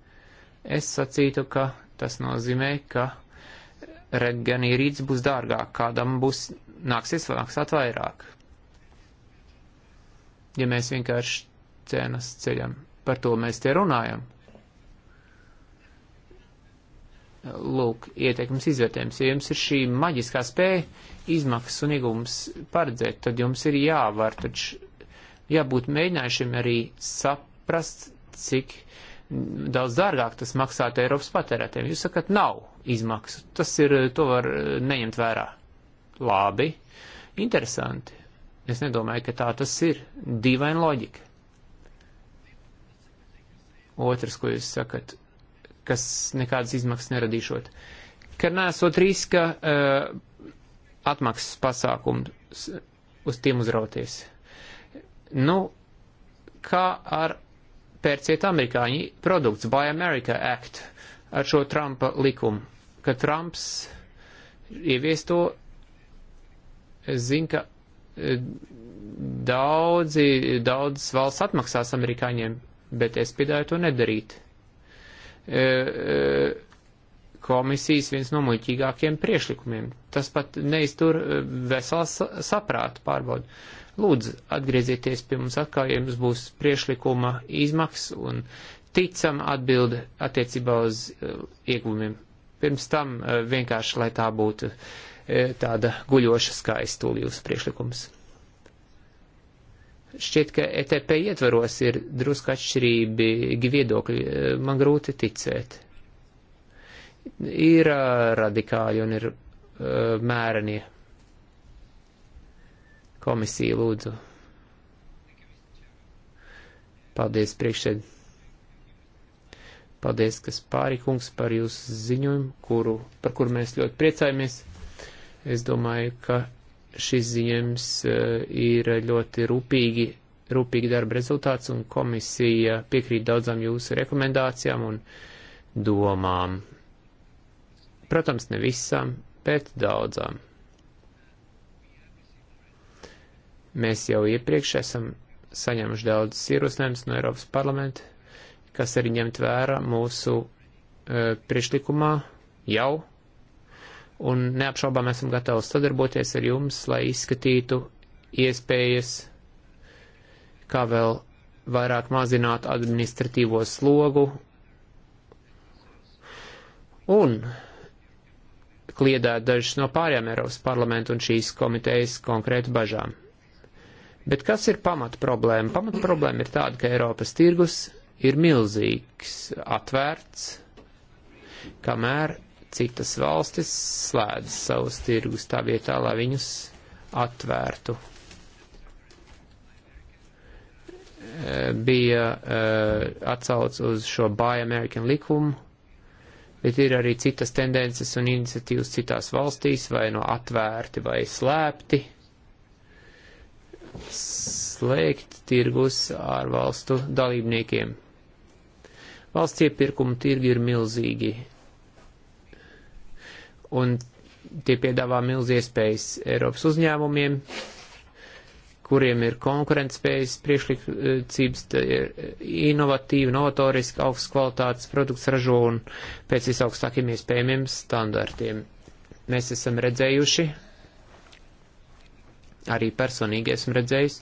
Es sacītu, ka tas nozīmē, ka rentgen ierīts būs dārgāk, kādam būs nāksies maksāt vairāk ja mēs vienkārši cenas ceļam. Par to mēs te runājam. Lūk, ieteikums izvērtējums. Ja jums ir šī maģiskā spēja izmaksas un iegums paredzēt, tad jums ir jāvar, taču jābūt mēģinājušiem arī saprast, cik daudz dārgāk tas maksātu Eiropas patērētiem. Jūs sakat, nav izmaksu. Tas ir, to var neņemt vērā. Labi, interesanti. Es nedomāju, ka tā tas ir. Dīvaina loģika. Otrs, ko jūs sakat, kas nekādas izmaksas neradīšot. Ka nesot riska uh, atmaksas pasākumu uz tiem uzrauties. Nu, kā ar pērciet amerikāņi produkts Buy America Act ar šo Trumpa likumu, ka Trumps ievies to, zina, ka Daudzi, daudz valsts atmaksās amerikāņiem, bet es piedāju to nedarīt. E, e, komisijas viens no muļķīgākiem priešlikumiem. Tas pat neiztur e, vesels saprātu pārbaudu. Lūdzu, atgriezieties pie mums atkal, ja jums būs priešlikuma izmaksas un ticama atbilde attiecībā uz ieguvumiem. Pirms tam vienkārši, lai tā būtu uh, E, tāda guļoša skaistuli jūsu priekšlikums. Šķiet, ka ETP ietvaros ir drusku atšķirīgi viedokļi, e, man grūti ticēt. Ir e, radikāļi un ir mērenie. Komisija lūdzu. Paldies priekšsēd. Paldies, kas pāri kungs par jūsu ziņojumu, kuru, par kuru mēs ļoti priecājamies. Es domāju, ka šis ziņojums eh, ir ļoti rūpīgi, rūpīgi darba rezultāts, un komisija piekrīt daudzām jūsu rekomendācijām un domām. Protams, ne visām, bet daudzām. Mēs jau iepriekš esam saņēmuši daudz ierosinājumus no Eiropas parlamenta, kas arī ņemt vērā mūsu e, priešlikumā jau un neapšaubām esam gatavi sadarboties ar jums, lai izskatītu iespējas, kā vēl vairāk mazināt administratīvo slogu un kliedēt dažas no pārējām Eiropas parlamentu un šīs komitejas konkrētu bažām. Bet kas ir pamat problēma? Pamat problēma ir tāda, ka Eiropas tirgus ir milzīgs, atvērts, kamēr citas valstis slēdz savus tirgus tā vietā, lai viņus atvērtu. Eh, bija eh, atsauc uz šo Buy American likumu, bet ir arī citas tendences un iniciatīvas citās valstīs, vai no nu atvērti vai slēpti. Slēgt tirgus ārvalstu dalībniekiem. Valsts iepirkuma tirgi ir milzīgi, un tie piedāvā milz iespējas Eiropas uzņēmumiem, kuriem ir konkurentspējas priešlikcības, eh, inovatīvi, novatoriski, augsts kvalitātes produkts ražo un pēc visaugstākiem iespējamiem standartiem. Mēs esam redzējuši, arī personīgi esmu redzējis,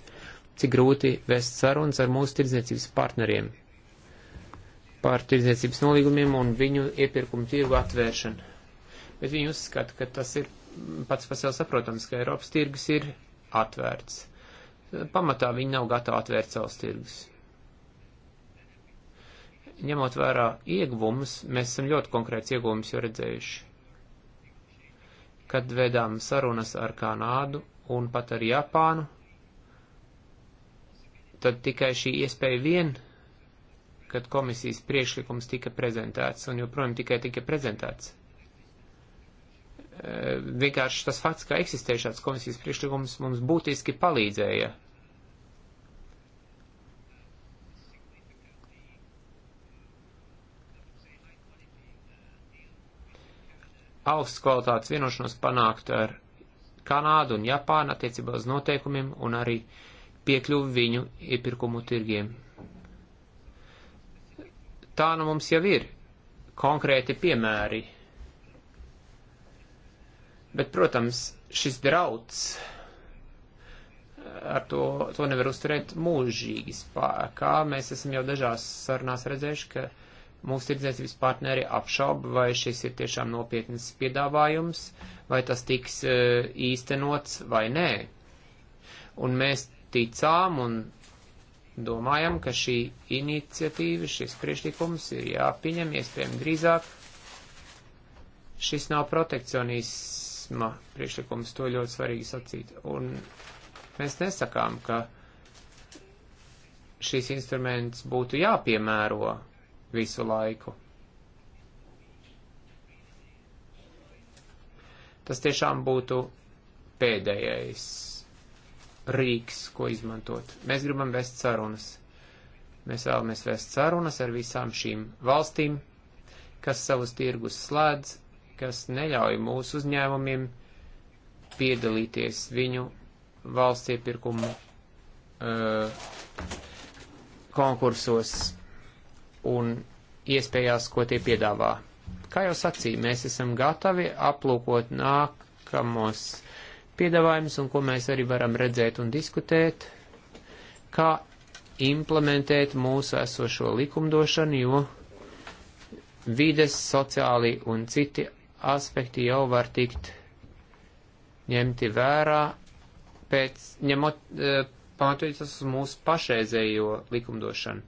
cik grūti vest sarunas ar mūsu tirdzniecības partneriem par tirdzniecības nolīgumiem un viņu iepirkumu tirgu atvēršanu bet viņi uzskata, ka tas ir pats par sevi saprotams, ka Eiropas tirgus ir atvērts. Pamatā viņi nav gatavi atvērt savus tirgus. Ņemot vērā ieguvumus, mēs esam ļoti konkrēts ieguvumus jau redzējuši. Kad vedām sarunas ar Kanādu un pat ar Japānu, tad tikai šī iespēja vien, kad komisijas priekšlikums tika prezentēts un joprojām tikai tika prezentēts Eh, vienkārši tas fakts, ka eksistē šāds komisijas priekšlikums, mums būtiski palīdzēja. augsts kvalitātes vienošanos panākt ar Kanādu un Japānu attiecībā uz noteikumiem un arī piekļuvi viņu iepirkumu tirgiem. Tā nu mums jau ir konkrēti piemēri Bet, protams, šis drauds eh, ar to, to nevar uzturēt mūžīgi spēkā. Mēs esam jau dažās sarunās redzējuši, ka mūsu tirdzniecības partneri apšauba, vai šis ir tiešām nopietnas piedāvājums, vai tas tiks eh, īstenots vai nē. Un mēs ticām un domājam, ka šī iniciatīva, šis priekšlikums ir jāpieņem iespējami drīzāk. Šis nav protekcionīsts turisma priekšlikums, to ļoti svarīgi sacīt. Un mēs nesakām, ka šīs instruments būtu jāpiemēro visu laiku. Tas tiešām būtu pēdējais rīks, ko izmantot. Mēs gribam vest sarunas. Mēs vēlamies vest sarunas ar visām šīm valstīm, kas savus tirgus slēdz kas neļauj mūsu uzņēmumiem piedalīties viņu valsts iepirkumu uh, konkursos un iespējās, ko tie piedāvā. Kā jau sacīju, mēs esam gatavi aplūkot nākamos piedāvājumus un ko mēs arī varam redzēt un diskutēt, kā implementēt mūsu esošo likumdošanu, jo vides, sociāli un citi aspekti jau var tikt ņemti vērā, pēc, ņemot, e, pamatojoties uz mūsu pašreizējo likumdošanu.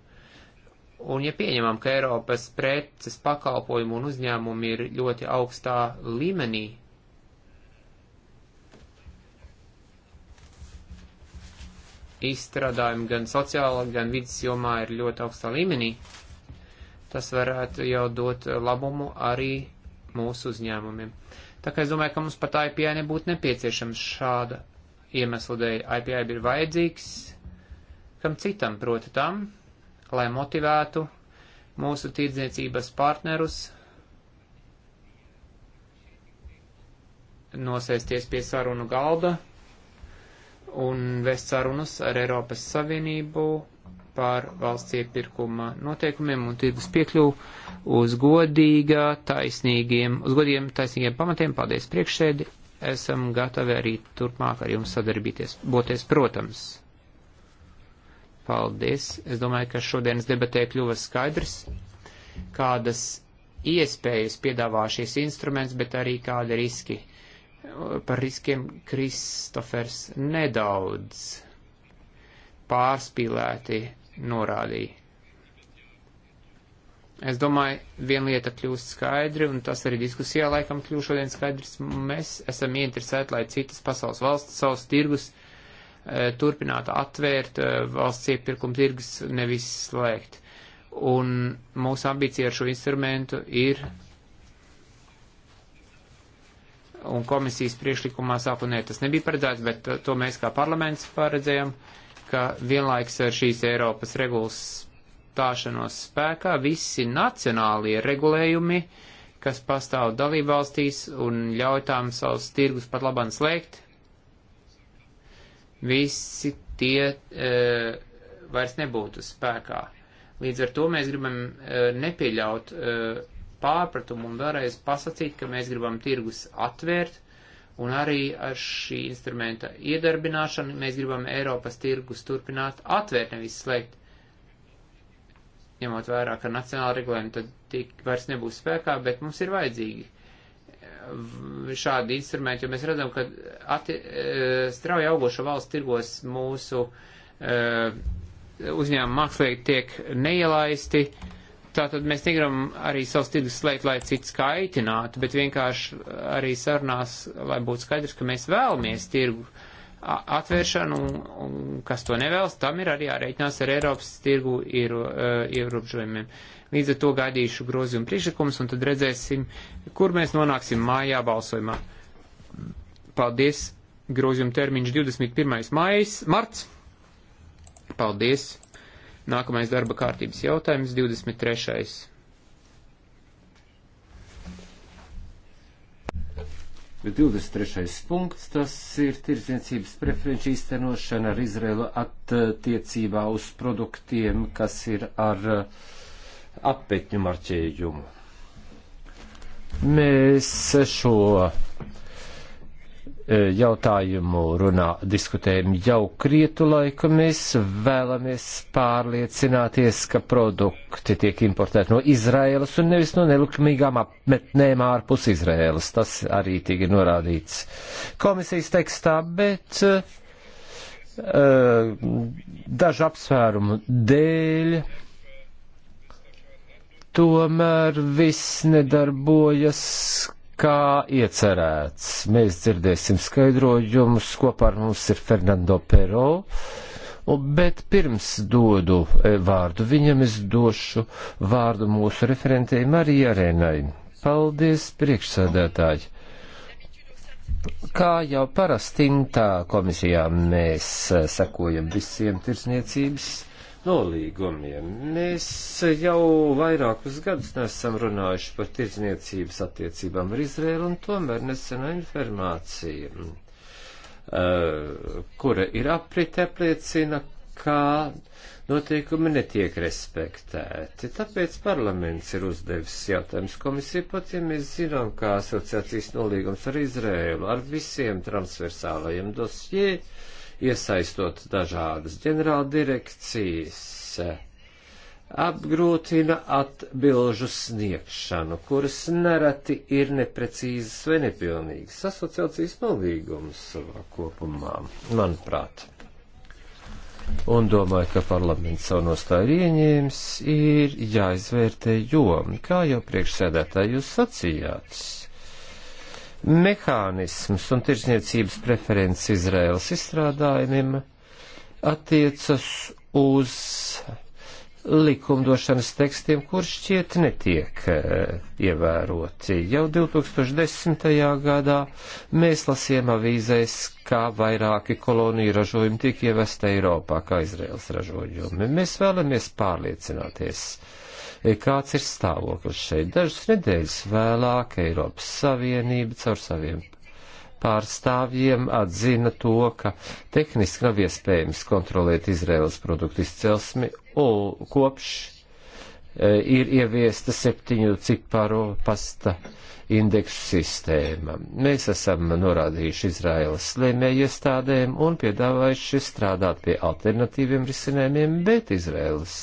Un ja pieņemam, ka Eiropas preces pakalpojumu un uzņēmumu ir ļoti augstā līmenī, izstrādājumi gan sociāla, gan vidas jomā ir ļoti augstā līmenī, tas varētu jau dot labumu arī mūsu uzņēmumiem. Tā kā es domāju, ka mums pat IPI nebūtu nepieciešams šāda iemesla dēļ. IPI ir vajadzīgs kam citam, proti tam, lai motivētu mūsu tirdzniecības partnerus nosēsties pie sarunu galda un vest sarunas ar Eiropas Savienību pār valsts iepirkuma noteikumiem un tirgus piekļuvu uz godīgā, taisnīgiem, uz godīgiem, taisnīgiem pamatiem. Paldies priekšsēdi. Esam gatavi arī turpmāk ar jums sadarbīties. Boties, protams. Paldies. Es domāju, ka šodienas debatē kļuva skaidrs, kādas iespējas piedāvā šis instruments, bet arī kādi riski. Par riskiem Kristofers nedaudz pārspīlēti norādīja. Es domāju, viena lieta kļūst skaidri, un tas arī diskusijā laikam kļūst šodien skaidrs. Mēs esam ieinteresēti, lai citas pasaules valsts savus tirgus e, turpinātu atvērt, e, valsts iepirkuma tirgus nevis slēgt. Un mūsu ambīcija ar šo instrumentu ir un komisijas priešlikumā sākotnēji tas nebija paredzēts, bet to mēs kā parlaments paredzējām. Uh, ka vienlaiks ar šīs Eiropas regulas stāšanos spēkā visi nacionālie regulējumi, kas pastāv dalībvalstīs un ļauj tām savus tirgus pat labāk slēgt, visi tie e, vairs nebūtu spēkā. Līdz ar to mēs gribam e, nepieļaut e, pārpratumu un vēlreiz pasakīt, ka mēs gribam tirgus atvērt, Un arī ar šī instrumenta iedarbināšanu mēs gribam Eiropas tirgus turpināt atvērt, nevis slēgt. Ņemot vērā, ka nacionāla regulējuma tad tik vairs nebūs spēkā, bet mums ir vajadzīgi eh, šādi instrumenti, jo mēs redzam, ka ati, eh, strauji augošo valsts tirgos mūsu uh, eh, uzņēmumu mākslinieki tiek neielaisti. Uh, Tātad mēs negribam arī savus tirgus slēgt, lai cits kaitinātu, bet vienkārši arī sarunās, lai būtu skaidrs, ka mēs vēlamies tirgu atvēršanu, un, un kas to nevēlas, tam ir arī jārēķinās ar Eiropas tirgu e, ierobežojumiem. Līdz ar to gaidīšu grozījumu priekšlikumus, un tad redzēsim, kur mēs nonāksim mājā balsojumā. Paldies! Grozījuma termiņš 21. Mājas, marts. Paldies! Nākamais darba kārtības jautājums, 23. Bet 23. punkts, tas ir tirdzniecības preferenču īstenošana ar Izraelu attiecībā uz produktiem, kas ir ar uh, apetņu marķējumu. Mēs šo jautājumu runā diskutējam jau krietu laiku. Mēs vēlamies pārliecināties, ka produkti tiek importēti no Izraēlas un nevis no nelikumīgām apmetnēm ārpus Izraēlas. Tas arī tika norādīts komisijas tekstā, bet uh, dažu apsvērumu dēļ tomēr viss nedarbojas kā iecerēts. Mēs dzirdēsim skaidrojumus, kopā ar mums ir Fernando Pero, bet pirms dodu e, vārdu viņam, es došu vārdu mūsu referentei Marija Rēnai. Paldies, priekšsādātāji! Kā jau parasti tā komisijā mēs e, sekojam visiem tirsniecības nolīgumiem. Mēs jau vairākus gadus nesam runājuši par tirdzniecības attiecībām ar Izrēlu, un tomēr nesenā informācija, eh, kura ir aprit, apliecina, ka noteikumi netiek respektēti. Tāpēc parlaments ir uzdevis jautājums komisiju, pat ja mēs zinām, kā asociācijas nolīgums ar Izrēlu, ar visiem transversālajiem dosjiem, iesaistot dažādas ģenerāldirekcijas, apgrūtina atbilžu sniegšanu, kuras nereti ir neprecīzas vai nepilnīgas. Asociācijas nolīgums savā kopumā, manuprāt un domāju, ka parlaments savu nostāju ieņēmis, ir jāizvērtē, jo, kā jau priekšsēdētāji jūs sacījāt, mehānisms un tirsniecības preferences Izraels izstrādājumiem attiecas uz likumdošanas tekstiem, kurš šķiet netiek e, ievēroti. Jau 2010. gadā mēs lasījām avīzēs, kā vairāki koloniju ražojumi tiek ievest Eiropā, kā Izraels ražojumi. Mēs vēlamies pārliecināties, uh, kāds ir stāvoklis šeit. Dažas nedēļas vēlāk Eiropas Savienība caur saviem pārstāvjiem atzina to, ka tehniski nav iespējams kontrolēt Izraels produktu izcelsmi, un kopš E, ir ieviesta septiņu ciparu pasta indeksu sistēma. Mēs esam norādījuši Izraēlas slēmēju iestādēm un piedāvājuši strādāt pie alternatīviem risinājumiem, bet Izraēlas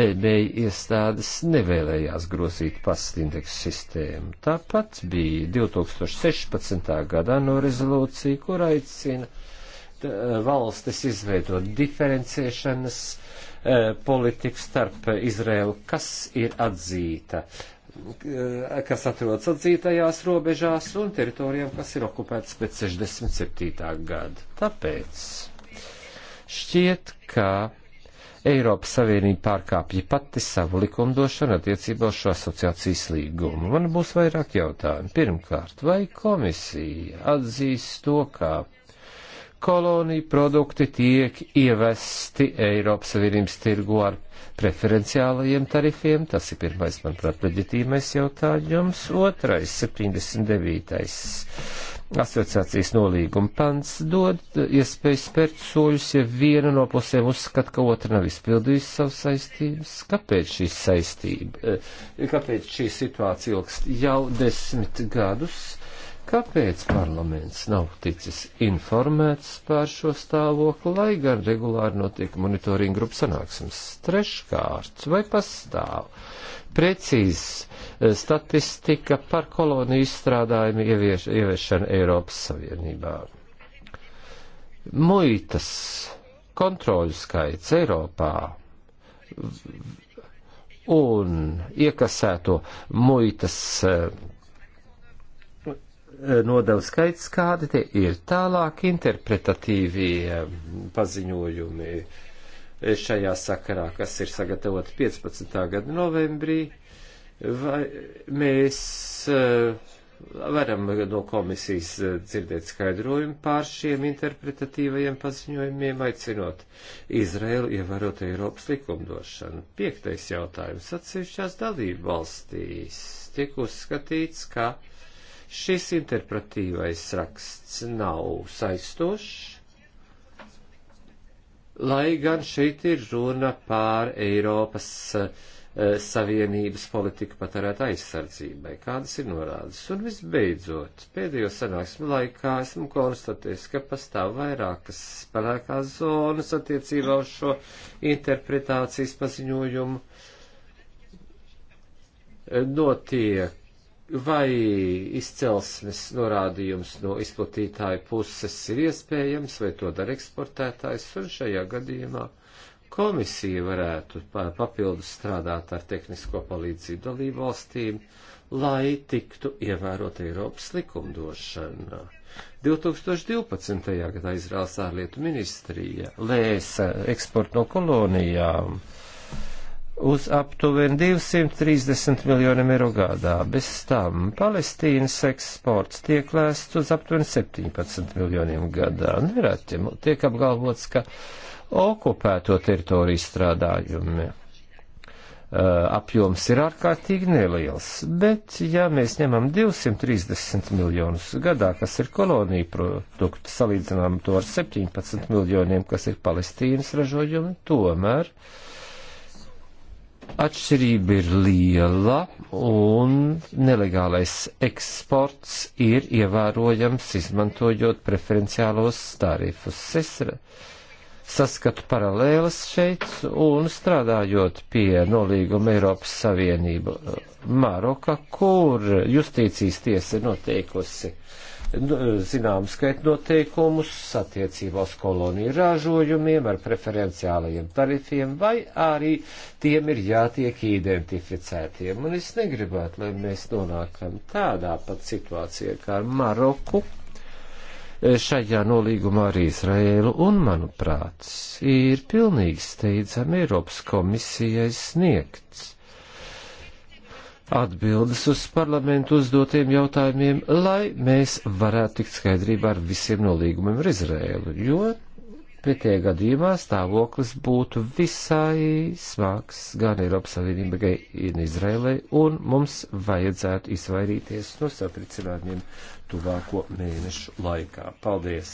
lēmēju iestādes nevēlējās grozīt pasta indeksu sistēmu. Tāpat bija 2016. gadā no rezolūcija, kur aicina e, valstis izveidot diferenciēšanas Eh, politika starp Izrēlu, kas ir atzīta, eh, kas atrodas atzītajās robežās un teritorijām, kas ir okupētas pēc 67. gada. Tāpēc šķiet, ka Eiropas Savienība pārkāpja pati savu likumdošanu attiecībā uz šo asociācijas līgumu. Man būs vairāk jautājumu. Pirmkārt, vai komisija atzīs to, ka koloniju produkti tiek ievesti Eiropas Savienības tirgu ar preferenciālajiem tarifiem. Tas ir pirmais, manuprāt, leģitīmais jautājums. Otrais, 79. asociācijas nolīguma pants dod iespēju spērt soļus, ja viena no pusēm uzskata, ka otra nav izpildījusi savas saistības. Kāpēc šī saistība, eh, kāpēc šī situācija ilgst jau desmit gadus? Kāpēc parlaments nav ticis informēts par šo stāvokli, lai gan regulāri notiek monitoringa grupas sanāksmes? Treškārt, vai pastāv precīzi eh, statistika par koloniju izstrādājumu ievieš, ieviešanu Eiropas Savienībā? Muitas kontroļu skaits Eiropā un iekasēto muitas eh, nodevu skaits, kādi tie ir. Tālāk interpretatīvie um, paziņojumi šajā sakarā, kas ir sagatavoti 15. gada novembrī, vai mēs uh, varam no komisijas uh, dzirdēt skaidrojumu pār šiem interpretatīvajiem paziņojumiem, aicinot Izraelu ievērot Eiropas likumdošanu. Piektais jautājums atsevišķās dalību valstīs tiek uzskatīts, ka Šis interpretīvais raksts nav saistošs, lai gan šeit ir runa pār Eiropas uh, Savienības politiku patērētā aizsardzībai, kādas ir norādes. Un visbeidzot, pēdējo sanāksmu laikā esmu konstatējis, ka pastāv vairākas spēlēkās zonas attiecībā uz šo interpretācijas paziņojumu. Notiek vai izcelsmes norādījums no izplatītāja puses ir iespējams, vai to dara eksportētājs, un šajā gadījumā komisija varētu papildus strādāt ar tehnisko palīdzību dalību valstīm, lai tiktu ievērot Eiropas likumdošana. 2012. gadā Izraels ārlietu ministrija lēsa eksportu no kolonijām uz aptuveni 230 miljoniem eiro gadā. Bez tam Palestīnas eksports tiek lēsts uz aptuveni 17 miljoniem gadā. Nereti tiek apgalvots, ka okupēto teritoriju strādājumi apjoms ir ārkārtīgi neliels, bet ja mēs ņemam 230 miljonus gadā, kas ir kolonija produkti, salīdzinām to ar 17 miljoniem, kas ir Palestīnas ražojumi, tomēr uh, Atšķirība ir liela un nelegālais eksports ir ievērojams izmantojot preferenciālos tarifus. Es saskatu paralēlas šeit un strādājot pie nolīguma Eiropas Savienību Maroka, kur justīcijas tiesa ir noteikusi uh, Nu, zinām skaitu noteikumus attiecībā uz koloniju ražojumiem ar preferenciālajiem tarifiem, vai arī tiem ir jātiek identificētiem. Un es negribētu, lai mēs nonākam tādā pat situācijā kā ar Maroku šajā nolīgumā ar Izraēlu, un, manuprāt, ir pilnīgi steidzami Eiropas komisijai sniegts atbildes uz parlamentu uzdotiem jautājumiem, lai mēs varētu tikt skaidrībā ar visiem nolīgumiem ar Izrēlu, jo pretējā gadījumā stāvoklis būtu visai smags gan Eiropas Savienībai, gan Izrēlai, un mums vajadzētu izvairīties no satricinājumiem tuvāko mēnešu laikā. Paldies!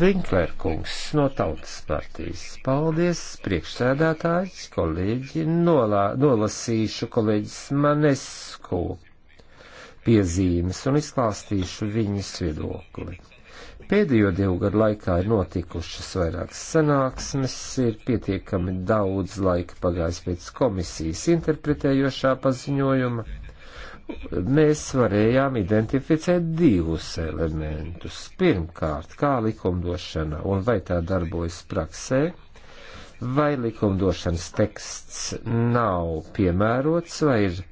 Vinklērkungs no Tautas partijas. Paldies, priekšsēdētājs, kolēģi, nolā, nolasīšu kolēģis Manesku piezīmes un izklāstīšu viņas viedokli. Pēdējo divu gadu laikā ir notikušas vairākas sanāksmes, ir pietiekami daudz laika pagājis pēc komisijas interpretējošā paziņojuma mēs varējām identificēt divus elementus. Pirmkārt, kā likumdošana un vai tā darbojas praksē, vai likumdošanas teksts nav piemērots vai ir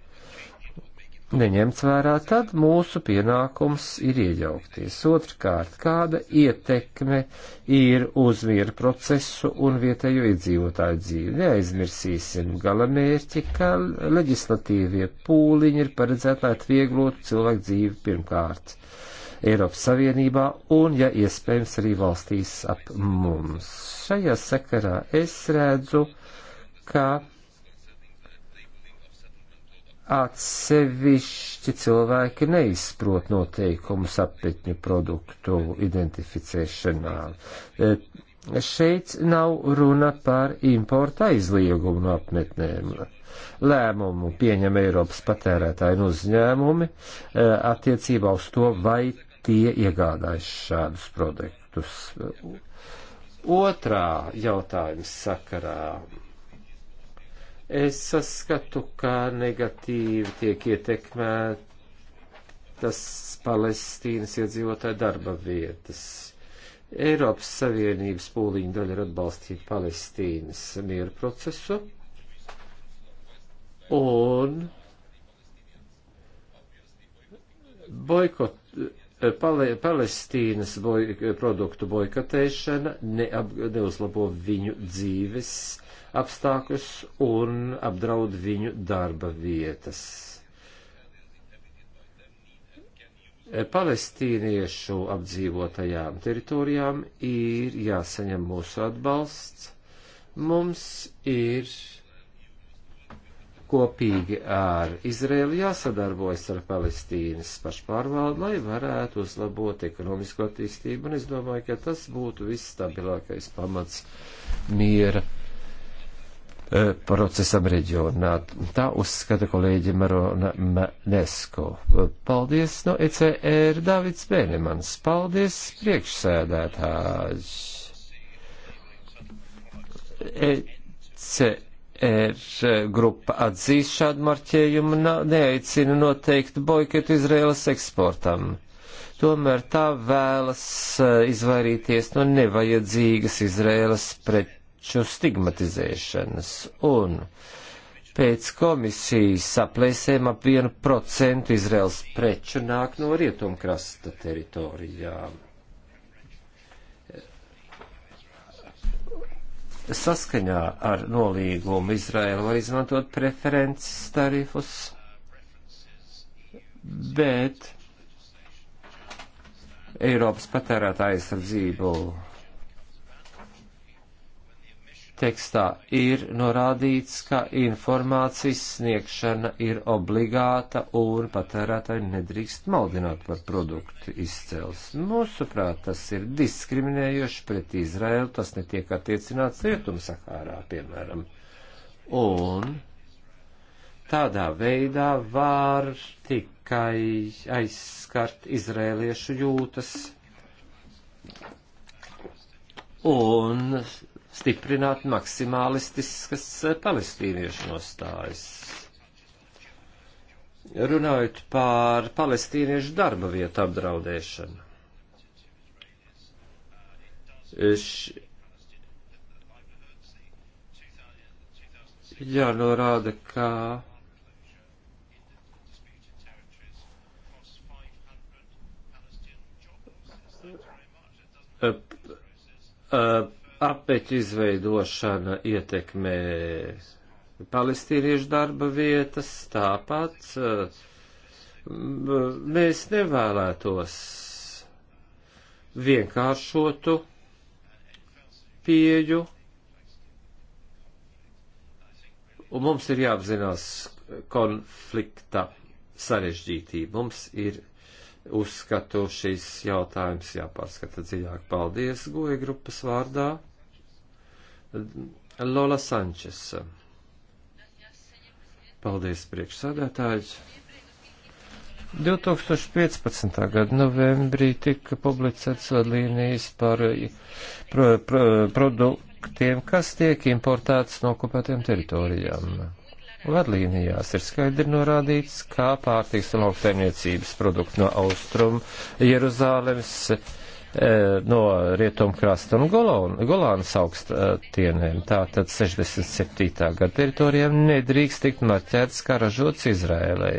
neņemts vērā, tad mūsu pienākums ir iejaukties. Otrkārt, kāda ietekme ir uz mieru procesu un vietējo iedzīvotāju dzīvi. Neaizmirsīsim galamērķi, ka leģislatīvie pūliņi ir paredzēti, lai atvieglotu cilvēku dzīvi pirmkārt Eiropas Savienībā un, ja iespējams, arī valstīs ap mums. Šajā sakarā es redzu, ka atsevišķi cilvēki neizprot noteikumus apetņu produktu identificēšanā. E, šeit nav runa par importa aizliegumu no apmetnēm. Lēmumu pieņem Eiropas patērētāju un uzņēmumi e, attiecībā uz to, vai tie iegādājas šādus produktus. Otrā jautājums sakarā Es saskatu, kā negatīvi tiek ietekmētas Palestīnas iedzīvotāju darba vietas. Eiropas Savienības pūliņu daļa ir atbalstīt Palestīnas mieru procesu un boikot, pale, Palestīnas boj, produktu boikotēšana neap, neuzlabo viņu dzīves apstākļus un apdraud viņu darba vietas. E, palestīniešu apdzīvotajām teritorijām ir jāsaņem mūsu atbalsts. Mums ir kopīgi ar Izraēlu jāsadarbojas ar Palestīnas pašpārvaldu, lai varētu uzlabot ekonomisko attīstību, un es domāju, ka tas būtu visstabilākais pamats miera E, procesam reģionā. Tā uzskata kolēģi Marona Nesko. Paldies no ECR Davids Bēnemans. Paldies priekšsēdētājs. ECR grupa atzīst šādu marķējumu, neaicina noteikt boiketu Izraēlas eksportam tomēr tā vēlas e, izvairīties no nevajadzīgas Izraēlas pret taču stigmatizēšanas un pēc komisijas saplēsēm ap 1% Izraels preču nāk no rietumkrasta teritorijām. Saskaņā ar nolīgumu Izraela var izmantot preferences tarifus, bet Eiropas patērētāja aizsardzību tekstā ir norādīts, ka informācijas sniegšana ir obligāta un patērētāji nedrīkst maldināt par produktu izcelsmi. Mūsuprāt, tas ir diskriminējoši pret Izraelu, tas netiek attiecināts Rietumsahārā, piemēram. Un tādā veidā var tikai aizskart izrēliešu jūtas. Un stiprināt maksimālistiskas eh, palestīniešu nostājas. Runājot pār palestīniešu darba vietu apdraudēšanu. Š... Jā, norāda, ka uh, uh, apeķu izveidošana ietekmē palestīniešu darba vietas, tāpat eh, mēs nevēlētos vienkāršotu pieju, un mums ir jāapzinās konflikta sarežģītība. Mums ir uzskatu šīs jautājums jāpārskata dziļāk. Paldies, goja grupas vārdā. Lola Sančes. Paldies, priekšsādātājs. 2015. gada novembrī tika publicēts vadlīnijas par pro, pro, produktiem, kas tiek importēts no okupētiem teritorijām Vadlīnijās ir skaidri norādīts, kā pārtiks un lauksaimniecības produkti no Austrum Jeruzālemes, eh, no Rietumkrasta un Golānas augstienēm, tātad 67. gada teritorijām nedrīkst tikt marķēts kā ražots Izrēlē.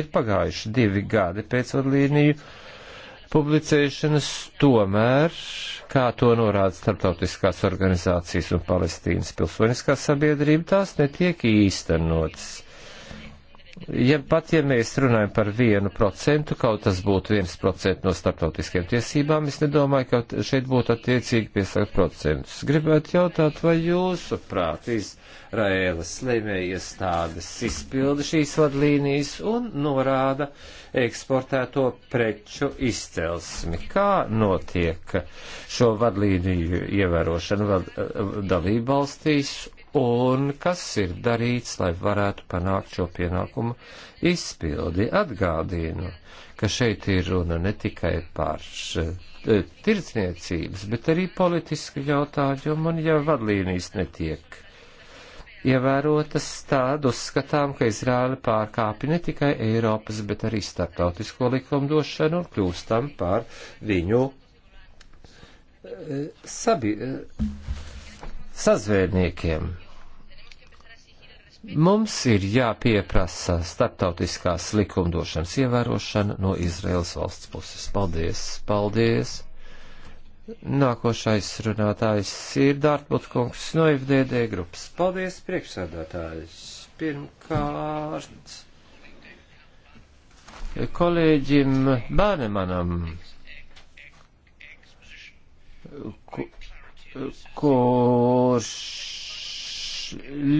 Ir pagājuši divi gadi pēc vadlīniju publicēšanas, tomēr kā to norāda starptautiskās organizācijas un Palestīnas pilsoniskā sabiedrība, tās netiek īstenotas ja pat ja mēs runājam par vienu procentu, kaut tas būtu viens procents no starptautiskiem tiesībām, es nedomāju, ka šeit būtu attiecīgi piesakt procentus. Gribētu jautāt, vai jūsu prāt Izraēlas slēmējies tādas izpildi šīs vadlīnijas un norāda eksportēto preču izcelsmi. Kā notiek šo vadlīniju ievērošana dalībvalstīs un kas ir darīts, lai varētu panākt šo pienākumu izpildi. Atgādīnu, ka šeit ir runa ne tikai par eh, tirdzniecības, bet arī politisku jautājumu, un ja vadlīnijas netiek ievērotas, tad uzskatām, ka Izrāla pārkāpja ne tikai Eiropas, bet arī starptautisko likumdošanu un kļūstam par viņu eh, sabi, eh, sazvērniekiem. Mums ir jāpieprasa starptautiskās likumdošanas ievērošana no Izraels valsts puses. Paldies! Paldies! Nākošais runātājs ir Dārtmut kungs no FDD grupas. Paldies, priekšsēdētājs! Pirmkārt, kolēģim Bānemanam, kurš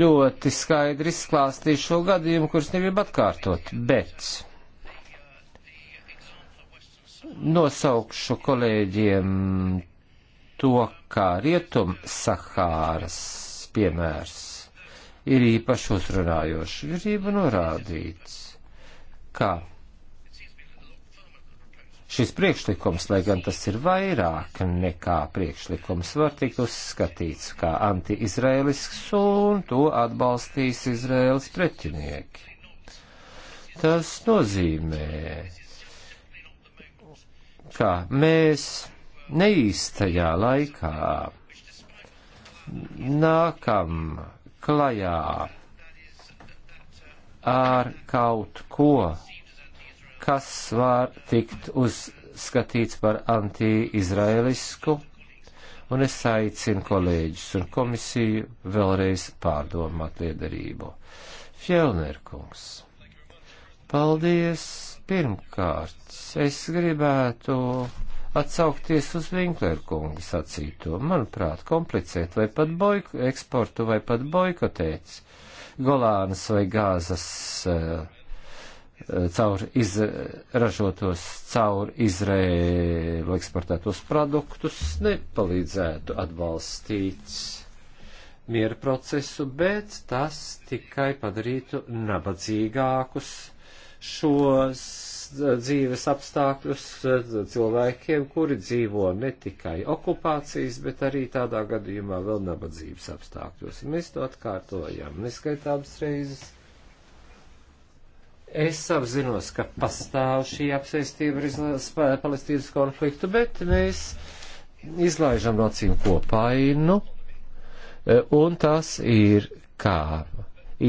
ļoti skaidri izklāstīju šo gadījumu, kurus negribu atkārtot, bet nosaukšu kolēģiem to, kā Rietum Sahāras piemērs ir īpaši uzrunājoši. Gribu norādīt, ka Šis priekšlikums, lai gan tas ir vairāk nekā priekšlikums, var tikt uzskatīts kā anti-izrēlisks un to atbalstīs Izrēlas pretinieki. Tas nozīmē, ka mēs neīstajā laikā nākam klajā ar kaut ko, kas var tikt uzskatīts par anti-izraēlisku, un es aicinu kolēģis un komisiju vēlreiz pārdomāt liederību. Fjellnerkungs. Paldies! Pirmkārt, es gribētu atsaukties uz Vinklerkunga sacīto. Manuprāt, komplicēt vai pat boiko, eksportu vai pat boikotēt Golānas vai Gāzas uh, caur izražotos, caur Izrēlu eksportētos produktus nepalīdzētu atbalstīt miera procesu, bet tas tikai padarītu nabadzīgākus šos dzīves apstākļus cilvēkiem, kuri dzīvo ne tikai okupācijas, bet arī tādā gadījumā vēl nabadzības apstākļos. Mēs to atkārtojam neskaitāmas reizes Es apzinos, ka pastāv šī apsēstība ar palestīnas konfliktu, bet mēs izlaižam no acīm kopainu, e, un tas ir kā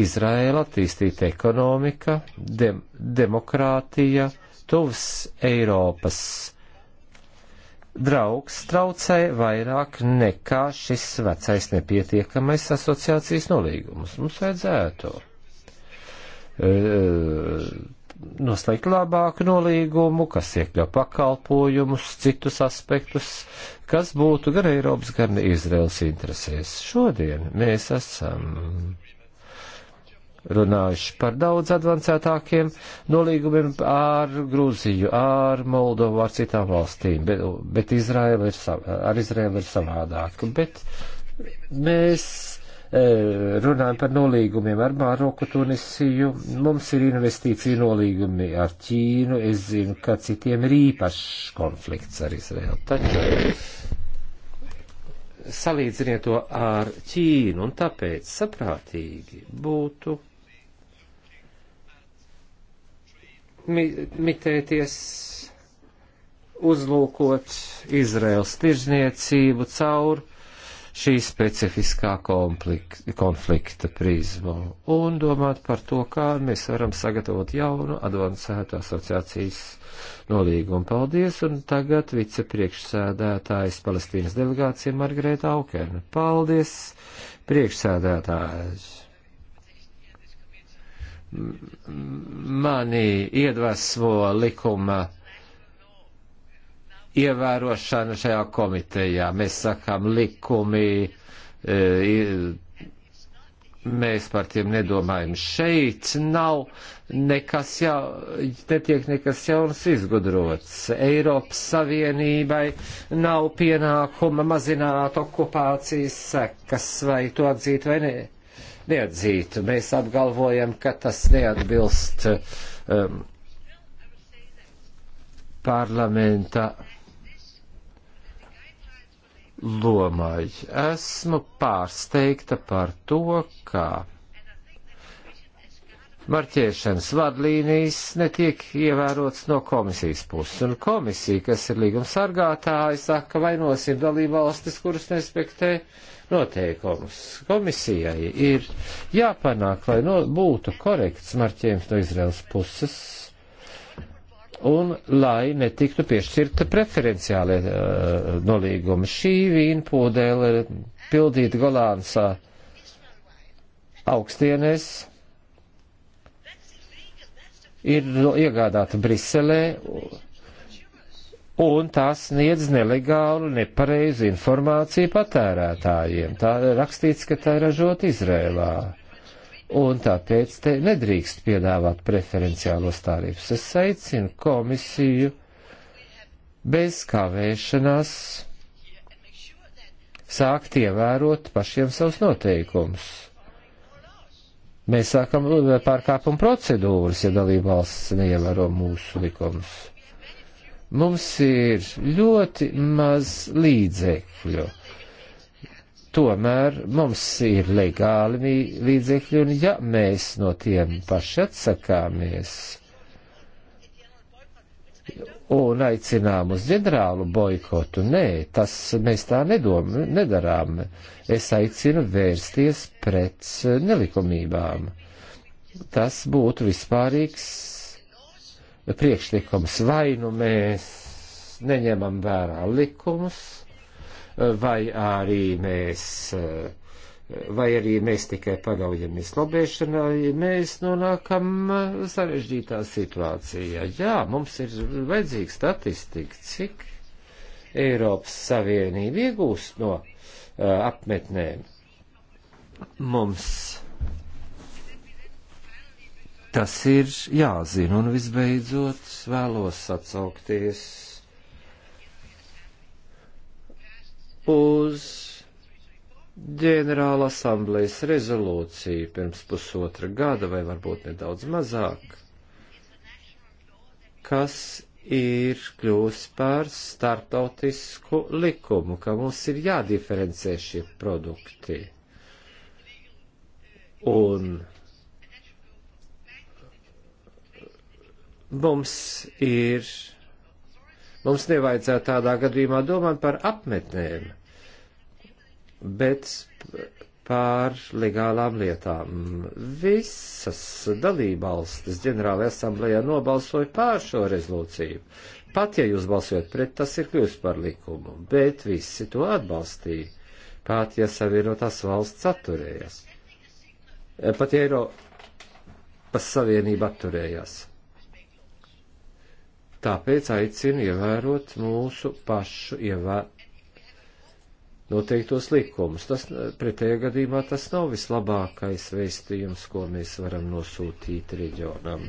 Izraēla attīstīta ekonomika, dem demokrātija, tuvs Eiropas draugs traucē vairāk nekā šis vecais nepietiekamais asociācijas nolīgums. Mums vajadzētu. Eh, noslēgt labāku nolīgumu, kas iekļauj pakalpojumus, citus aspektus, kas būtu gan Eiropas, gan Izraels interesēs. Šodien mēs esam runājuši par daudz advancētākiem nolīgumiem ar Grūziju, ar Moldovu, ar citām valstīm, bet, bet Izraela ir, sav, ar Izraelu ir savādāk. Bet mēs runājam par nolīgumiem ar Māroku, Tunisiju, mums ir investīciju nolīgumi ar Ķīnu, es zinu, ka citiem ir īpašs konflikts ar Izraēlu. Taču salīdziniet to ar Ķīnu, un tāpēc saprātīgi būtu mitēties uzlūkot Izraels tirzniecību caur šī specifiskā konflikta prizmu un domāt par to, kā mēs varam sagatavot jaunu advancētu asociācijas nolīgumu. Paldies, un tagad vicepriekšsēdētājs Palestīnas delegācija Margarēta Aukena. Paldies, priekšsēdētājs! Mani iedvesmo likuma ievērošana šajā komitejā. Mēs sakām likumi, e, mēs par tiem nedomājam. Šeit nav nekas jau, netiek nekas jauns izgudrots. Eiropas Savienībai nav pienākuma mazināt okupācijas sekas, vai to atzīt vai ne, neatzīt. Mēs apgalvojam, ka tas neatbilst um, parlamenta lomai. Esmu pārsteigta par to, ka marķēšanas vadlīnijas netiek ievērotas no komisijas puses. Un komisija, kas ir līguma sargātāja, saka, vainosim dalībvalstis, kuras nespektē noteikumus. Komisijai ir jāpanāk, lai no, būtu korekts marķējums no Izraels puses un lai netiktu piešķirta preferenciālie uh, nolīgumi. Šī vīnpūdēle pildīt Golāns augstienēs ir iegādāta Briselē un tās sniedz nelegālu, nepareizu informāciju patērētājiem. Tā ir rakstīts, ka tā ir ražota Izrēlā un tāpēc te nedrīkst piedāvāt preferenciālos tārības. Es aicinu komisiju bez kavēšanās sākt ievērot pašiem savus noteikumus. Mēs sākam eh, pārkāpumu procedūras, ja dalībvalsts neievēro mūsu likumus. Mums ir ļoti maz līdzekļu tomēr mums ir legāli līdzekļi, un ja mēs no tiem paši atsakāmies un aicinām uz ģenerālu boikotu, nē, tas mēs tā nedom, nedarām. Es aicinu vērsties pret nelikumībām. Tas būtu vispārīgs priekšlikums. Vai nu mēs neņemam vērā likumus, vai arī mēs vai arī mēs tikai paļaujamies lobēšanai, mēs nonākam sarežģītā situācijā. Jā, mums ir vajadzīga statistika, cik Eiropas Savienība iegūst no uh, apmetnēm. Mums tas ir jāzina, un visbeidzot vēlos atsaukties uz ģenerāla asamblejas rezolūciju pirms pusotra gada vai varbūt nedaudz mazāk, kas ir kļūst par startautisku likumu, ka mums ir jādiferencē šie produkti. Un mums ir, mums nevajadzētu tādā gadījumā domāt par apmetnēm bet pār legālām lietām. Visas dalībvalstis ģenerāla asamblējā nobalsoja pār šo rezolūciju. Pat ja jūs balsojat pret, tas ir kļūst par likumu, bet visi to atbalstīja. Pat ja savienotās valsts atturējās. E, pat ja Eiropas Savienība atturējās. Tāpēc aicinu ievērot mūsu pašu ievērot noteiktos likumus. Tas pretējā gadījumā tas nav vislabākais veistījums, ko mēs varam nosūtīt reģionam.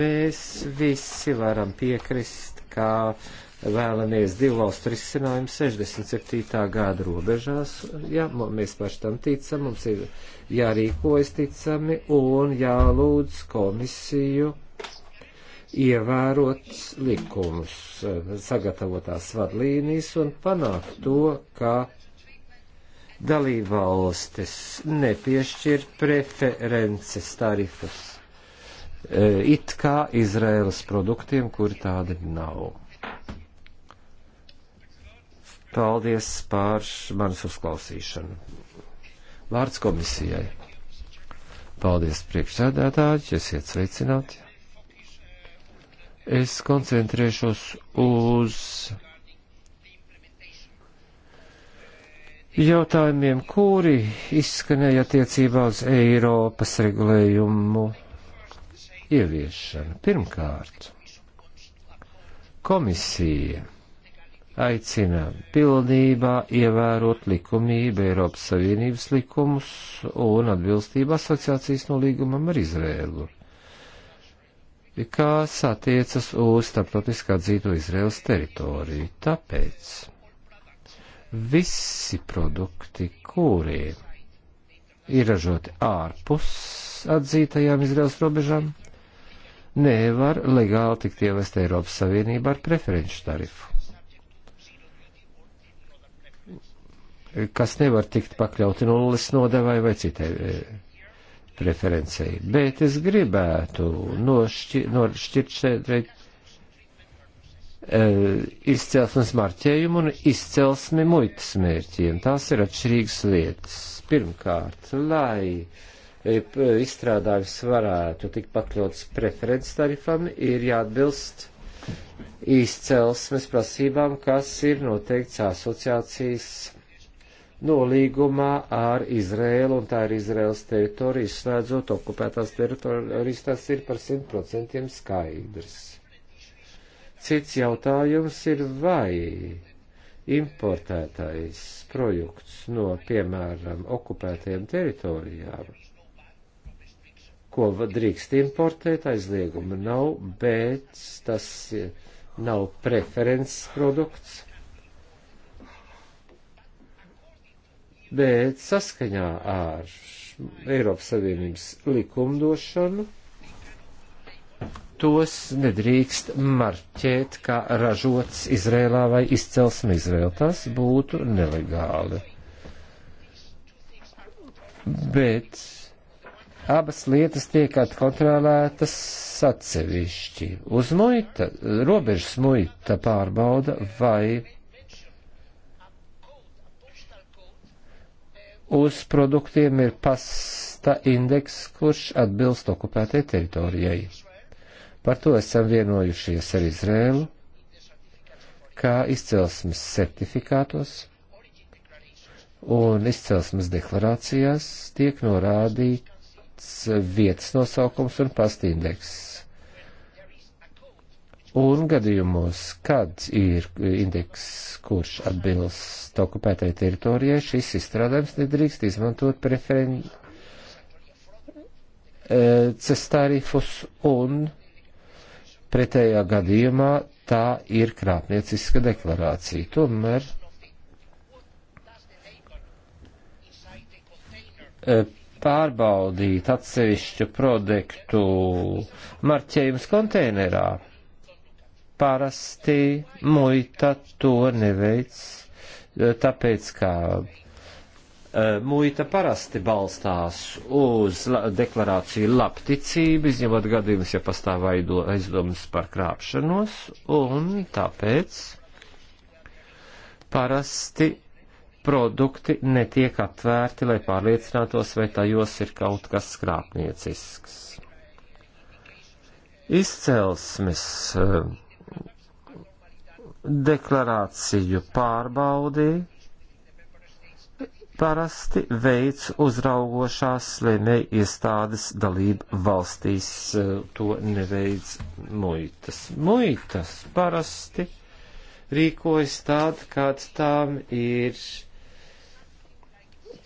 Mēs visi varam piekrist, ka vēlamies divu valstu risinājumu 67. gada robežās. Ja mēs paši tam ticam, mums ir jārīkojas ticami un jālūdz komisiju ievērot likumus, sagatavotās vadlīnijas un panākt to, ka dalībvalstis nepiešķir preferences tarifus e, it kā Izraēlas produktiem, kuri tādi nav. Paldies pār manas uzklausīšanu. Vārds komisijai. Paldies priekšsēdētāji, esiet sveicināti. Es koncentrēšos uz jautājumiem, kuri izskanēja attiecībā uz Eiropas regulējumu ieviešanu. Pirmkārt, komisija aicina pilnībā ievērot likumību Eiropas Savienības likumus un atbilstību asociācijas nolīgumam ar Izrēlu kas attiecas uz starptautiskā dzīto Izraels teritoriju. Tāpēc visi produkti, kuri ir ražoti ārpus atzītajām Izraels robežām, nevar legāli tikt ievest Eiropas Savienībā ar preferenču tarifu, kas nevar tikt pakļauti nulles nodevai vai citai preferencei. Bet es gribētu nošķirt no šeit uh, izcelsmes marķējumu un izcelsmi muitas mērķiem. Tās ir atšķirīgas lietas. Pirmkārt, lai e, izstrādājums varētu tikt pakļauts preferences tarifam, ir jāatbilst izcelsmes prasībām, kas ir noteikts asociācijas nolīgumā ar Izrēlu, un tā ir Izrēlas teritorija, izslēdzot okupētās teritorijas, tas ir par 100% skaidrs. Cits jautājums ir, vai importētais projekts no, piemēram, okupētajām teritorijām, ko drīkst importēt, aizlieguma nav, bet tas eh, nav preferences produkts bet saskaņā ar Eiropas Savienības likumdošanu tos nedrīkst marķēt kā ražots Izrēlā vai izcelsme Izrēlā. Tas būtu nelegāli. Bet abas lietas tiek atkontrolētas atsevišķi. Uz muita, robežas muita pārbauda, vai uz produktiem ir pasta indeks, kurš atbilst okupētai teritorijai. Par to esam vienojušies ar Izrēlu, kā izcelsmes certifikātos un izcelsmes deklarācijās tiek norādīts vietas nosaukums un pasta indeks. Un gadījumos, kad ir indeks, kurš atbilst okupētai teritorijai, šis izstrādājums nedrīkst izmantot preferences e, tarifus un pretējā gadījumā tā ir krāpnieciska deklarācija. Tomēr e, pārbaudīt atsevišķu produktu marķējums konteinerā parasti muita to neveic, e, tāpēc kā e, muita parasti balstās uz deklarāciju labticību, izņemot gadījumus, ja pastāv aizdomas par krāpšanos, un tāpēc parasti produkti netiek atvērti, lai pārliecinātos, vai tajos ir kaut kas krāpniecisks. Izcelsmes uh, deklarāciju pārbaudi parasti veids uzraugošās slēmēji iestādes dalību valstīs, to neveids muitas. Muitas parasti rīkojas tād, kād tām ir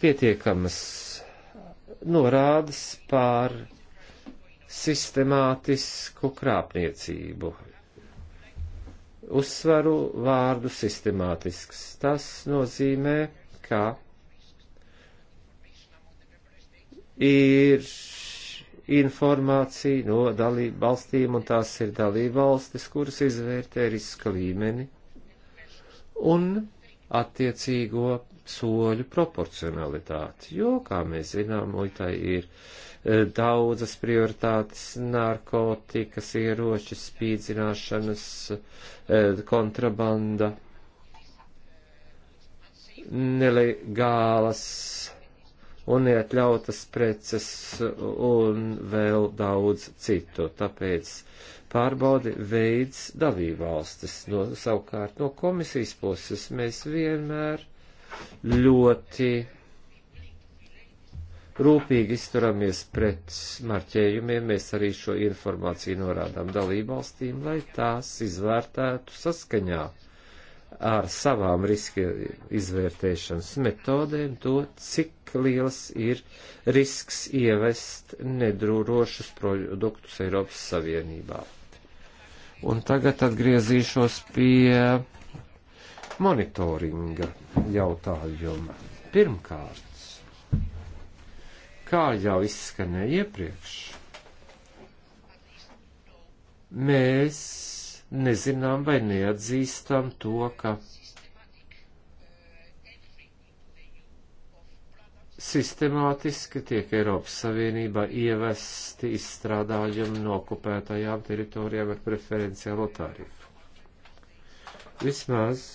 pietiekamas norādes pār sistemātisku krāpniecību, uzsvaru vārdu sistemātisks. Tas nozīmē, ka ir informācija no dalību valstīm, un tās ir dalību valstis, kuras izvērtē riska līmeni un attiecīgo soļu proporcionalitāti, jo, kā mēs zinām, muitai ir uh, Eh, daudzas prioritātes - narkotikas, ieroči, spīdzināšanas, eh, kontrabanda, nelegālas un neatļautas preces un vēl daudz citu. Tāpēc pārbaudi veids dalībvalstis. No, savukārt no komisijas puses mēs vienmēr ļoti rūpīgi izturamies pret marķējumiem, mēs arī šo informāciju norādām dalībvalstīm, lai tās izvērtētu saskaņā ar savām riska izvērtēšanas metodēm to, cik liels ir risks ievest nedrūrošus produktus Eiropas Savienībā. Un tagad atgriezīšos pie monitoringa jautājuma. Pirmkārt, Kā jau izskanēja iepriekš, mēs nezinām vai neatzīstam to, ka sistemātiski tiek Eiropas Savienībā ievesti izstrādājumi no okupētajām teritorijām ar preferenciālo tarifu. Vismaz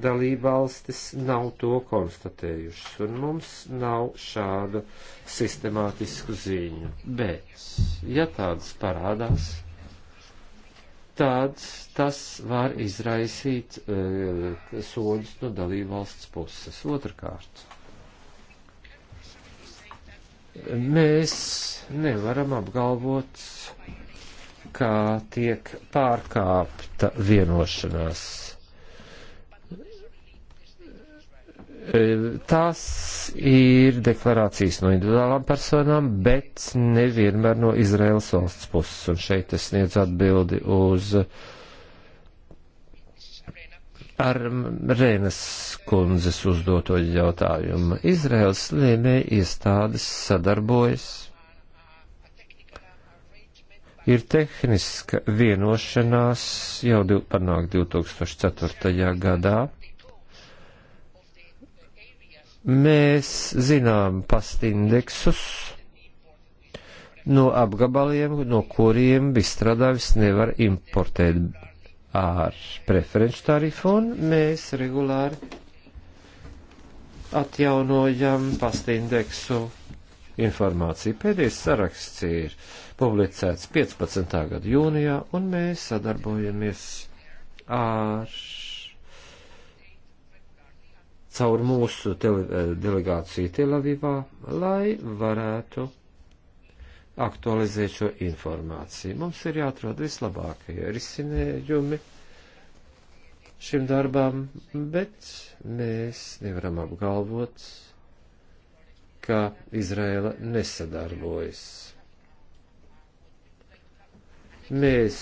dalībvalstis nav to konstatējušas, un mums nav šādu sistemātisku ziņu. Bet, ja tādas parādās, tad tas var izraisīt e, soļus no dalībvalsts puses. Otrakārt, mēs nevaram apgalvot, kā tiek pārkāpta vienošanās E, Tās ir deklarācijas no individuālām personām, bet nevienmēr no Izraels valsts puses. Un šeit es sniedzu atbildi uz ar Rēnas kundzes uzdoto jautājumu. Izraels lēmē iestādes sadarbojas. Ir tehniska vienošanās jau div, panāk 2004. gadā Mēs zinām pastindeksus no apgabaliem, no kuriem izstrādājums nevar importēt ar preferenču tarifu, un mēs regulāri atjaunojam pastindeksu informāciju. Pēdējais saraksts ir publicēts 15. gada jūnijā, un mēs sadarbojamies ar caur mūsu tele, eh, delegāciju Telavivā, lai varētu aktualizēt šo informāciju. Mums ir jāatrod vislabākie risinējumi šim darbam, bet mēs nevaram apgalvot, ka Izraela nesadarbojas. Mēs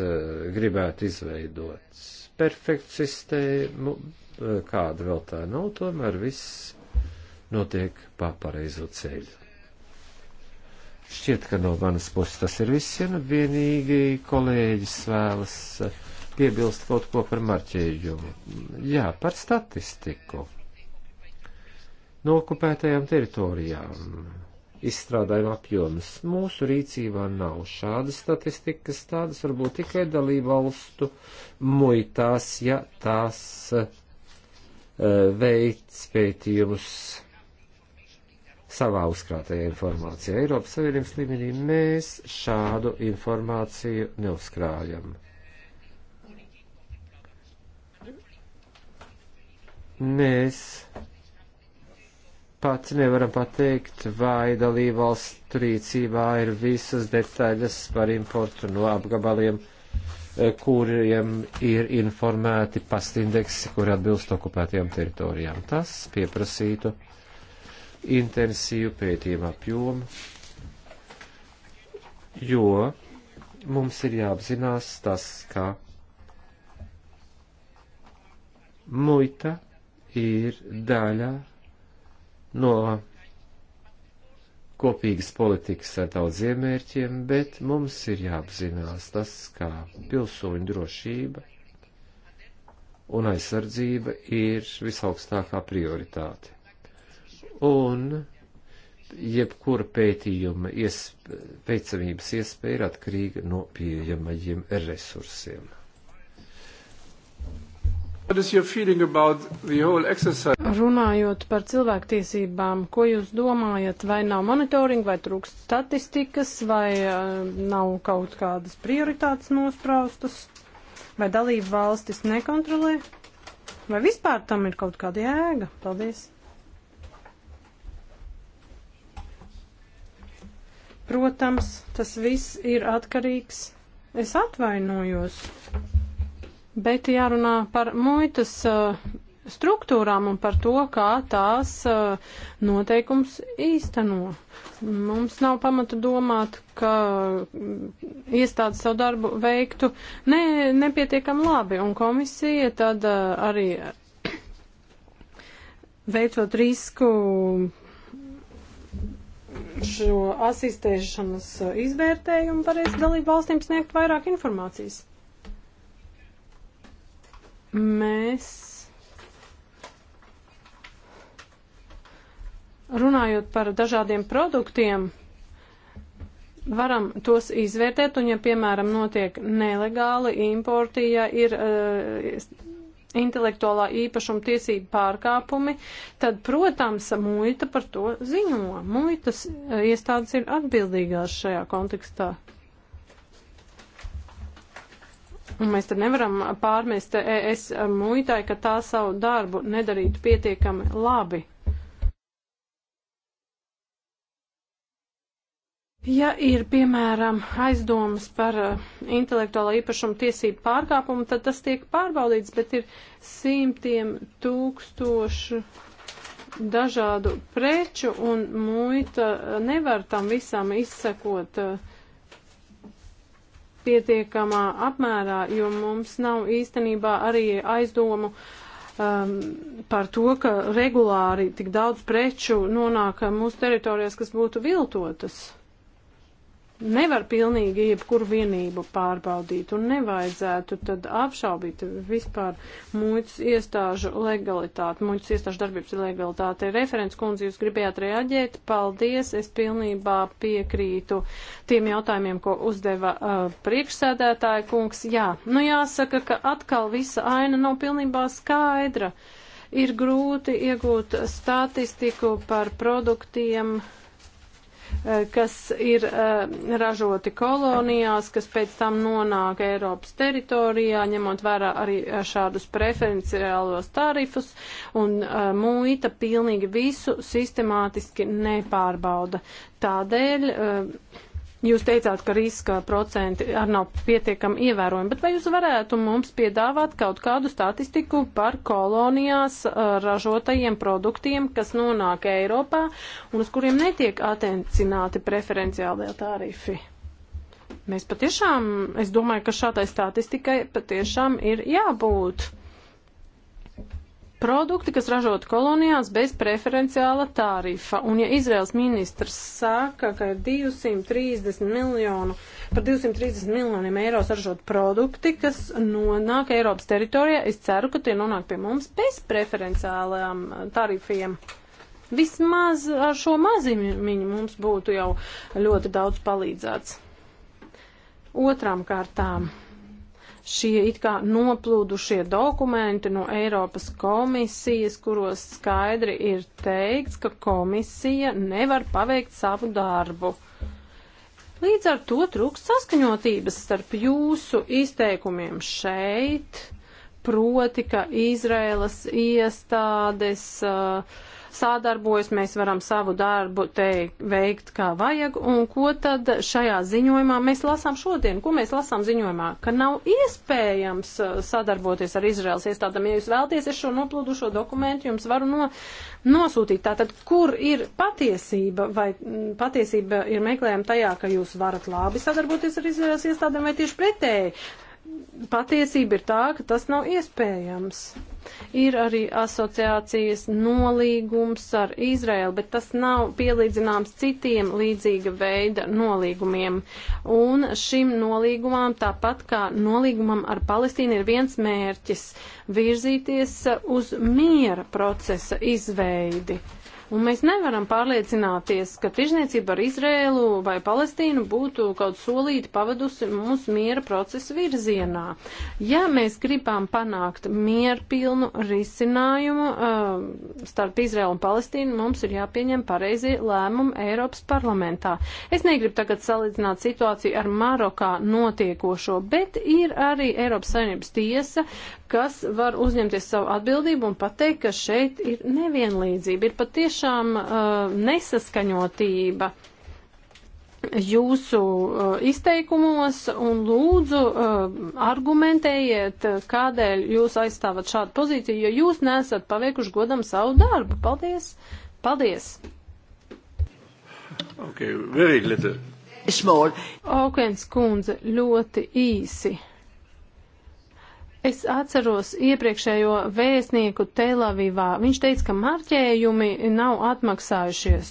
eh, gribētu izveidot perfektu sistēmu, kāda vēl tā nav, tomēr viss notiek pa pareizo ceļu. Šķiet, ka no manas puses tas ir viss, ja nu vienīgi kolēģis vēlas eh, piebilst kaut ko par marķējumu. Jā, par statistiku. No okupētajām teritorijām izstrādājuma apjoms mūsu rīcībā nav šādas statistikas, tādas varbūt tikai dalību valstu muitās, ja tās eh, Eh, veikt pētījumus savā uzkrātajā informācijā. Eiropas Savienības līmenī mēs šādu informāciju neuzkrājam. Mēs pats nevaram pateikt, vai dalībvalstu rīcībā ir visas detaļas par importu no apgabaliem Eh, kuriem ir informēti pastindeksi, kuri atbilst okupētajām teritorijām. Tas pieprasītu intensīvu pētījumu apjomu, jo mums ir jāapzinās tas, ka muita ir daļa no kopīgas politikas ar daudziem mērķiem, bet mums ir jāapzinās tas, kā pilsoņu drošība un aizsardzība ir visaugstākā prioritāte. Un jebkura pētījuma iesp veicamības iespēja ir atkarīga no pieejamajiem resursiem. Runājot par cilvēktiesībām, ko jūs domājat, vai nav monitoringa, vai trūkst statistikas, vai uh, nav kaut kādas prioritātes nospraustas, vai dalību valstis nekontrolē, vai vispār tam ir kaut kāda jēga? Paldies! Protams, tas viss ir atkarīgs. Es atvainojos. Bet jārunā par muitas eh, struktūrām un par to, kā tās eh, noteikums īsteno. Mums nav pamata domāt, ka iestādes savu darbu veiktu ne, nepietiekam labi, un komisija tad eh, arī veicot risku šo asistēšanas izvērtējumu varēs dalību valstīm sniegt vairāk informācijas mēs runājot par dažādiem produktiem, varam tos izvērtēt, un ja, piemēram, notiek nelegāli importi, ja ir uh, intelektuālā īpašuma tiesība pārkāpumi, tad, protams, muita par to ziņo. Muitas eh, iestādes ir atbildīgās šajā kontekstā. Un mēs te nevaram pārmest ES muitai, ka tā savu darbu nedarītu pietiekami labi. Ja ir, piemēram, aizdomas par uh, intelektuālā īpašuma tiesību pārkāpumu, tad tas tiek pārbaudīts, bet ir simtiem tūkstošu dažādu preču, un muita nevar tam visam izsekot uh, pietiekamā apmērā, jo mums nav īstenībā arī aizdomu um, par to, ka regulāri tik daudz preču nonāk mūsu teritorijās, kas būtu viltotas nevar pilnīgi jebkuru vienību pārbaudīt un nevajadzētu tad apšaubīt vispār muitas iestāžu legalitāti, muitas iestāžu darbības legalitāti. Referents kundze, jūs gribējāt reaģēt, paldies, es pilnībā piekrītu tiem jautājumiem, ko uzdeva uh, priekšsēdētāja kungs. Jā, nu jāsaka, ka atkal visa aina nav pilnībā skaidra. Ir grūti iegūt statistiku par produktiem, uh, Eh, kas ir eh, ražoti kolonijās, kas pēc tam nonāk Eiropas teritorijā, ņemot vērā arī eh, šādus preferenciālos tarifus, un muita pilnīgi visu sistemātiski nepārbauda. Tādēļ uh, Jūs teicāt, ka riska procenti arī nav pietiekami ievērojami, bet vai jūs varētu mums piedāvāt kaut kādu statistiku par kolonijās uh, ražotajiem produktiem, kas nonāk Eiropā un uz kuriem netiek attiecināti preferenciālie tarifi? Mēs patiešām, es domāju, ka šādai statistikai patiešām ir jābūt produkti, kas ražoti kolonijās bez preferenciāla tarifa. Un ja Izraels ministrs saka, ka ir 230 miljonu, par 230 miljoniem eiro saržot produkti, kas nonāk Eiropas teritorijā, es ceru, ka tie nonāk pie mums bez preferenciālām eh, tarifiem. Vismaz ar šo maziņu mums būtu jau ļoti daudz palīdzēts. Otrām kārtām šie it kā noplūdušie dokumenti no Eiropas komisijas, kuros skaidri ir teikts, ka komisija nevar paveikt savu darbu. Līdz ar to trūkst saskaņotības starp jūsu izteikumiem šeit, proti, ka Izraēlas iestādes uh, sadarbojas, mēs varam savu darbu te veikt kā vajag, un ko tad šajā ziņojumā mēs lasām šodien, ko mēs lasām ziņojumā, ka nav iespējams uh, sadarboties ar Izraels iestādām. Ja jūs vēlties, es šo noplūdušo dokumentu jums varu no, nosūtīt. Tātad, kur ir patiesība, vai mm, patiesība ir meklējama tajā, ka jūs varat labi sadarboties ar Izraels iestādēm, vai tieši pretēji? Patiesība ir tā, ka tas nav iespējams. Ir arī asociācijas nolīgums ar Izraēlu, bet tas nav pielīdzināms citiem līdzīga veida nolīgumiem. Un šim nolīgumam, tāpat kā nolīgumam ar Palestīnu, ir viens mērķis - virzīties uz miera procesa izveidi. Un mēs nevaram pārliecināties, ka tirzniecība ar Izrēlu vai Palestīnu būtu kaut solīti pavadusi mūsu miera procesa virzienā. Ja mēs gribam panākt mierpilnu risinājumu uh, starp Izrēlu un Palestīnu, mums ir jāpieņem pareizie lēmumi Eiropas parlamentā. Es negribu tagad salīdzināt situāciju ar Marokā notiekošo, bet ir arī Eiropas saimnības tiesa, kas var uzņemties savu atbildību un pateikt, ka šeit ir nevienlīdzība, ir patiešām uh, nesaskaņotība jūsu uh, izteikumos un lūdzu uh, argumentējiet, uh, kādēļ jūs aizstāvat šādu pozīciju, jo jūs nesat paveikuši godam savu darbu. Paldies! Paldies! Okay, very little. Small. Okens kundze, ļoti īsi. Es atceros iepriekšējo vēstnieku Telavivā. Viņš teica, ka marķējumi nav atmaksājušies.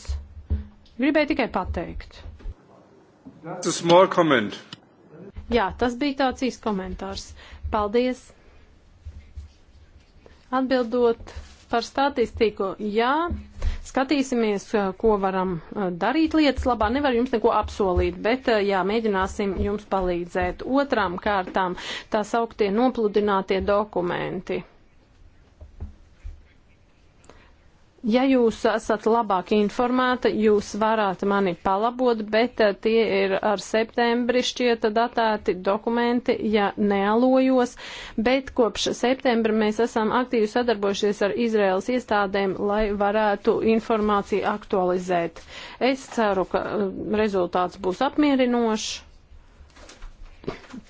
Gribēju tikai pateikt. Jā, tas bija tāds īsts komentārs. Paldies! Atbildot par statistiku, jā, Skatīsimies, eh, ko varam eh, darīt lietas labā. Nevar jums neko apsolīt, bet eh, jā, mēģināsim jums palīdzēt. Otram kārtām tā sauktie nopludinātie dokumenti. Ja jūs esat labāk informēta, jūs varat mani palabot, bet eh, tie ir ar septembri šķieta datēti dokumenti, ja nealojos, bet kopš septembra mēs esam aktīvi sadarbojušies ar Izraels iestādēm, lai varētu informāciju aktualizēt. Es ceru, ka eh, rezultāts būs apmierinošs.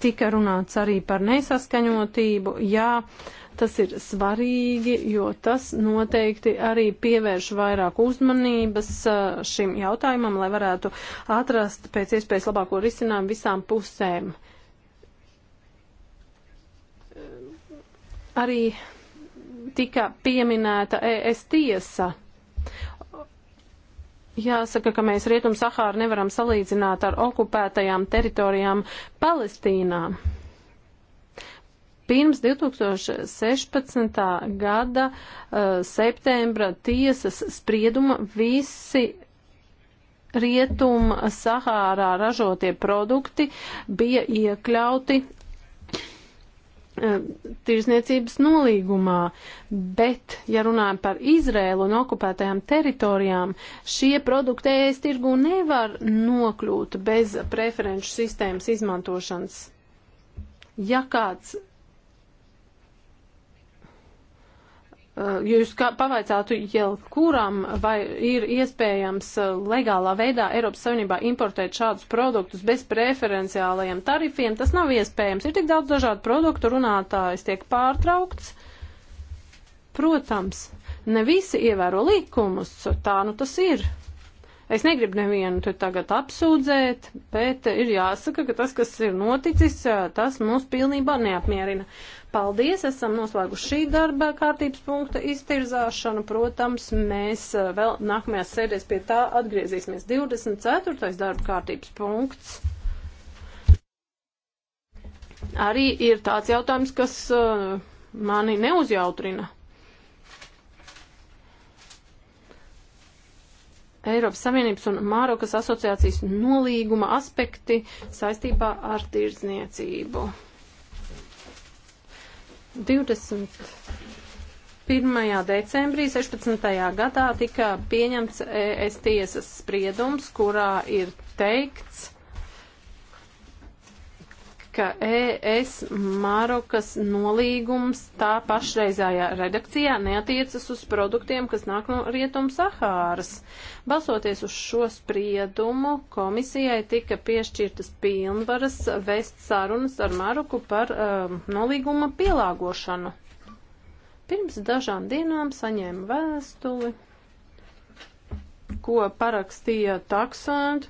Tika runāts arī par nesaskaņotību. Jā, uh, Tas ir svarīgi, jo tas noteikti arī pievērš vairāk uzmanības uh, šim jautājumam, lai varētu atrast pēc iespējas labāko risinājumu visām pusēm. Uh, arī tika pieminēta ES tiesa. Jāsaka, ka mēs Rietumu Sahāru nevaram salīdzināt ar okupētajām teritorijām Palestīnā. Pirms 2016. gada uh, septembra tiesas sprieduma visi rietuma Sahārā ražotie produkti bija iekļauti eh, tirzniecības nolīgumā, bet, ja runājam par Izrēlu un okupētajām teritorijām, šie produkti ēst tirgu nevar nokļūt bez preferenču sistēmas izmantošanas. Ja kāds Ja eh, jūs pavaicātu jebkuram, vai ir iespējams eh, legālā veidā Eiropas Savienībā importēt šādus produktus bez preferenciālajiem tarifiem, tas nav iespējams. Ir tik daudz dažādu produktu, runātājs tiek pārtraukts. Protams, ne visi ievēro likumus, tā nu tas ir. Es negribu nevienu te tagad apsūdzēt, bet ir jāsaka, ka tas, kas ir noticis, eh, tas mūs pilnībā neapmierina. Paldies, esam noslēguši šī darba kārtības punkta iztirzāšanu. Protams, mēs eh, vēl nākamajās sēdēs pie tā atgriezīsimies. 24. darba kārtības punkts. Arī ir tāds jautājums, kas eh, mani neuzjautrina. Eiropas Savienības un Mārokas asociācijas nolīguma aspekti saistībā ar tirdzniecību. 21. decembrī 16. gadā tika pieņemts ES tiesas spriedums, kurā ir teikts, ka ES Marokas nolīgums tā pašreizējā redakcijā neatiecas uz produktiem, kas nāk no Rietum Sahāras. Balsoties uz šo spriedumu, komisijai tika piešķirtas pilnvaras vest sarunas ar Maroku par um, nolīguma pielāgošanu. Pirms dažām dienām saņēma vēstuli ko parakstīja taksāntu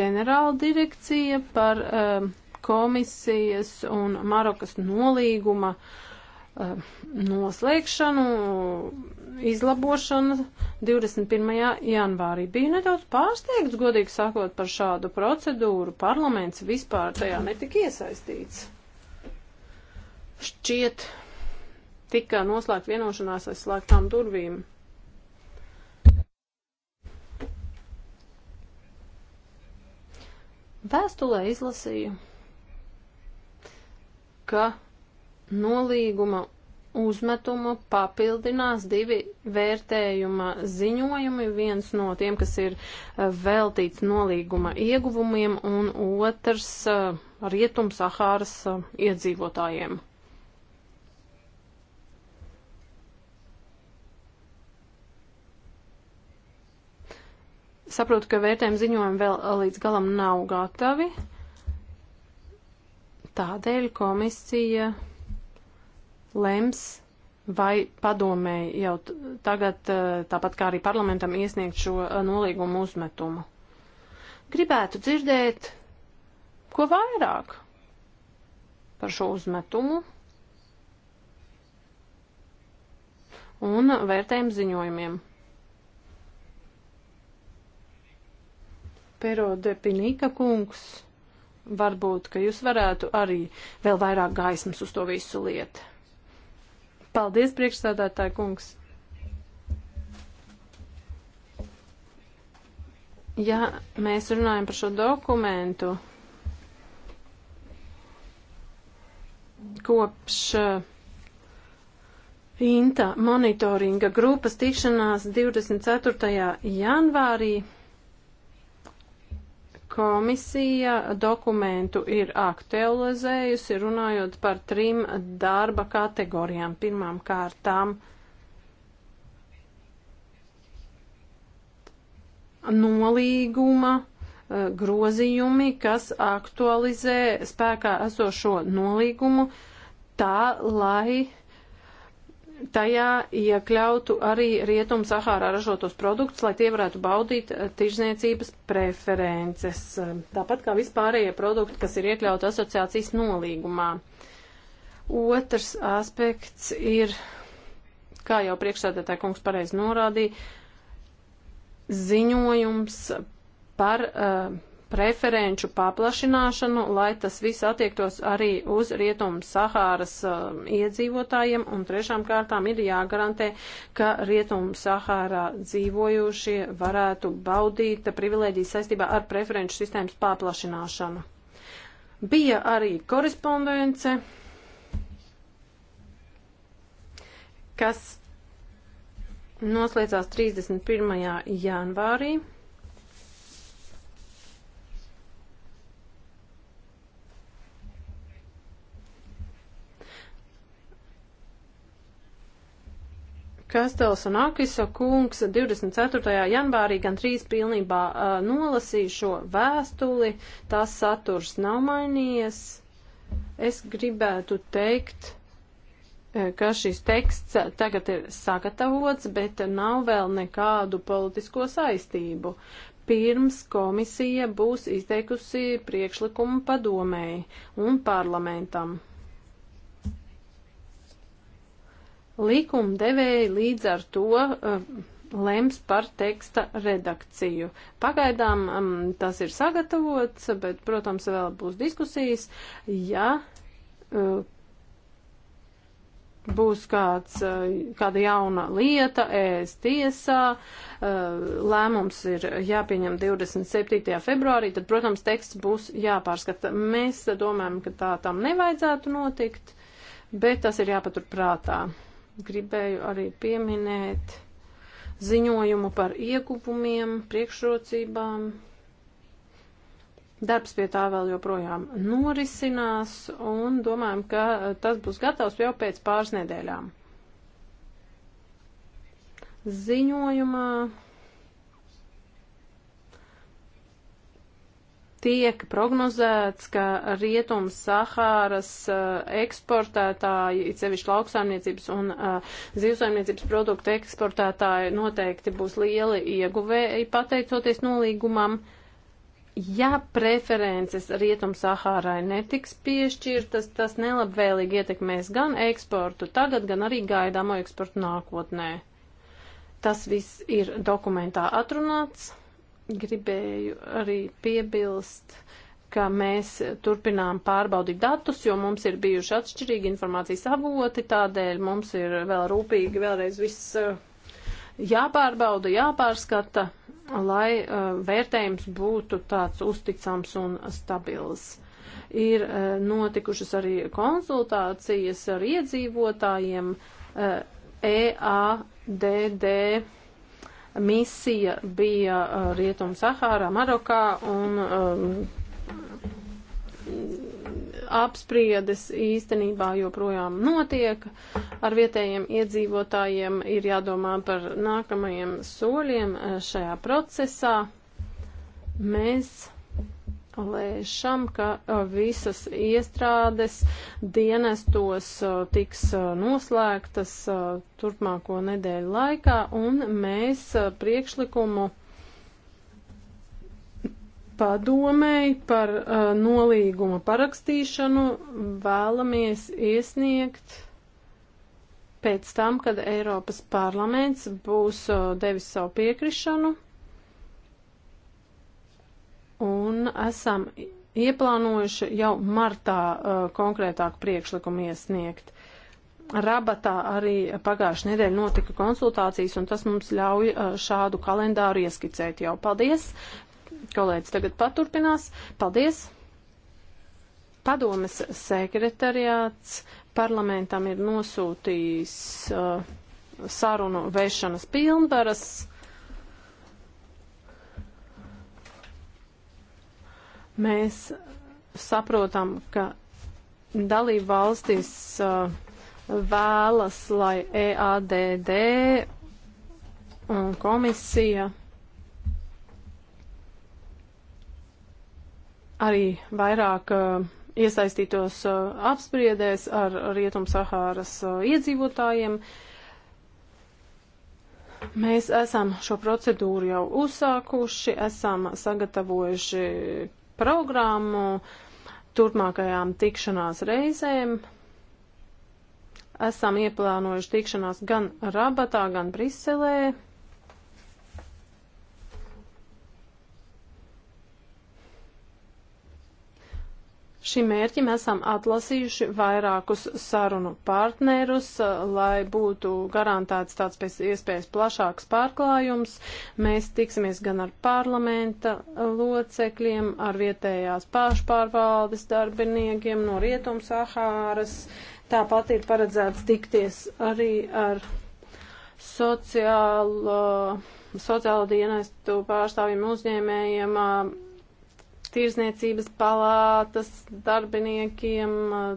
ģenerāla direkcija par um, uh, komisijas un Marokas nolīguma uh, noslēgšanu, izlabošanu 21. janvārī. Bija nedaudz pārsteigts, godīgi sakot, par šādu procedūru. Parlaments vispār tajā netika iesaistīts. Šķiet, tika noslēgt vienošanās aiz slēgtām durvīm. Vēstulē izlasīju ka nolīguma uzmetumu papildinās divi vērtējuma ziņojumi. Viens no tiem, kas ir eh, veltīts nolīguma ieguvumiem, un otrs eh, Rietum Sahāras eh, iedzīvotājiem. Saprotu, ka vērtējuma ziņojumi vēl līdz galam nav gatavi. Tādēļ komisija lems, vai padomēji jau tagad, eh, tāpat kā arī parlamentam, iesniegt šo eh, nolīgumu uzmetumu. Gribētu dzirdēt, ko vairāk par šo uzmetumu un vērtējumu ziņojumiem. Pero de Pinika kungs Varbūt, ka jūs varētu arī vēl vairāk gaismas uz to visu lietu. Paldies, priekšstādātāji kungs! Ja mēs runājam par šo dokumentu, kopš uh, INTA monitoringa grupas tikšanās 24. janvārī Komisija dokumentu ir aktualizējusi, runājot par trim darba kategorijām. Pirmām kārtām nolīguma eh, grozījumi, kas aktualizē spēkā esošo nolīgumu tā, lai tajā iekļautu arī Rietumu Sahārā ražotos produktus, lai tie varētu baudīt eh, tirzniecības preferences, tāpat kā vispārējie produkti, kas ir iekļauti asociācijas nolīgumā. Otrs aspekts ir, kā jau priekšsēdētāja kungs pareizi norādīja, ziņojums par uh, preferenču paplašināšanu, lai tas viss attiektos arī uz Rietumu Sahāras uh, iedzīvotājiem, un trešām kārtām ir jāgarantē, ka Rietumu Sahārā dzīvojošie varētu baudīt privilēģijas saistībā ar preferenču sistēmas paplašināšanu. Bija arī korespondence, kas noslēdzās 31. janvārī. Kastels un Akisa kungs 24. janvārī gan trīs pilnībā uh, nolasīja šo vēstuli, tās saturs nav mainījies. Es gribētu teikt, uh, ka šis teksts tagad ir sagatavots, bet nav vēl nekādu politisko saistību. Pirms komisija būs izteikusi priekšlikumu padomēji un parlamentam. likumdevēji līdz ar to uh, lems par teksta redakciju. Pagaidām um, tas ir sagatavots, bet, protams, vēl būs diskusijas, ja uh, būs kāds, uh, kāda jauna lieta ēst tiesā, uh, lēmums ir jāpieņem 27. februārī, tad, protams, teksts būs jāpārskata. Mēs domājam, ka tā tam nevajadzētu notikt, bet tas ir jāpatur prātā gribēju arī pieminēt ziņojumu par ieguvumiem, priekšrocībām. Darbs pie tā vēl joprojām norisinās un domājam, ka tas būs gatavs jau pēc pāris nedēļām. Ziņojumā tiek prognozēts, ka rietums Sahāras uh, eksportētāji, it sevišķi lauksaimniecības un uh, zivsaimniecības produktu eksportētāji noteikti būs lieli ieguvēji pateicoties nolīgumam. Ja preferences rietum Sahārai netiks piešķirtas, tas nelabvēlīgi ietekmēs gan eksportu tagad, gan arī gaidāmo eksportu nākotnē. Tas viss ir dokumentā atrunāts gribēju arī piebilst, ka mēs turpinām pārbaudīt datus, jo mums ir bijuši atšķirīgi informācijas avoti, tādēļ mums ir vēl rūpīgi vēlreiz viss uh, jāpārbauda, jāpārskata, lai uh, vērtējums būtu tāds uzticams un stabils. Ir uh, notikušas arī konsultācijas ar iedzīvotājiem EADD misija bija uh, Rietum Sahārā, Marokā un um, apspriedes īstenībā joprojām notiek. Ar vietējiem iedzīvotājiem ir jādomā par nākamajiem soļiem uh, šajā procesā. Mēs lēšam, ka visas iestrādes dienestos tiks noslēgtas turpmāko nedēļu laikā, un mēs priekšlikumu padomēji par nolīguma parakstīšanu vēlamies iesniegt pēc tam, kad Eiropas parlaments būs devis savu piekrišanu un esam ieplānojuši jau martā uh, konkrētāku priekšlikumu iesniegt. Rabatā arī pagājušajā nedēļā notika konsultācijas, un tas mums ļauj uh, šādu kalendāru ieskicēt jau. Paldies! Kolēģis tagad paturpinās. Paldies! Padomes sekretariāts parlamentam ir nosūtījis uh, sarunu vešanas pilnvaras Mēs saprotam, ka dalību valstis uh, vēlas, lai EADD un komisija arī vairāk uh, iesaistītos uh, apspriedēs ar Rietum-Sahāras uh, iedzīvotājiem. Mēs esam šo procedūru jau uzsākuši, esam sagatavojuši programmu turpmākajām tikšanās reizēm. Esam ieplānojuši tikšanās gan Rabatā, gan Briselē. Šim mērķim esam atlasījuši vairākus sarunu partnerus, lai būtu garantēts tāds pēc iespējas plašāks pārklājums. Mēs tiksimies gan ar parlamenta locekļiem, ar vietējās pašpārvaldes darbiniekiem no Rietum-Sahāras. Tāpat ir paredzēts tikties arī ar sociālo, sociālo dienestu pārstāvjiem uzņēmējiem tirzniecības palātas darbiniekiem,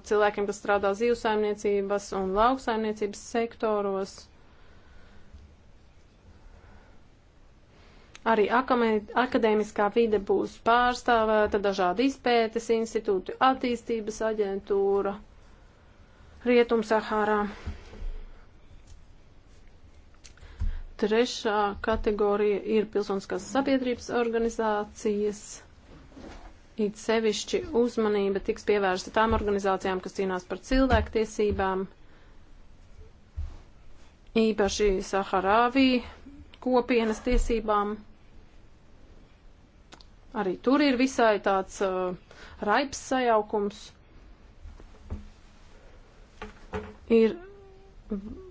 cilvēkiem, kas strādā zivsaimniecības un lauksaimniecības sektoros. Arī akadēmiskā vide būs pārstāvēta, dažādi izpētes institūti, attīstības aģentūra, Rietumsahārā. Trešā kategorija ir pilsoniskās sabiedrības organizācijas. It sevišķi uzmanība tiks pievērsta tām organizācijām, kas cīnās par cilvēktiesībām, īpaši Saharāvī kopienas tiesībām. Arī tur ir visai tāds uh, raips sajaukums. Ir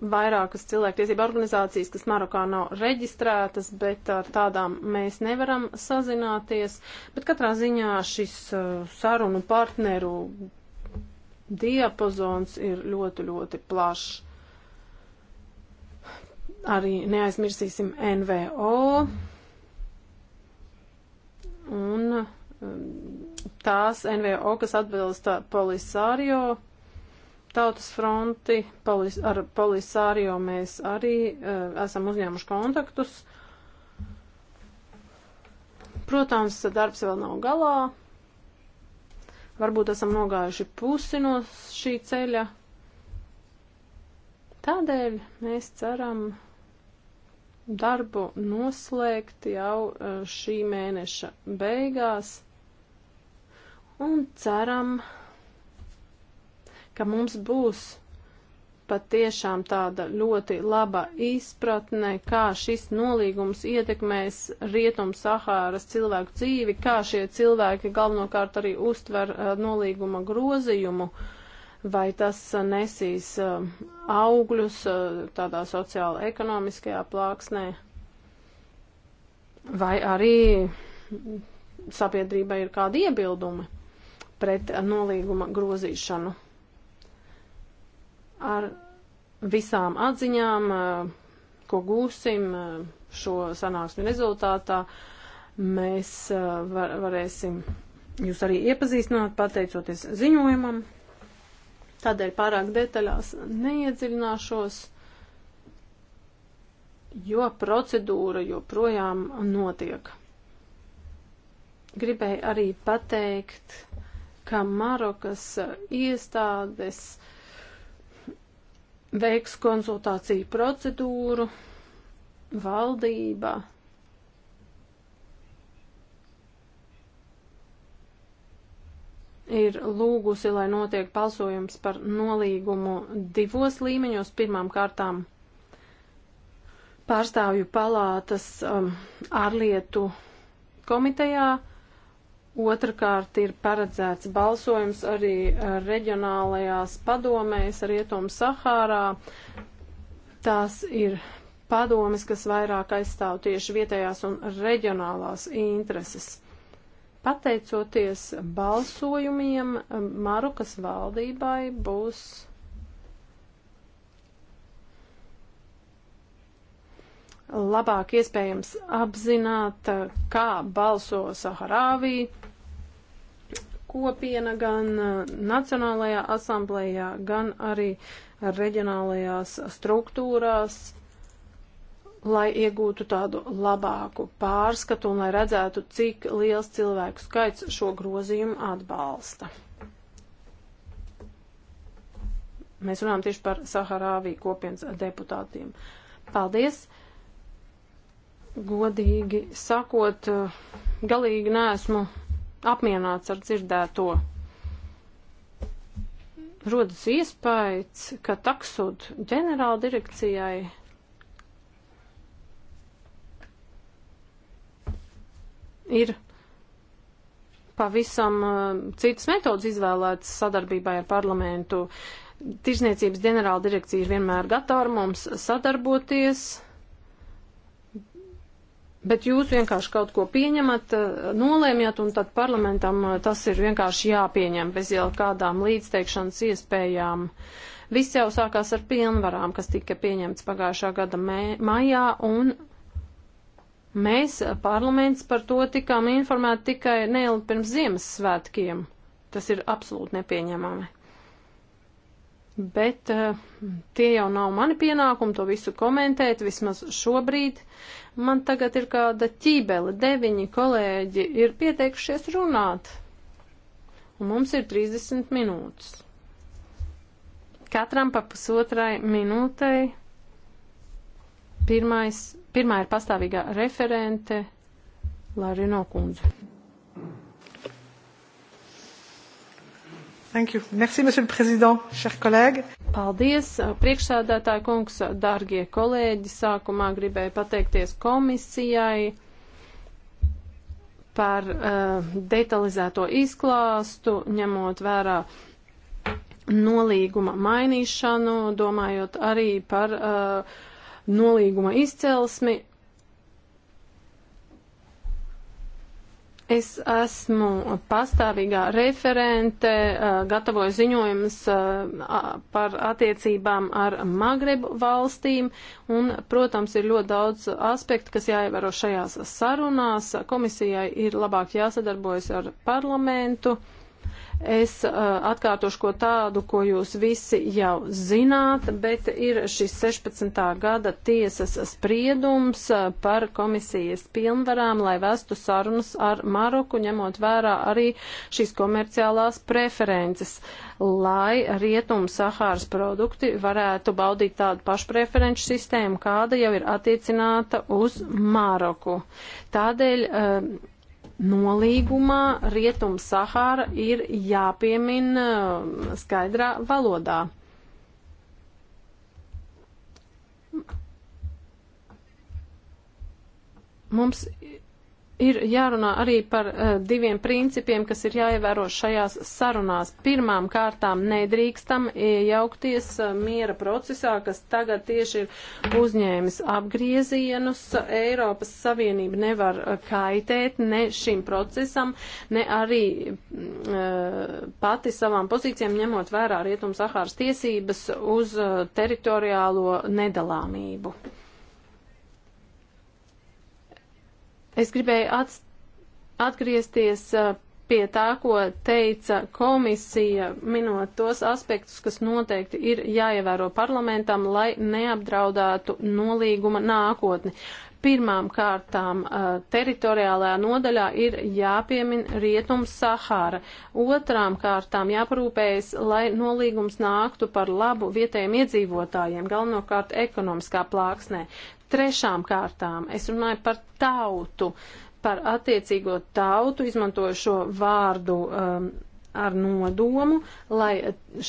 vairākas cilvēktiesība organizācijas, kas Marokā nav reģistrētas, bet ar tādām mēs nevaram sazināties. Bet katrā ziņā šis uh, sarunu partneru diapazons ir ļoti, ļoti plašs. Arī neaizmirsīsim NVO un um, tās NVO, kas atbilst polisārio Tautas fronti polis, ar Polisārio mēs arī uh, esam uzņēmuši kontaktus. Protams, darbs vēl nav galā. Varbūt esam nogājuši pusi no šī ceļa. Tādēļ mēs ceram darbu noslēgt jau eh, šī mēneša beigās un ceram, ka mums būs patiešām tāda ļoti laba izpratne, kā šis nolīgums ietekmēs Rietum Sahāras cilvēku dzīvi, kā šie cilvēki galvenokārt arī uztver uh, nolīguma grozījumu, vai tas uh, nesīs uh, augļus uh, tādā sociāla ekonomiskajā plāksnē, vai arī sabiedrībai ir kādi iebildumi pret uh, nolīguma grozīšanu ar visām atziņām, eh, ko gūsim eh, šo sanāksmi rezultātā, mēs eh, var, varēsim jūs arī iepazīstināt, pateicoties ziņojumam. Tādēļ pārāk detaļās neiedziļināšos, jo procedūra joprojām notiek. Gribēju arī pateikt, ka Marokas iestādes uh, veiks konsultāciju procedūru, valdība. Ir lūgusi, lai notiek balsojums par nolīgumu divos līmeņos. Pirmām kārtām pārstāvju palātas um, ārlietu komitejā Otrakārt ir paredzēts balsojums arī eh, reģionālajās padomēs Rietumu Sahārā. Tās ir padomes, kas vairāk aizstāv tieši vietējās un reģionālās intereses. Pateicoties balsojumiem, eh, Marukas valdībai būs labāk iespējams apzināt, kā balso Saharāvī kopiena gan eh, Nacionālajā asamblējā, gan arī reģionālajās struktūrās, lai iegūtu tādu labāku pārskatu un lai redzētu, cik liels cilvēku skaits šo grozījumu atbalsta. Mēs runājam tieši par Saharāvī kopienas deputātiem. Paldies! godīgi sakot, eh, galīgi neesmu apmierināts ar dzirdēto. Rodas iespējas, ka taksot ģenerāla direkcijai ir pavisam eh, citas metodas izvēlētas sadarbībai ar parlamentu. Tirzniecības ģenerāla direkcija ir vienmēr gatava mums sadarboties Bet jūs vienkārši kaut ko pieņemat, eh, nolēmjat, un tad parlamentam eh, tas ir vienkārši jāpieņem bez jau kādām līdzteikšanas iespējām. Viss jau sākās ar pilnvarām, kas tika pieņemts pagājušā gada maijā, un mēs, eh, parlaments, par to tikām informēti tikai neilgi pirms Ziemassvētkiem. Tas ir absolūti nepieņemami. Bet tie jau nav mani pienākumi to visu komentēt, vismaz šobrīd. Uh, Man tagad ir kāda ķībele, deviņi kolēģi ir pieteikušies runāt. Un mums ir 30 minūtes. Katram pa pusotrai minūtei. Pirmais, pirmā ir pastāvīgā referente Lārino Kundze. Thank you. Merci, Monsieur le Président, chers collègues. Paldies, priekšsēdētāji kungs, dārgie kolēģi. Sākumā gribēju pateikties komisijai par uh, detalizēto izklāstu, ņemot vērā nolīguma mainīšanu, domājot arī par uh, nolīguma izcelsmi Es esmu pastāvīgā referente, gatavoju ziņojumus par attiecībām ar Magrebu valstīm, un, protams, ir ļoti daudz aspektu, kas jāievēro šajās sarunās. Komisijai ir labāk jāsadarbojas ar parlamentu. Uh, Es uh, atkārtošu ko tādu, ko jūs visi jau zināt, bet ir šis 16. gada tiesas spriedums uh, par komisijas pilnvarām, lai vestu sarunas ar Maroku, ņemot vērā arī šīs komerciālās preferences, lai rietumu Sahāras produkti varētu baudīt tādu pašpreferenču sistēmu, kāda jau ir attiecināta uz Maroku. Tādēļ uh, nolīgumā Rietum Sahara ir jāpiemina eh, skaidrā valodā. Mums ir jārunā arī par uh, diviem principiem, kas ir jāievēro šajās sarunās. Pirmām kārtām nedrīkstam iejaukties uh, miera procesā, kas tagad tieši ir uzņēmis apgriezienus. Eiropas Savienība nevar uh, kaitēt ne šim procesam, ne arī uh, pati savām pozīcijām ņemot vērā Rietum Sahāras tiesības uz uh, teritoriālo nedalāmību. Es gribēju at, atgriezties pie tā, ko teica komisija, minot tos aspektus, kas noteikti ir jāievēro parlamentam, lai neapdraudātu nolīguma nākotni. Pirmām kārtām teritoriālajā nodaļā ir jāpiemin Rietums Sahara. Otrām kārtām jāparūpējas, lai nolīgums nāktu par labu vietējiem iedzīvotājiem, galvenokārt ekonomiskā plāksnē. Trešām kārtām es runāju par tautu, par attiecīgo tautu, izmantoju šo vārdu um, ar nodomu, lai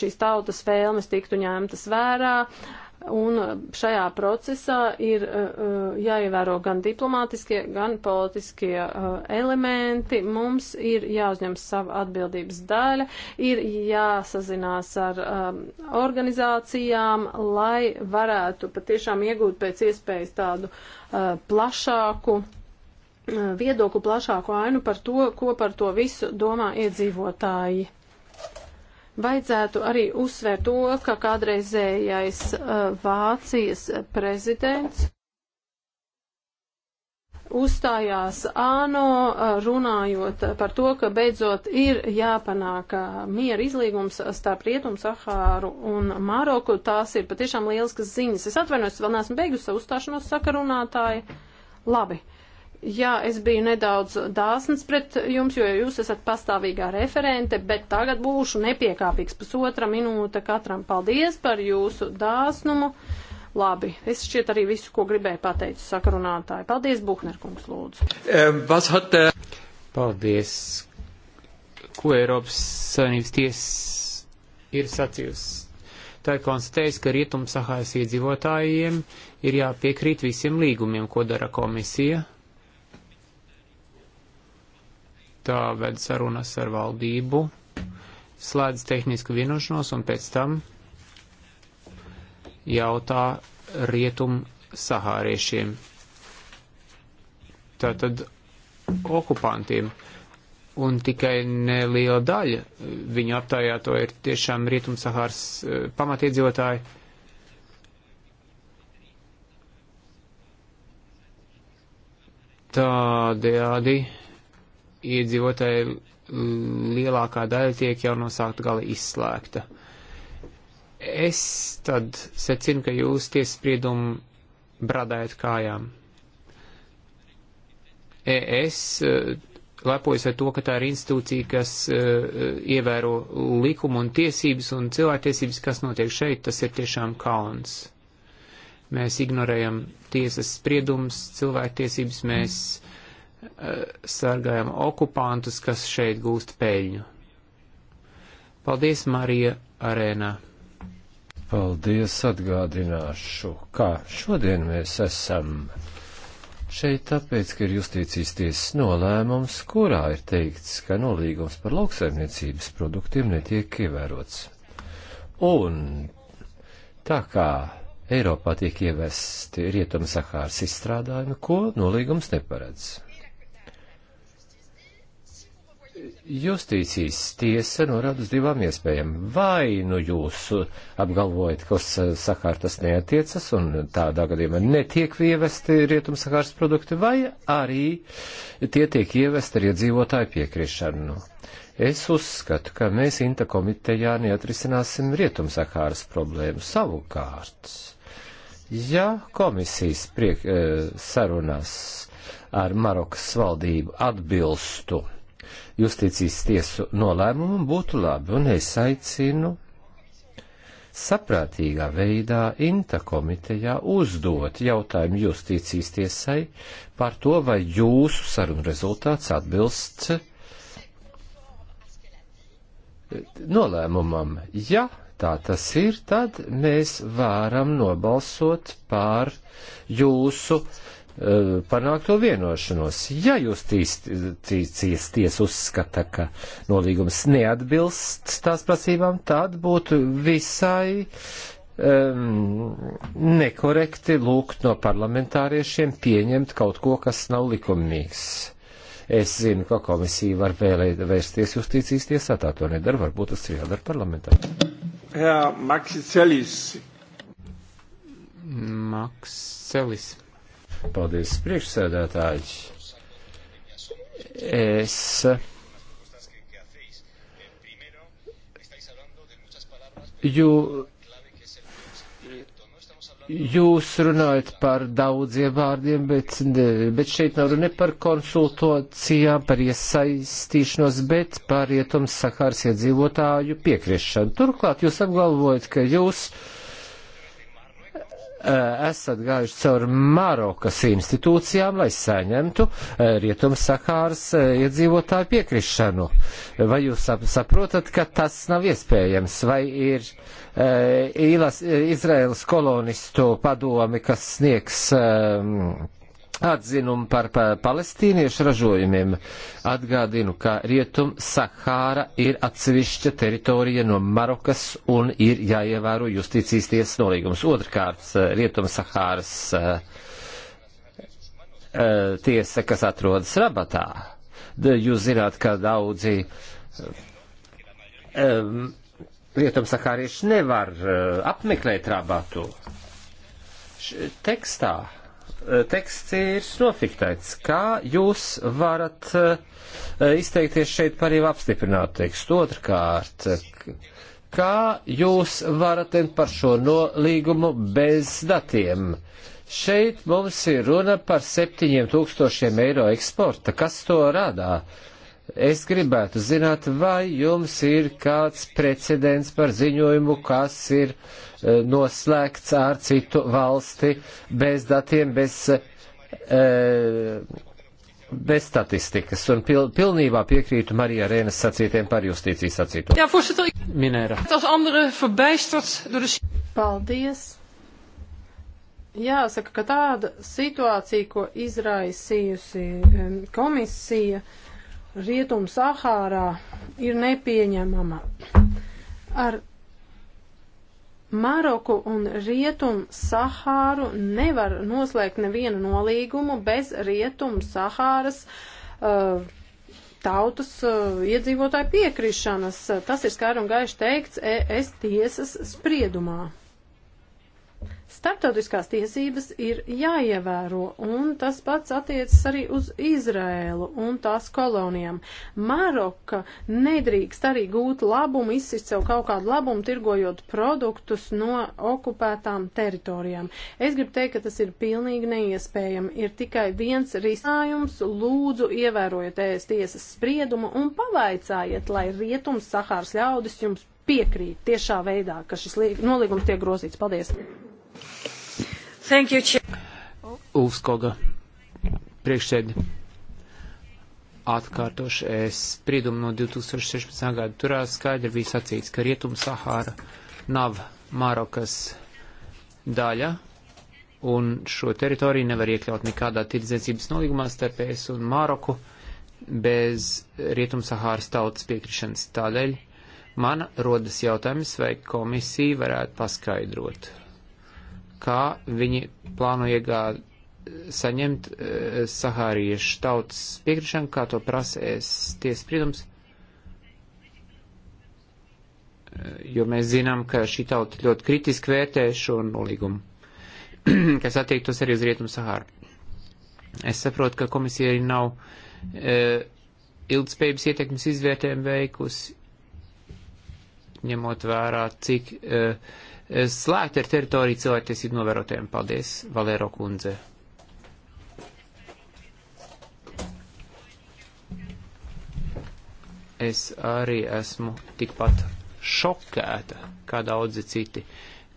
šīs tautas vēlmes tiktu ņemtas vērā. Uh, Un uh, šajā procesā ir uh, uh, jāievēro gan diplomātiskie, gan politiskie uh, elementi. Mums ir jāuzņem sava atbildības daļa, ir jāsazinās ar um, organizācijām, lai varētu patiešām iegūt pēc iespējas tādu uh, plašāku uh, viedokli, plašāku ainu par to, ko par to visu domā iedzīvotāji. Vajadzētu arī uzsvērt to, ka kādreizējais uh, Vācijas prezidents uzstājās ANO uh, runājot par to, ka beidzot ir jāpanāk uh, miera izlīgums starp Rietumu, Sahāru un Maroku. Tās ir patiešām lieliskas ziņas. Es atvainojos, vēl neesmu beigusi savu uzstāšanos sakarunātāju. Labi. Uh, Jā, es biju nedaudz dāsns pret jums, jo jūs esat pastāvīgā referente, bet tagad būšu nepiekāpīgs pusotra minūte katram. Paldies par jūsu dāsnumu. Labi, es šķiet arī visu, ko gribēju pateikt sakarunātāji. Paldies, Buhnerkungs, lūdzu. Eh, Paldies. Ko Eiropas Savienības tiesa ir sacījusi? Tā ir konstatējusi, ka Rietum Sahāras iedzīvotājiem ir jāpiekrīt visiem līgumiem, ko dara komisija tā uh, ved sarunas ar valdību, slēdz tehnisku vienošanos un pēc tam jautā rietum sahāriešiem, tātad okupantiem. Un tikai neliela daļa viņu aptājā to ir tiešām rietum sahāras uh, pamatiedzīvotāji. Tādējādi iedzīvotāji mm, lielākā daļa tiek jau no sākta gala izslēgta. Es tad secinu, ka jūs tiesas spriedumu bradājat kājām. E, es e, lepojos ar to, ka tā ir institūcija, kas e, ievēro likumu un tiesības un cilvēktiesības, kas notiek šeit, tas ir tiešām kauns. Mēs ignorējam tiesas spriedumus, cilvēktiesības, mēs. Mm Eh, sargājam okupantus, kas šeit gūst peļņu. Paldies, Marija Arēnā! Paldies, atgādināšu, kā šodien mēs esam šeit tāpēc, ka ir justīcijas tiesas nolēmums, kurā ir teikts, ka nolīgums par lauksaimniecības produktiem netiek ievērots. Un tā kā Eiropā tiek ievesti rietumu sakārs izstrādājumi, ko nolīgums neparedz. Justīcijas tiesa norāda uz divām iespējām. Vai nu jūs apgalvojat, ka uz eh, sakāru tas neatiecas un tādā gadījumā netiek ievesti rietumsakārs produkti, vai arī tie tiek ievesti ar iedzīvotāju piekrišanu. Es uzskatu, ka mēs Inta komitejā neatrisināsim rietumsakāras problēmu savukārt. Ja komisijas priek, eh, sarunās ar Marokas valdību atbilstu justīcijas tiesu nolēmumu būtu labi, un es aicinu saprātīgā veidā Inta komitejā uzdot jautājumu justīcijas tiesai par to, vai jūsu sarunu rezultāts atbilst eh, nolēmumam. Ja tā tas ir, tad mēs varam nobalsot pār jūsu uh, Eh, panākt to vienošanos. Ja jūs tīsties tiesa uzskata, ka nolīgums neatbilst tās prasībām, tad būtu visai um, nekorekti lūgt no parlamentāriešiem pieņemt kaut ko, kas nav likumīgs. Es zinu, ka komisija var vēlēt vērsties justīcijas tiesā, tā to nedara, varbūt tas ir jādara parlamentā. Jā, Maksis Celis. Maksis Celis. Paldies, priekšsēdētāji. Es. Jū, jūs runājat par daudziem vārdiem, bet, bet šeit nav runa par konsultācijām, par iesaistīšanos, bet par rietums Sakārs iedzīvotāju piekriešanu. Turklāt jūs apgalvojat, ka jūs uh, Eh, esat gājuši cauri Marokas institūcijām, lai saņemtu eh, Rietums Sakāras eh, iedzīvotāju piekrišanu? Vai jūs saprotat, ka tas nav iespējams? Vai ir Īlas, Izraels kolonistu padomi, kas sniegs ehm, atzinumu par palestīniešu ražojumiem. Atgādinu, ka Rietum Sahāra ir atsevišķa teritorija no Marokas un ir jāievēro justīcijas tiesas nolīgums. Otrkārt, eh, Rietum Sahāras eh, eh, tiesa, kas atrodas Rabatā. Jūs zināt, ka daudzi um, Rietum Sahārieši nevar apmeklēt Rabatu. Tekstā Eh, teksts ir nofiktēts. Kā jūs varat eh, izteikties šeit par jau apstiprinātu tekstu? Otrkārt, kā jūs varat lemt par šo nolīgumu bez datiem? Šeit mums ir runa par 7000 eiro eksporta. Kas to rādā? Es gribētu zināt, vai jums ir kāds precedents par ziņojumu, kas ir uh, Eh, noslēgts ar citu valsti bez datiem, bez, eh, bez statistikas. Un pil, pilnībā piekrītu Marija Rēnas sacītiem par justīcijas sacīto. Jā, voorzitter. Minēra. Paldies. Jāsaka, ka tāda situācija, ko izraisījusi eh, komisija Rietum Sahārā, ir nepieņemama. Ar Maroku un Rietum Sahāru nevar noslēgt nevienu nolīgumu bez Rietum Sahāras uh, tautas uh, iedzīvotāju piekrišanas. Tas ir skaidri un gaiši teikts ES tiesas spriedumā. Startautiskās tiesības ir jāievēro, un tas pats attiecas arī uz Izrēlu un tās kolonijām. Maroka nedrīkst arī gūt labumu, izsist sev kaut kādu labumu, tirgojot produktus no okupētām teritorijām. Es gribu teikt, ka tas ir pilnīgi neiespējami. Ir tikai viens risinājums - lūdzu ievērojiet ēst tiesas spriedumu un pavaicājiet, lai rietums Sahāras ļaudis jums piekrīt tiešā veidā, ka šis nolīgums tiek grozīts. Paldies! Thank you, Chair. Ulfskoga priekšsēdi. Atkārtoši es spriedumu no 2016. gada turās skaidri bija sacīts, ka Rietum Sahāra nav Marokas daļa, un šo teritoriju nevar iekļaut nekādā tirdzniecības nolīgumā starp ES un Maroku bez Rietum Sahāras tautas piekrišanas. Tādēļ man rodas jautājums, vai komisija varētu paskaidrot kā viņi plāno iegād, saņemt uh, e, Sahāriešu tautas piekrišanu, kā to prasēs tiespriedums, e, jo mēs zinām, ka šī tauta ļoti kritiski vērtē šo nolīgumu, kas attiektos arī uz Rietumu Sahāru. Es saprotu, ka komisija arī nav uh, e, ilgspējības ietekmes izvērtējumu veikusi, ņemot vērā, cik uh, e, slēgta ir teritorija cilvēktiesību novērotiem. Paldies, Valēro kundze. Es arī esmu tikpat šokēta, kā daudzi citi,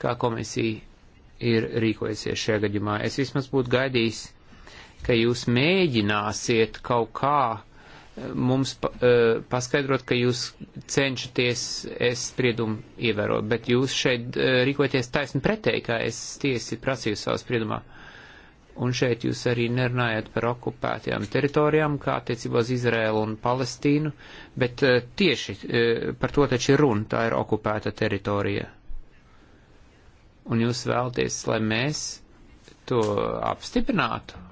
kā komisija ir rīkojusies šajā gadījumā. Es vismaz būtu gaidījis, ka jūs mēģināsiet kaut kā mums pa, uh, paskaidrot, ka jūs cenšaties es spriedumu ievērot, bet jūs šeit uh, e, rīkoties taisni pretēji, kā es tiesi prasīju savā spriedumā. Un šeit jūs arī nerunājat par okupētajām teritorijām, kā attiecībā uz Izrēlu un Palestīnu, bet uh, tieši uh, par to taču ir runa, tā ir okupēta teritorija. Un jūs vēlties, lai mēs to apstiprinātu?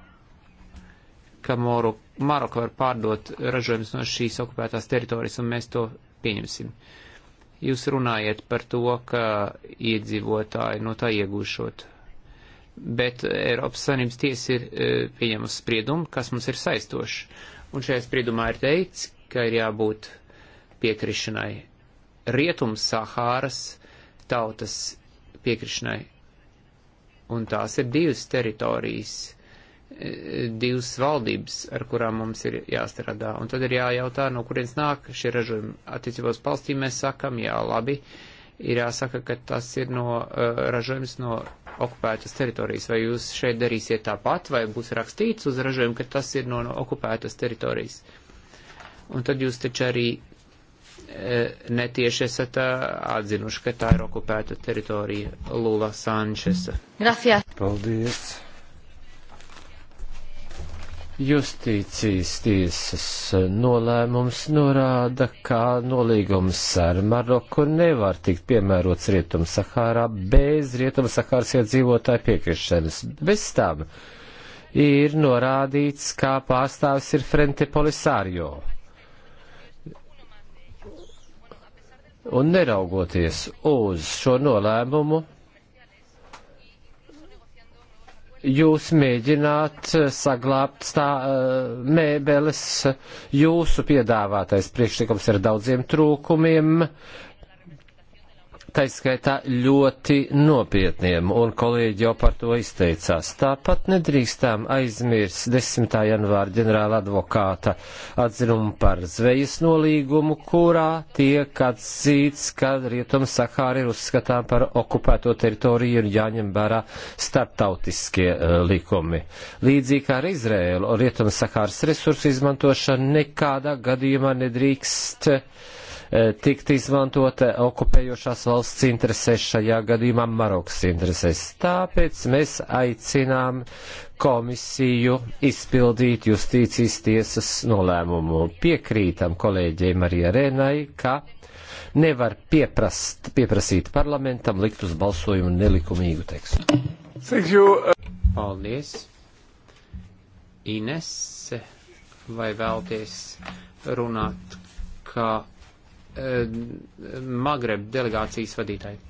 ka Moru, Maroka var pārdot ražojumus no šīs okupētās teritorijas, un mēs to pieņemsim. Jūs runājat par to, ka iedzīvotāji no tā iegūšot. Bet Eiropas Savienības tiesa ir e, pieņemusi spriedumu, kas mums ir saistošs. Un šajā spriedumā ir teikts, ka ir jābūt piekrišanai rietums Sahāras tautas piekrišanai. Un tās ir divas teritorijas divas valdības, ar kurām mums ir jāstrādā. Un tad ir jājautā, no kurienes nāk šie ražojumi. Attiecībos palstīm mēs sakam, jā, labi, ir jāsaka, ka tas ir no uh, ražojums no okupētas teritorijas. Vai jūs šeit darīsiet tāpat, vai būs rakstīts uz ražojumu, ka tas ir no, no okupētas teritorijas? Un tad jūs taču arī eh, netieši esat eh, atzinuši, ka tā ir okupēta teritorija Lula Sančesa. Gracias. Paldies. Justīcijas tiesas nolēmums norāda, ka nolīgums ar Maroku nevar tikt piemērots Rietum-Sahārā bez Rietum-Sahāras iedzīvotāju piekrišanas. Bez tam ir norādīts, kā pārstāvis ir Frente Polisario. Un neraugoties uz šo nolēmumu, jūs mēģināt eh, saglābt stā, eh, mēbeles, jūsu piedāvātais priekšlikums ar daudziem trūkumiem, taiskaitā ļoti nopietniem, un kolēģi jau par to izteicās. Tāpat nedrīkstām aizmirst 10. janvāra ģenerāla advokāta atzinumu par zvejas nolīgumu, kurā tiek atzīts, ka Rietums Sahāra ir uzskatām par okupēto teritoriju un jāņem vērā starptautiskie uh, likumi. Līdzīgi kā ar Izrēlu, Rietums Sahāras resursu izmantošana nekādā gadījumā nedrīkst uh, E, tikt izmantota okupējošās valsts interesēs, šajā gadījumā Marokas interesēs. Tāpēc mēs aicinām komisiju izpildīt justīcijas tiesas nolēmumu. Piekrītam kolēģei Marija Rēnai, ka nevar pieprast, pieprasīt parlamentam likt uz balsojumu nelikumīgu tekstu. Thank you. Paldies. Ines, vai vēlties runāt kā Eh, Magreb delegācijas vadītāji.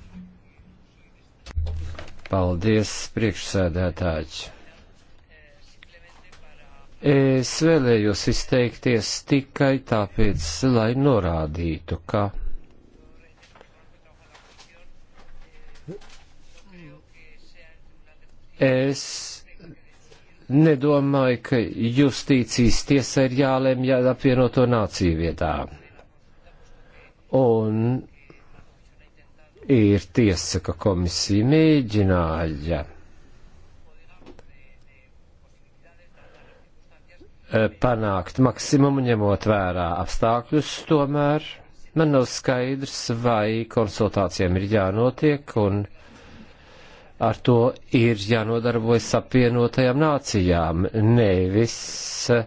Paldies, priekšsēdētāji. Es vēlējos izteikties tikai tāpēc, lai norādītu, ka es nedomāju, ka justīcijas tiesa ir jālemj apvienoto nāciju vietā. Un ir tiesa, ka komisija mēģināja eh, panākt maksimumu, ņemot vērā apstākļus, tomēr man nav skaidrs, vai konsultācijām ir jānotiek un ar to ir jānodarbojas apvienotajām nācijām, nevis uh,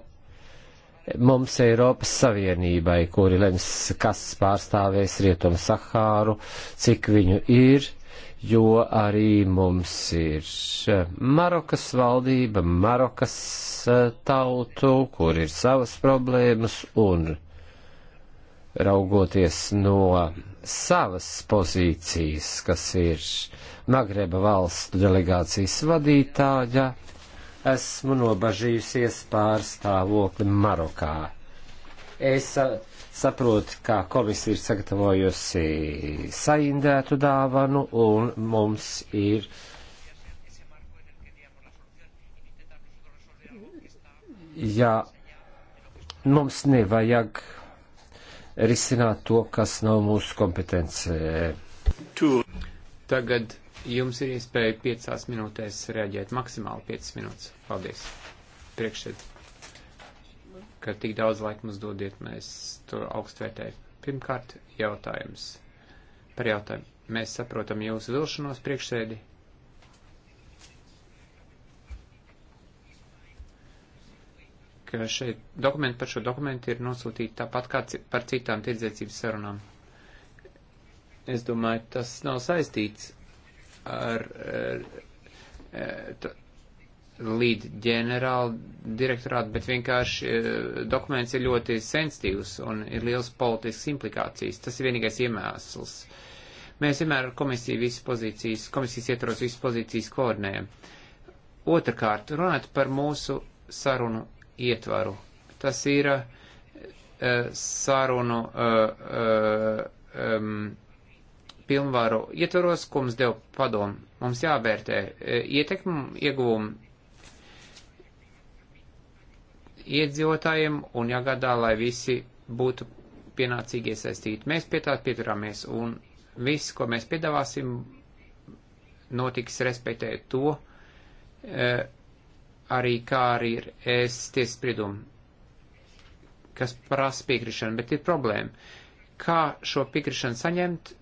mums Eiropas Savienībai, kuri lems, kas pārstāvēs Rietumu Sahāru, cik viņu ir, jo arī mums ir eh, Marokas valdība, Marokas eh, tautu, kur ir savas problēmas un raugoties no savas pozīcijas, kas ir Magreba valstu delegācijas vadītāja, ja esmu nobažījusies pār stāvokli Marokā. Es saprotu, ka komisija ir sagatavojusi saindētu dāvanu un mums ir. Jā, mums nevajag risināt to, kas nav mūsu kompetencē. Tagad Jums ir iespēja 5 minūtēs reaģēt maksimāli 5 minūtes. Paldies. Priekšsēd, ka tik daudz laika mums dodiet, mēs to augstvērtējam. Pirmkārt, jautājums. Par jautājumu. Mēs saprotam jūsu vilšanos priekšsēdi. Ka šeit dokumenti par šo dokumentu ir nosūtīti tāpat kā par citām tirdzniecības sarunām. Es domāju, tas nav saistīts ar, ar eh, eh, līdz ģenerāla direktorāta, bet vienkārši eh, dokuments ir ļoti sensitīvs un ir liels politisks implikācijas. Tas ir vienīgais iemesls. Mēs vienmēr ar komisiju visas pozīcijas, komisijas ietvaros visas pozīcijas koordinējam. Otrakārt, runāt par mūsu sarunu ietvaru. Tas ir uh, sarunu uh, uh, um, pilnvaru ietvaros, ko mums deva padomu. Mums jāvērtē e, ietekmu ieguvumu iedzīvotājiem un jāgādā, lai visi būtu pienācīgi iesaistīti. Mēs pie tā pieturāmies un viss, ko mēs piedāvāsim, notiks respektēt to, e, arī kā arī ir es tiesas spriedumu, kas prasa piekrišanu, bet ir problēma. Kā šo piekrišanu saņemt,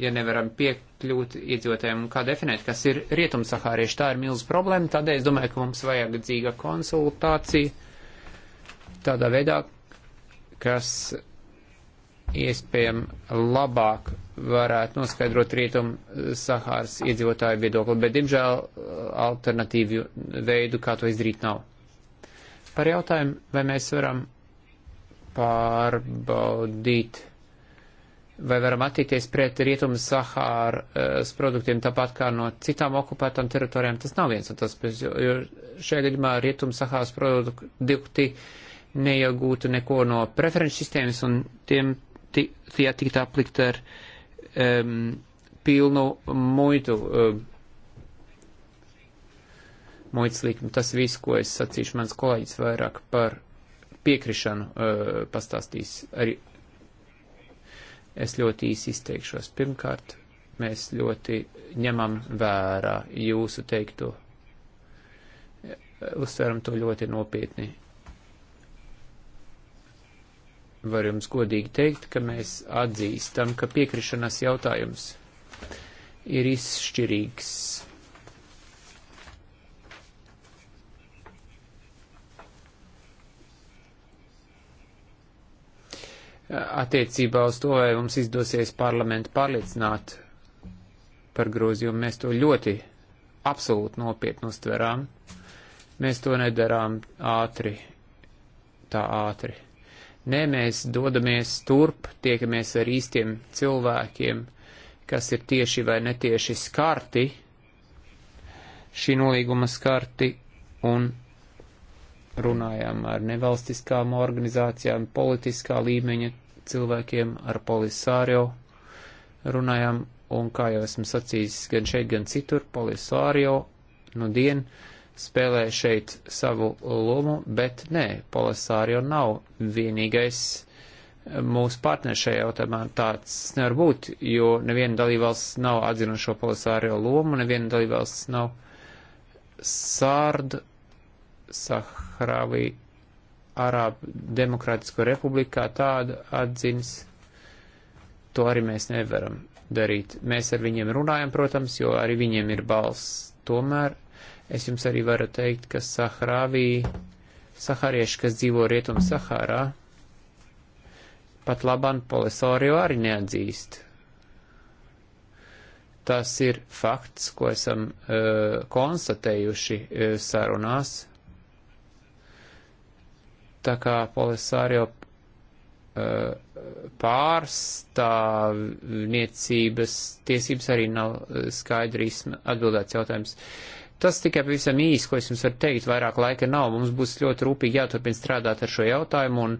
ja nevaram piekļūt iedzīvotājiem, kā definēt, kas ir rietumsahārieši. Tā ir milz problēma, tādēļ es domāju, ka mums vajag dzīga konsultācija tādā veidā, kas iespējam labāk varētu noskaidrot rietumu Sahāras iedzīvotāju viedokli, bet, diemžēl, alternatīvu veidu, kā to izdarīt, nav. Par jautājumu, vai mēs varam pārbaudīt vai varam attīties pret Rietumu Sahāras eh, produktiem tāpat kā no citām okupētām teritorijām, tas nav viens un tas, jo šajā gadījumā Rietumu Sahāras produkti neiegūtu neko no preferenču sistēmas un tiem tie tiktu aplikt ar um, pilnu muitu. Um, muitas likmi. Tas viss, ko es sacīšu, mans kolēģis vairāk par piekrišanu uh, pastāstīs arī Es ļoti īsi izteikšos. Pirmkārt, mēs ļoti ņemam vērā jūsu teikto. Uztveram to ļoti nopietni. Var jums godīgi teikt, ka mēs atzīstam, ka piekrišanas jautājums ir izšķirīgs attiecībā uz to, vai mums izdosies parlamentu pārliecināt par grozījumu. Mēs to ļoti absolūti nopietni uztverām. Mēs to nedarām ātri, tā ātri. Nē, mēs dodamies turp, tiekamies ar īstiem cilvēkiem, kas ir tieši vai netieši skarti, šī nolīguma skarti, un runājām ar nevalstiskām organizācijām, politiskā līmeņa cilvēkiem, ar polisārio runājām, un kā jau esmu sacījis gan šeit, gan citur, polisārio nu dien spēlē šeit savu lomu, bet nē, polisārio nav vienīgais mūsu partneri šajā jautājumā tāds nevar būt, jo neviena dalībvalsts nav atzinušo polisārio lomu, neviena dalībvalsts nav sārdu Sahrāvī Arābu Demokrātisko republiku kā tādu atzinis, to arī mēs nevaram darīt. Mēs ar viņiem runājam, protams, jo arī viņiem ir balss. Tomēr es jums arī varu teikt, ka Sahrāvī, Saharieši, kas dzīvo Rietum Sahārā, pat labam polisorio arī neatzīst. Tas ir fakts, ko esam uh, konstatējuši uh, sarunās tā kā Polisārio eh, pārstāvniecības tiesības arī nav eh, skaidri atbildēts jautājums. Tas tikai pavisam īsi, ko es jums varu teikt, vairāk laika nav. Mums būs ļoti rūpīgi jāturpina strādāt ar šo jautājumu un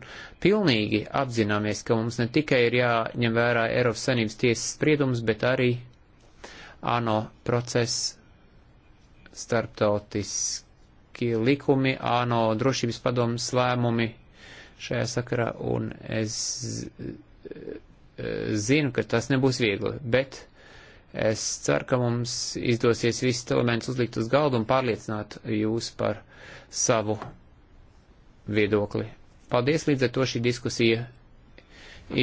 pilnīgi apzināmies, ka mums ne tikai ir jāņem vērā Eiropas Sanības tiesas spriedums, bet arī ANO process starptautiski spēki, likumi, ANO drošības padomas lēmumi šajā sakarā, un es eh, zinu, ka tas nebūs viegli, bet es ceru, ka mums izdosies visus elementus uzlikt uz galdu un pārliecināt jūs par savu viedokli. Paldies, līdz ar to šī diskusija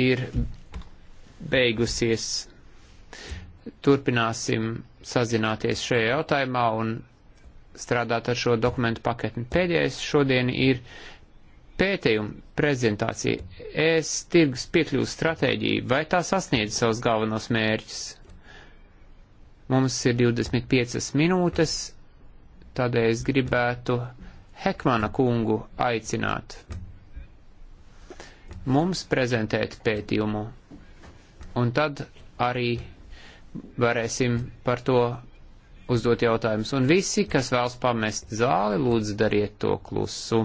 ir beigusies. Turpināsim sazināties šajā jautājumā un strādāt ar šo dokumentu paketni. Pēdējais šodien ir pētījuma prezentācija. Es tirgus piekļūst stratēģiju, vai tā sasniedz savus galvenos mērķus? Mums ir 25 minūtes, tādēļ es gribētu Hekmana kungu aicināt mums prezentēt pētījumu, un tad arī varēsim par to uzdot jautājumus. Un visi, kas vēlas pamest zāli, lūdzu dariet to klusu.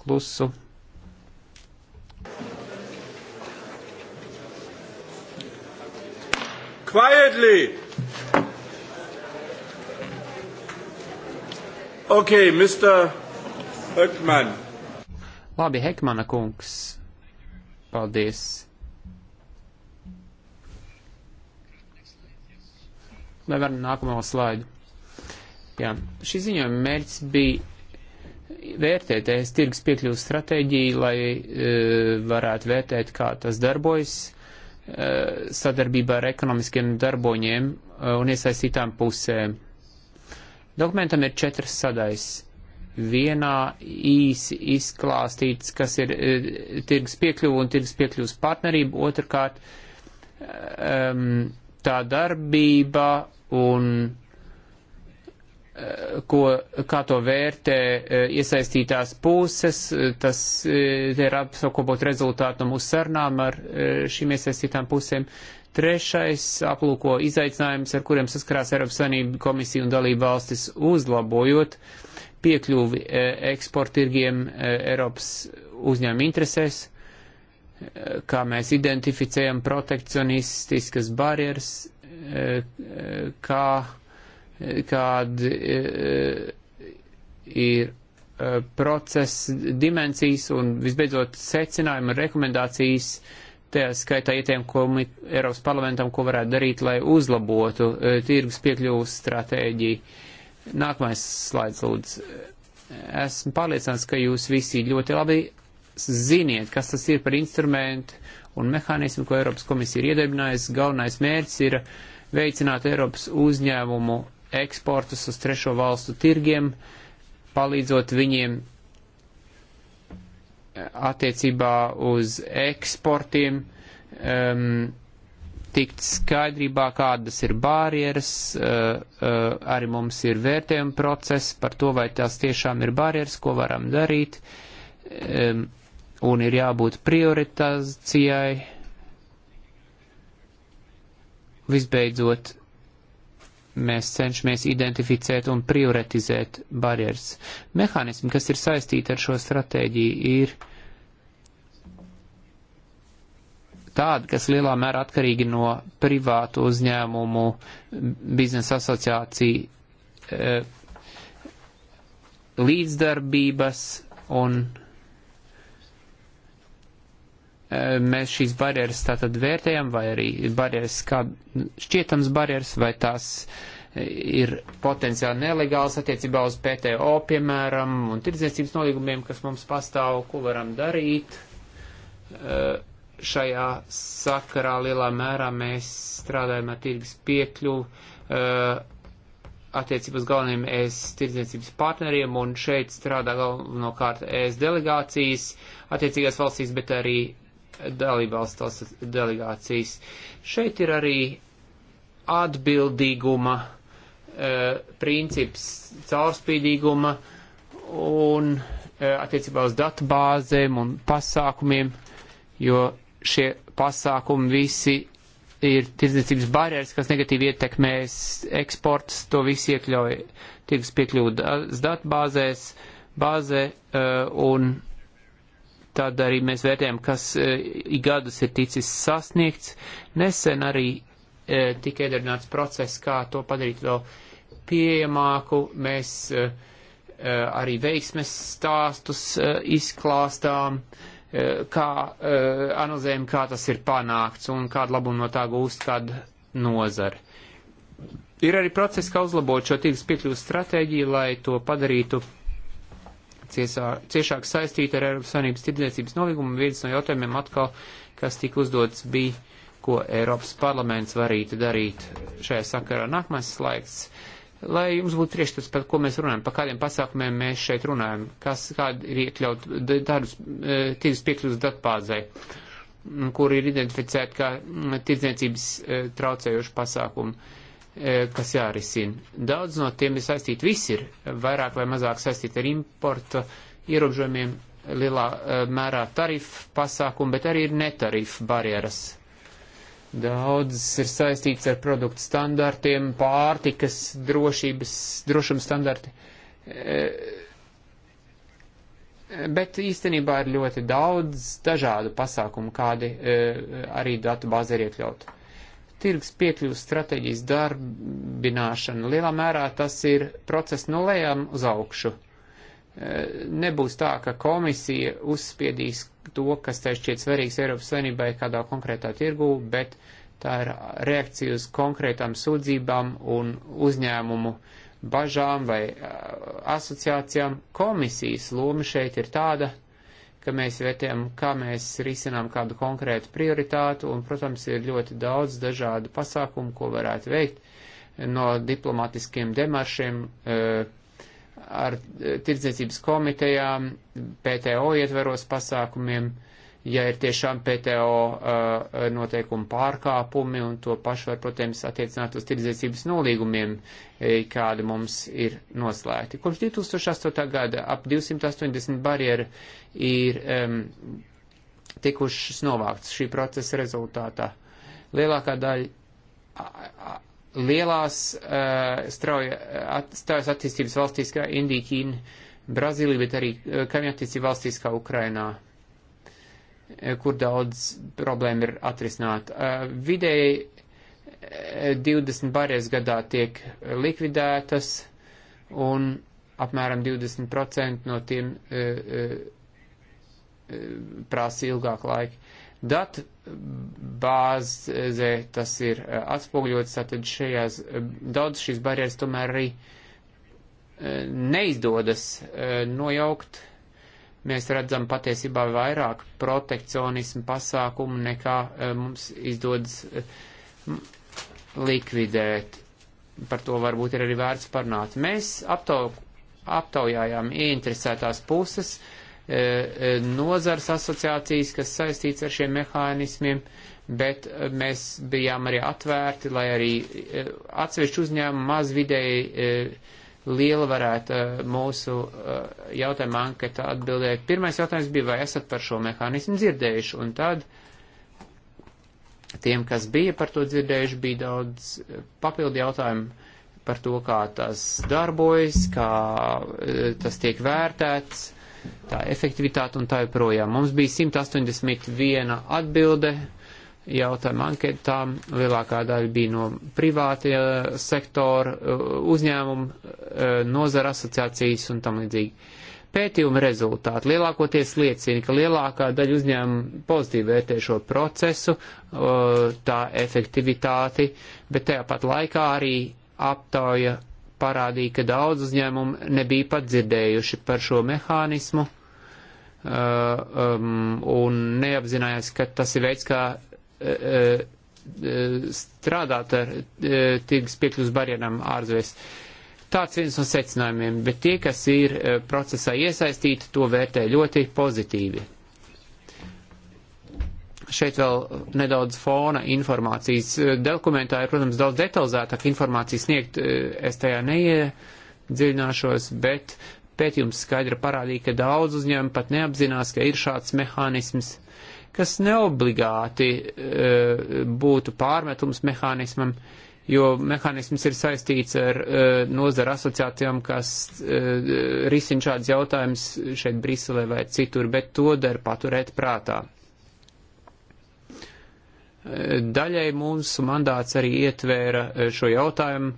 Klusu. Quietly. Okay, Mr. Heckman. Labi, Heckmana kungs. Paldies. Vai var nākamo slaidu? Jā, šī ziņojuma mērķis bija vērtēt es tirgus piekļuvas stratēģiju, lai e, varētu vērtēt, kā tas darbojas e, sadarbībā ar ekonomiskiem darboņiem e, un iesaistītām pusēm. Dokumentam ir četras sadaļas. Vienā īsi izklāstīts, kas ir e, tirgus piekļuva un tirgus piekļuvas partnerība, otrkārt um, tā darbība un eh, ko, kā to vērtē eh, iesaistītās puses, eh, tas ir apsakobot rezultātu no mūsu sarunām ar šīm iesaistītām pusēm. Trešais aplūko izaicinājums, ar kuriem saskarās Eiropas Savienība komisija un dalība valstis uzlabojot piekļuvi eksportirgiem Eiropas uzņēmuma interesēs, kā mēs identificējam protekcionistiskas barjeras, kā, kādi e, e, ir e, procesa dimensijas un visbeidzot secinājumi un rekomendācijas, tajā skaitā ietiem, ko Eiropas parlamentam, ko varētu darīt, lai uzlabotu tirgus piekļuvas stratēģiju. Nākamais slaids, lūdzu. Esmu pārliecināts, ka jūs visi ļoti labi ziniet, kas tas ir par instrumentu, un mehānismu, ko Eiropas komisija ir iedarbinājusi. Galvenais mērķis ir veicināt Eiropas uzņēmumu eksportus uz trešo valstu tirgiem, palīdzot viņiem eh, attiecībā uz eksportiem. Um, tikt skaidrībā, kādas ir barjeras, uh, eh, uh, eh, arī mums ir vērtējuma process par to, vai tās tiešām ir barjeras, ko varam darīt. Um, un ir jābūt prioritācijai. Visbeidzot, mēs cenšamies identificēt un prioritizēt barjeras. Mehānismi, kas ir saistīti ar šo stratēģiju, ir tādi, kas lielā mērā atkarīgi no privātu uzņēmumu, biznesa asociāciju eh, līdzdarbības un Eh, mēs šīs barjeras tātad vērtējam, vai arī barjeras, kā šķietams barjeras, vai tās eh, ir potenciāli nelegāls attiecībā uz PTO, piemēram, un tirdzniecības nolīgumiem, kas mums pastāv, ko varam darīt. Eh, šajā sakarā lielā mērā mēs strādājam ar tirgus piekļuvu attiecībā uz galveniem ES tirdzniecības partneriem, un šeit strādā galvenokārt ES delegācijas attiecīgās valstīs, bet arī dalībvalstu delegācijas. Šeit ir arī atbildīguma e, princips, caurspīdīguma un e, attiecībā uz datubāzēm un pasākumiem, jo šie pasākumi visi ir tirdzniecības barjeras, kas negatīvi ietekmēs eksports, to visu iekļauj tirgus piekļūdas datubāzēs, bāzē uh, un tad arī mēs vērtējam, kas e, ik gadus ir ticis sasniegts. Nesen arī e, tika iedarbināts process, kā to padarīt vēl pieejamāku. Mēs e, arī veiksmes stāstus izklāstām, kā analizējam, kā tas ir panākts un kādu labumu no tā gūst kāda nozara. Ir arī process, kā uzlabot šo tirgus piekļuvu stratēģiju, lai to padarītu ciešāk saistīta ar Eiropas Savienības tirdzniecības nolīgumu. Viens no jautājumiem atkal, kas tika uzdots, bija, ko Eiropas parlaments varētu darīt šajā sakarā. Nākamais slaids. Lai jums būtu priekšstats, par ko mēs runājam, par kādiem pasākumiem mēs šeit runājam, kas, kāda ir iekļaut darus, e, tirgus piekļuvas datbāzai, kur ir identificēta kā tirdzniecības e, traucējoši pasākumi E, kas jārisina. Daudz no tiem ir saistīti, visi ir vairāk vai mazāk saistīti ar importu ierobežojumiem, lielā e, mērā tarifu pasākumu, bet arī ir netarifu barjeras. Daudz ir saistīts ar produktu standartiem, pārtikas drošības, drošuma standarti. E, bet īstenībā ir ļoti daudz dažādu pasākumu, kādi arī datu bāze ir iekļauti tirgus piekļuvas stratēģijas darbināšana. Lielā mērā tas ir process no lejām uz augšu. E, nebūs tā, ka komisija uzspiedīs to, kas tai šķiet svarīgs Eiropas Savienībai kādā konkrētā tirgū, bet tā ir reakcija uz konkrētām sūdzībām un uzņēmumu bažām vai e, asociācijām. Komisijas loma šeit ir tāda, ka mēs vērtējam, kā mēs risinām kādu konkrētu prioritātu, un, protams, ir ļoti daudz dažādu pasākumu, ko varētu veikt no diplomatiskiem demaršiem eh, ar eh, tirdzniecības komitejām, PTO ietveros pasākumiem. Uh, ja ir tiešām PTO uh, noteikumu pārkāpumi, un to pašu var, protams, attiecināt uz tirdzniecības nolīgumiem, eh, kādi mums ir noslēgti. Kopš 2008. gada ap 280 barjeru ir um, tikušas novāktas šī procesa rezultātā. Lielākā daļa lielās uh, strauja, at, straujas attīstības valstīs kā Indija, Ķīna, Brazīlija, bet arī eh, kaimiņattīstība valstīs kā Ukrainā Eh, kur daudz problēmu ir atrisināt. Eh, vidēji 20 eh, barjeras gadā tiek likvidētas un apmēram 20% no tiem prasa ilgāku laiku. Datu bāzē tas ir atspoguļots, tātad šajās daudz šīs barjeras tomēr arī neizdodas nojaukt mēs redzam patiesībā vairāk protekcionismu pasākumu nekā eh, mums izdodas eh, likvidēt. Par to varbūt ir arī vērts parunāt. Mēs aptau, aptaujājām ieinteresētās puses, eh, nozars asociācijas, kas saistīts ar šiem mehānismiem, bet mēs bijām arī atvērti, lai arī atsevišķi uzņēmumi mazvidēji liela varētu eh, mūsu eh, jautājuma anketa atbildēt. Pirmais jautājums bija, vai esat par šo mehānismu dzirdējuši, un tad tiem, kas bija par to dzirdējuši, bija daudz eh, papildu jautājumu par to, kā tas darbojas, kā tas tiek vērtēts, tā efektivitāte un tā joprojām. Mums bija 181 atbilde jautājumu anketām. Lielākā daļa bija no privātie eh, sektora, eh, uzņēmumu, eh, nozara asociācijas un tam līdzīgi. Pētījuma rezultāti lielākoties liecina, ka lielākā daļa uzņēmumu pozitīvi vērtē šo procesu, tā efektivitāti, bet tajāpat laikā arī aptauja parādīja, ka daudz uzņēmumu nebija pat dzirdējuši par šo mehānismu uh, um, un neapzinājās, ka tas ir veids, kā Eh, strādāt ar eh, tirgus piekļuvas barjeram ārzemēs. Tāds viens no secinājumiem, bet tie, kas ir eh, procesā iesaistīti, to vērtē ļoti pozitīvi. Šeit vēl nedaudz fona informācijas. Dokumentā ir, protams, daudz detalizētāk informācijas sniegt, es tajā neiedziļināšos, bet pētījums skaidri parādīja, ka daudz uzņēmumi pat neapzinās, ka ir šāds mehānisms. Uh, kas neobligāti uh, būtu pārmetums mehānismam, jo mehānisms ir saistīts ar uh, nozara asociācijām, kas uh, risina šāds jautājums šeit Briselē vai citur, bet to der paturēt prātā. Daļai mūsu mandāts arī ietvēra šo jautājumu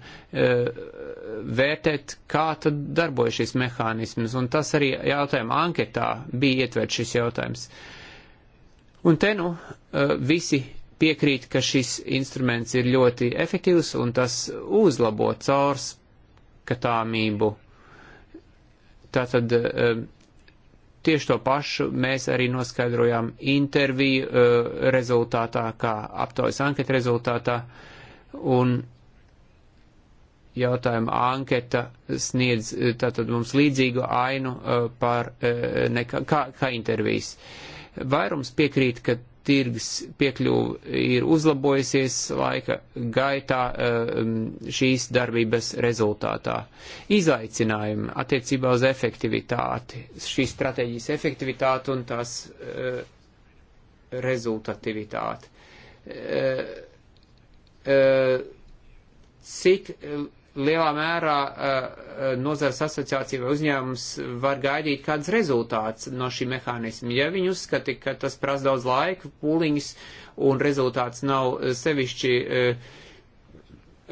vērtēt, kā tad darbojas šis mehānisms, un tas arī jautājuma anketā bija ietverts šis jautājums. Uh, Un te nu eh, visi piekrīt, ka šis instruments ir ļoti efektīvs un tas uzlabo caurskatāmību. Tātad eh, tieši to pašu mēs arī noskaidrojām interviju eh, rezultātā, kā aptaujas anketa rezultātā, un jautājuma anketa sniedz tātad mums līdzīgu ainu par nekā, kā, kā intervijas. Uh, Vairums piekrīt, ka tirgs piekļuva ir uzlabojusies laika gaitā eh, šīs darbības rezultātā. Izaicinājumi attiecībā uz efektivitāti, šīs stratēģijas efektivitāti un tās eh, rezultativitāti. Eh, cik lielā mērā eh, eh, nozars asociācija vai uzņēmums var gaidīt kāds rezultāts no šī mehānisma. Ja viņi uzskata, ka tas prasa daudz laika, pūliņus un rezultāts nav eh, sevišķi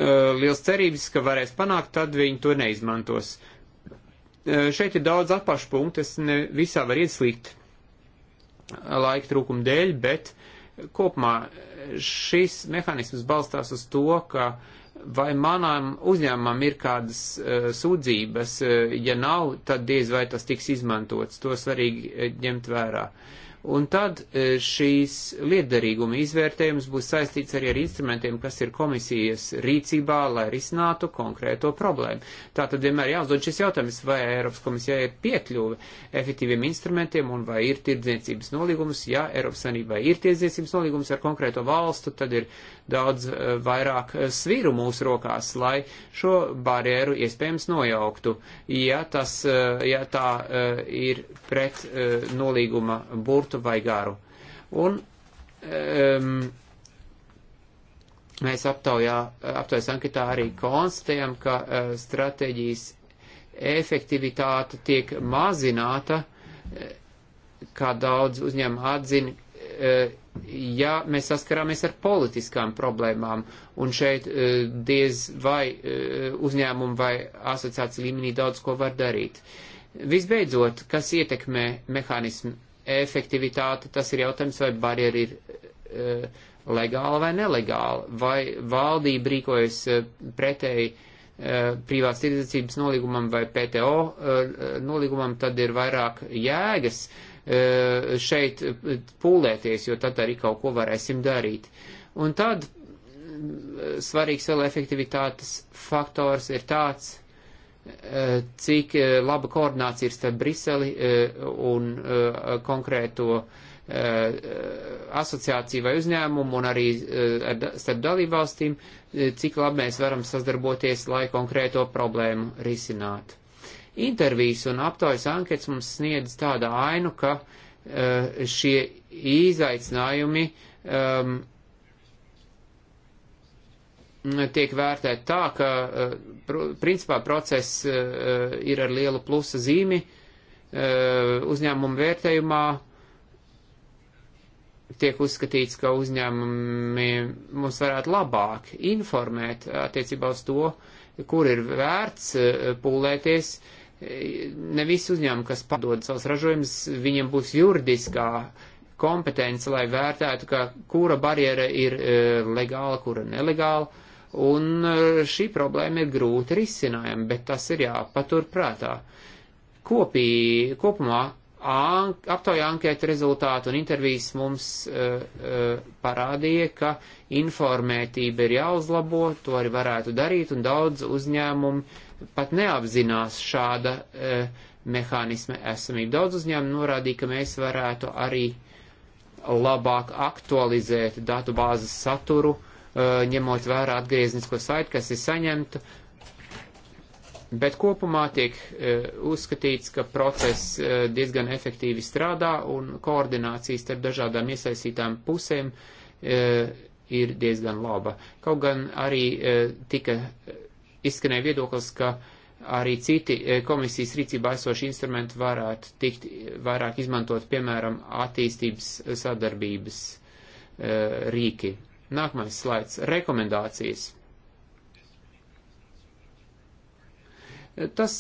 liels cerības, ka varēs panākt, tad viņi to neizmantos. Šeit ir daudz apašpunktu, es ne visā var ieslīgt laika trūkuma dēļ, bet kopumā šis mehānisms balstās uz to, ka uh, vai manām uzņēmumam ir kādas uh, sūdzības, uh, ja nav, tad diez vai tas tiks izmantots, to svarīgi uh, ņemt vērā. Uh, Un tad e, šīs liederīguma izvērtējums būs saistīts arī ar instrumentiem, kas ir komisijas rīcībā, lai risinātu konkrēto problēmu. Tā tad vienmēr jāuzdod šis jautājums, vai Eiropas komisijai ir piekļuve efektīviem instrumentiem un vai ir tirdzniecības nolīgums. Ja Eiropas Sanībā ir tirdzniecības nolīgums ar konkrēto valstu, tad ir daudz e, vairāk e, svīru mūsu rokās, lai šo barjeru iespējams nojauktu. Ja, tas, ja tā ir pret nolīguma burtu burtu vai garu. Un um, mēs aptaujā, aptaujas anketā arī konstatējam, ka uh, stratēģijas efektivitāte tiek mazināta, eh, kā daudz uzņēma atzina, eh, ja mēs saskarāmies ar politiskām problēmām, un šeit diez vai uzņēmumu vai asociāciju līmenī daudz ko var darīt. Visbeidzot, kas ietekmē mehānismu efektivitāte, tas ir jautājums, vai barjeri ir e, legāli vai nelegāli, vai valdība rīkojas e, pretēji e, privās tirdzniecības nolīgumam vai PTO e, nolīgumam, tad ir vairāk jēgas e, šeit pūlēties, jo tad arī kaut ko varēsim darīt. Un tad svarīgs vēl efektivitātes faktors ir tāds, Eh, cik eh, laba koordinācija ir starp Briseli eh, un konkrēto asociāciju vai uzņēmumu un arī starp dalībvalstīm, cik labi mēs varam sadarboties, lai konkrēto problēmu risinātu. Intervijas un aptaujas anketas mums sniedz tādu ainu, ka šie izaicinājumi um, tiek vērtēti tā, ka eh, principā process eh, ir ar lielu plusa zīmi eh, uzņēmumu vērtējumā. Tiek uzskatīts, ka uzņēmumi mums varētu labāk informēt attiecībā uz to, kur ir vērts pūlēties. Ne visi uzņēmumi, kas padod savus ražojumus, viņiem būs juridiskā kompetence, lai vērtētu, ka kura barjera ir legāla, kura nelegāla Un eh, šī problēma ir grūti risinājama, bet tas ir jāpatur prātā. Kopī, kopumā an, aptaujā ankēta rezultātu un intervijas mums uh, uh, parādīja, ka informētība ir jāuzlabo, to arī varētu darīt, un daudz uzņēmumu pat neapzinās šāda uh, mehānisma esamību. Daudz uzņēmumu norādīja, ka mēs varētu arī labāk aktualizēt datubāzes saturu, uh, Uh, ņemot vērā atgrieznisko saiti, kas ir saņemta. Bet kopumā tiek uh, uzskatīts, ka process uh, diezgan efektīvi strādā un koordinācijas starp dažādām iesaistītām pusēm ir diezgan laba. Kaut gan arī tika izskanēja viedoklis, ka arī citi komisijas rīcībā esoši instrumenti varētu tikt vairāk izmantot, piemēram, attīstības sadarbības rīki. Nākamais slaids - rekomendācijas. Tas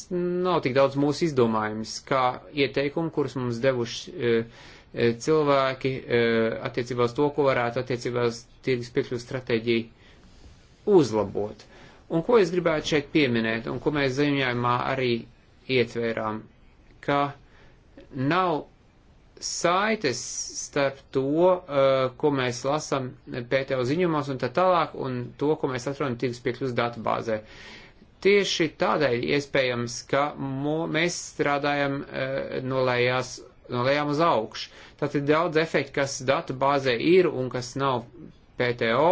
nav tik daudz mūsu izdomājums, kā ieteikumi, kurus mums devuši e, e cilvēki e, attiecībā uz to, ko varētu attiecībā uz tirgus piekļuvu stratēģiju uzlabot. Un ko es gribētu šeit pieminēt, un ko mēs ziņojumā arī ietvērām, ka nav saites starp to, eh, ko mēs lasam PTO ziņumos un tā tālāk, un to, ko mēs atrodam tirgus piekļuvas datubāzē. Tieši tādēļ iespējams, ka mēs strādājam eh, nolējās, nolējām uz augšu. Tātad daudz efekti, kas datubāzē ir un kas nav PTO,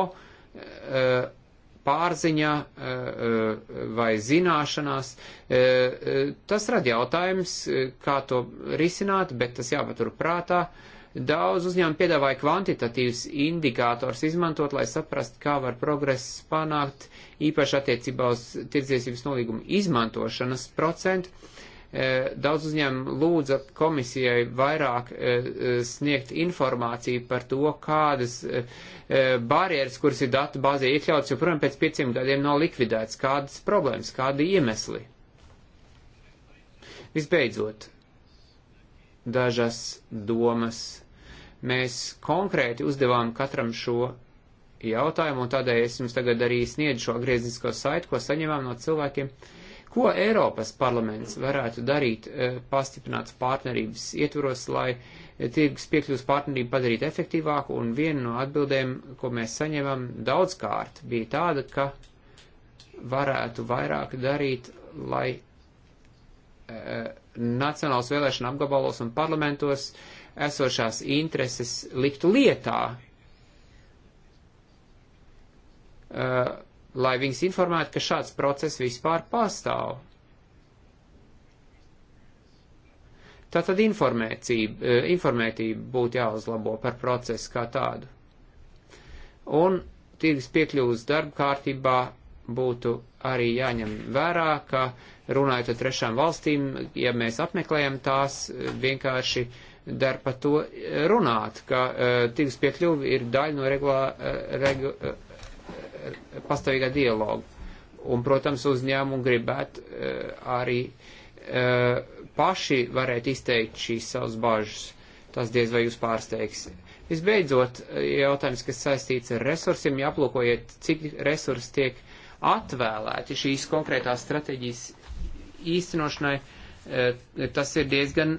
eh, pārziņā eh, eh, vai zināšanās. Eh, tas rada jautājums, kā to risināt, bet tas jāpatur prātā. Daudz uzņēmumu piedāvāja kvantitatīvus indikātors izmantot, lai saprastu, kā var progresu panākt, īpaši attiecībā uz tirdzniecības nolīgumu izmantošanas procentu Eh, daudz uzņēmumu lūdza komisijai vairāk eh, eh, sniegt informāciju par to, kādas barjeras, kuras ir datu bāzē iekļautas, joprojām pēc pieciem gadiem nav likvidētas, kādas problēmas, kādi iemesli. Visbeidzot, dažas domas. Mēs konkrēti uzdevām katram šo jautājumu, un tādēļ es jums tagad arī sniedzu šo grieznisko saiti, ko saņemām no cilvēkiem. Uh, Ko Eiropas parlaments varētu darīt e, pastiprināts partnerības ietvaros, lai e, tirgus piekļuvas partnerību padarītu efektīvāku? Un viena no atbildēm, ko mēs saņemam daudzkārt, bija tāda, ka varētu vairāk darīt, lai e, nacionāls vēlēšana apgabalos un parlamentos esošās intereses liktu lietā. Uh, lai viņas informētu, ka šāds process vispār pastāv. Tātad eh, informētība būtu jāuzlabo par procesu kā tādu. Un tirgus piekļuvas darba kārtībā būtu arī jāņem vērā, ka runājot ar trešām valstīm, ja mēs apmeklējam tās, eh, vienkārši dar par to runāt, ka uh, tirgus piekļuva ir daļa no regulā, uh, regu, uh, Eh, pastāvīgā dialoga. Un, protams, uzņēmumi gribētu eh, arī eh, paši varētu izteikt šīs savas bažas. Tas diez vai jūs pārsteigs. Visbeidzot, jautājums, kas saistīts ar resursiem, jāplūkojiet, cik resursi tiek atvēlēti šīs konkrētās stratēģijas īstenošanai. Tas ir diezgan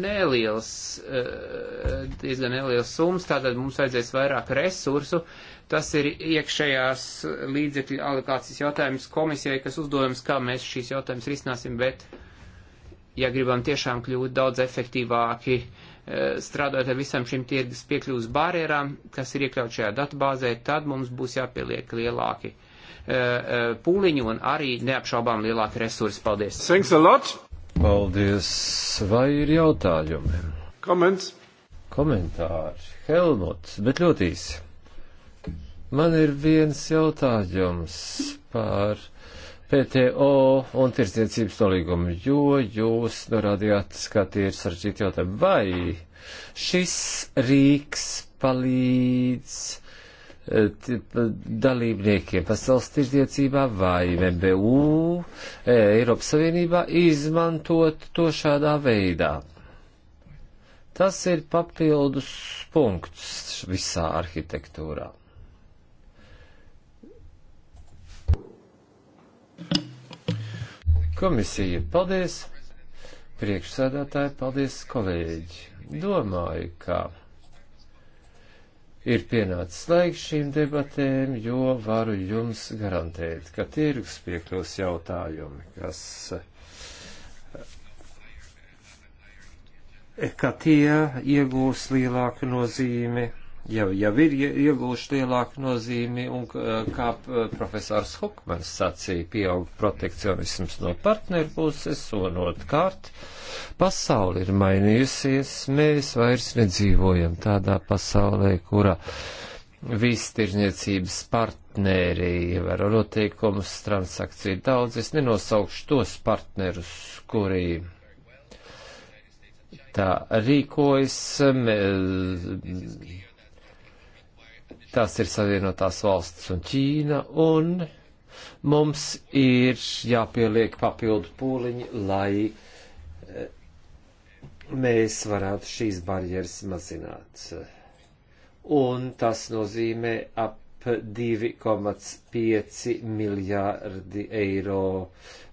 neliels, eh, diezgan neliels summas, tātad mums vajadzēs vairāk resursu. Tas ir iekšējās līdzekļu alikācijas jautājums komisijai, kas uzdojums, kā mēs šīs jautājumas risināsim, bet ja gribam tiešām kļūt daudz efektīvāki, eh, strādājot ar visam šim tirgus piekļuvas barjerām, kas ir iekļaut šajā datubāzē, tad mums būs jāpieliek lielāki eh, pūliņi un arī neapšaubām lielāki resursi. Paldies! Thanks a lot! Paldies. Vai ir jautājumi? Koments. Komentāri. Helmuts, bet ļoti īsi. Man ir viens jautājums par PTO un tirdzniecības nolīgumu, jo jūs norādījāt, ka tie ir sarežģīti jautājumi. Vai šis rīks palīdz dalībniekiem pasaules tirdzniecībā vai MBU e, Eiropas Savienībā izmantot to šādā veidā. Tas ir papildus punkts visā arhitektūrā. Komisija, paldies! Priekšsēdētāji, paldies, kolēģi! Domāju, ka. Kā ir pienācis laiks šīm debatēm, jo varu jums garantēt, ka tirgus piekļūs jautājumi, kas, ka tie iegūs lielāku nozīmi jau, jau ir iegūši lielāku nozīmi, un kā profesors Hukmans sacīja, pieaug protekcionisms no partneru puses, un otrkārt, pasauli ir mainījusies, mēs vairs nedzīvojam tādā pasaulē, kura vistirniecības partneri ievēro noteikumus, transakciju daudz, es nenosaukšu tos partnerus, kuri tā rīkojas. Mē, tās ir Savienotās valstis un Ķīna, un mums ir jāpieliek papildu pūliņi, lai eh, mēs varētu šīs barjeras mazināt. Un tas nozīmē ap 2,5 miljārdi eiro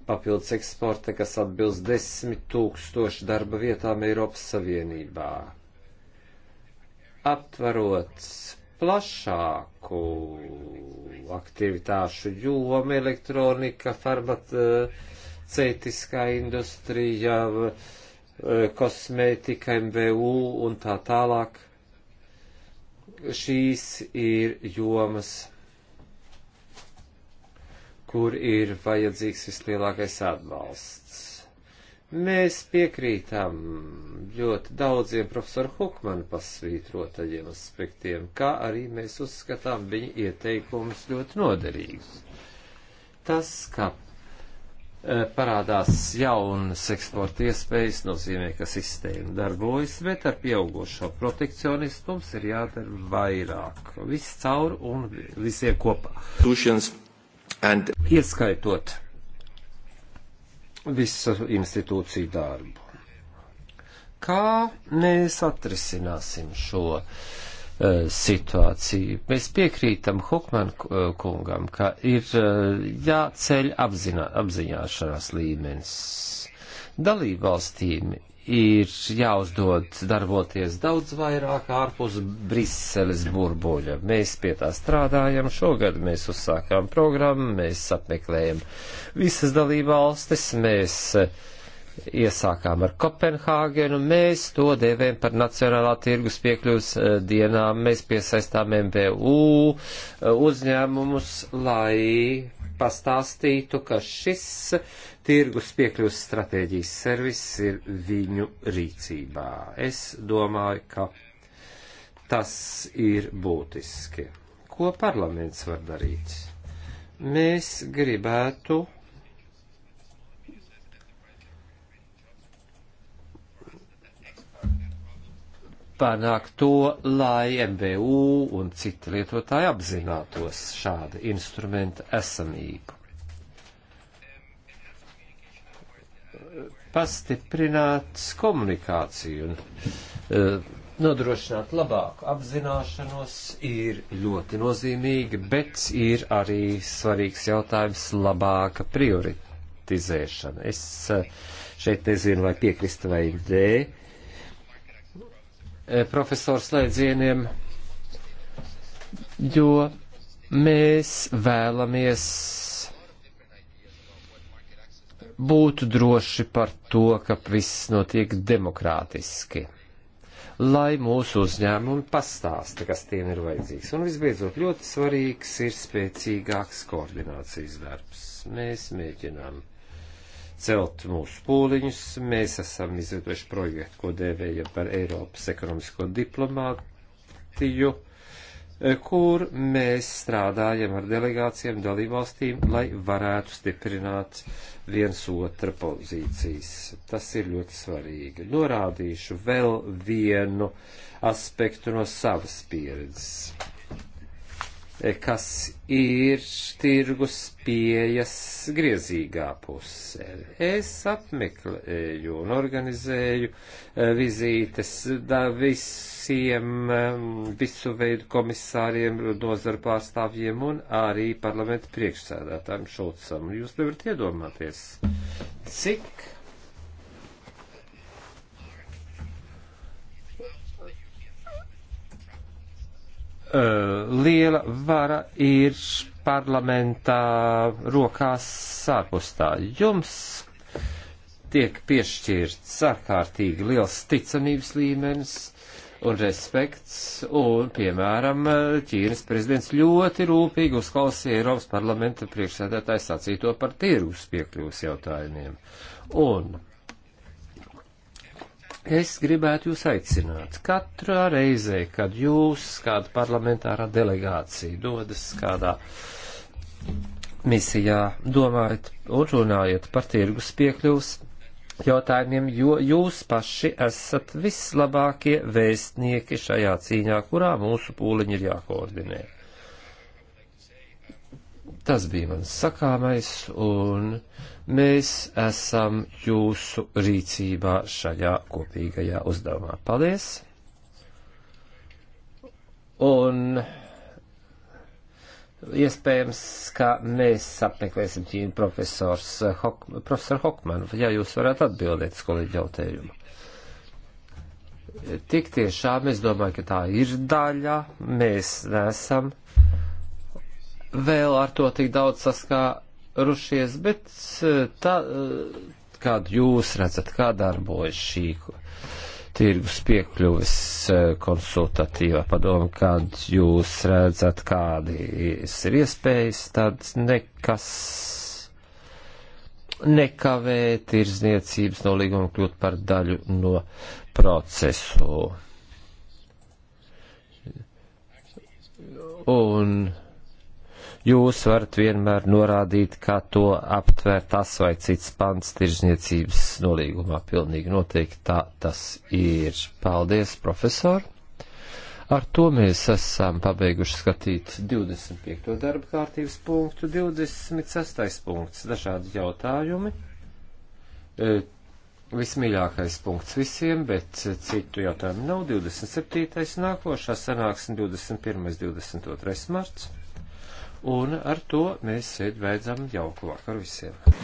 papildus eksporta, kas atbilst 10 tūkstošu darba vietām Eiropas Savienībā. Aptvarot plašāku aktivitāšu jomu, elektronika, farmaceitiskā industrija, kosmētika, MVU un tā tālāk. Šīs ir jomas, kur ir vajadzīgs vislielākais atbalsts Mēs piekrītām ļoti daudziem profesoru Hukmanu pasvītrotajiem aspektiem, kā arī mēs uzskatām viņa ieteikumus ļoti noderīgus. Tas, ka e, parādās jaunas eksporta iespējas, nozīmē, ka sistēma darbojas, bet ar pieaugušo protekcionismu mums ir jādara vairāk. Viss caur un visiem kopā. And... Ieskaitot visu institūciju darbu. Kā mēs atrisināsim šo uh, situāciju? Mēs piekrītam Hukman e, kungam, ka ir uh, jāceļ apzinā, apziņāšanās līmenis. Dalībvalstīm ir jāuzdod darboties daudz vairāk ārpus Briseles burbuļa. Mēs pie tā strādājam, šogad mēs uzsākām programmu, mēs apmeklējam visas dalībvalstis, mēs eh, iesākām ar Kopenhāgenu, mēs to dēvējam par Nacionālā tirgus piekļuvas eh, dienām, mēs piesaistām MVU eh, uzņēmumus, lai pastāstītu, ka šis tirgus piekļuvs stratēģijas servis ir viņu rīcībā. Es domāju, ka tas ir būtiski. Ko parlaments var darīt? Mēs gribētu panākt to, lai MBU un citi lietotāji apzinātos šāda instrumenta esamību. Pastiprināt komunikāciju un uh, nodrošināt labāku apzināšanos ir ļoti nozīmīgi, bet ir arī svarīgs jautājums - labāka prioritizēšana. Es uh, šeit nezinu, vai piekrist vai dēļ E, profesors slēdzieniem, jo mēs vēlamies būt droši par to, ka viss notiek demokrātiski lai mūsu uzņēmumi pastāsta, kas tiem ir vajadzīgs. Un visbeidzot, ļoti svarīgs ir spēcīgāks koordinācijas darbs. Mēs mēģinām celt mūsu pūliņus. Mēs esam izveidojuši projektu, ko dēvējam par Eiropas ekonomisko diplomātiju, eh, kur mēs strādājam ar delegācijām dalībvalstīm, lai varētu stiprināt viens otra pozīcijas. Tas ir ļoti svarīgi. Norādīšu vēl vienu aspektu no savas pieredzes E, kas ir tirgus pieejas griezīgā pusē. Es apmeklēju un organizēju e, vizītes visiem, e, visu veidu komisāriem, nozaru pārstāvjiem un arī parlamentu priekšsēdētājiem Šulcam. Jūs nevarat iedomāties, cik Eh, liela vara ir parlamentā rokās sārpustā. Jums tiek piešķirts ārkārtīgi liels ticamības līmenis un respekts, un, piemēram, Ķīnas prezidents ļoti rūpīgi uzklausīja Eiropas parlamenta priekšsēdētāju sacīto par tirgus piekļuvas jautājumiem. Un Es gribētu jūs aicināt katrā reizē, kad jūs kāda parlamentārā delegācija dodas kādā misijā, domājat un runājat par tirgus piekļuvas jautājumiem, jo jūs paši esat vislabākie vēstnieki šajā cīņā, kurā mūsu pūliņi ir jākoordinē. Tas bija mans sakāmais, un mēs esam jūsu rīcībā šajā kopīgajā uzdevumā. Paldies! Un iespējams, ka mēs apmeklēsim Ķīnu profesors Hok, profesor Hokmanu, ja jūs varētu atbildēt skolīģi jautājumu. Tik tiešām es domāju, ka tā ir daļa, mēs nesam vēl ar to tik daudz saskā apsvērušies, bet eh, tā, eh, kādu jūs redzat, kā darbojas šī tirgus piekļuvis eh, konsultatīvā padoma, kad jūs redzat, kādi ir iespējas, tad nekas nekavē tirzniecības nolīgumu kļūt par daļu no procesu. Un jūs varat vienmēr norādīt, kā to aptver tas vai cits pants tirzniecības nolīgumā. Pilnīgi noteikti tā tas ir. Paldies, profesor! Ar to mēs esam pabeiguši skatīt 25. darba kārtības punktu, 26. punkts, dažādi jautājumi. E, vismīļākais punkts visiem, bet citu jautājumu nav. 27. nākošā sanāksme 21. 22. marts. Un ar to mēs sēd beidzam jauku vakaru visiem.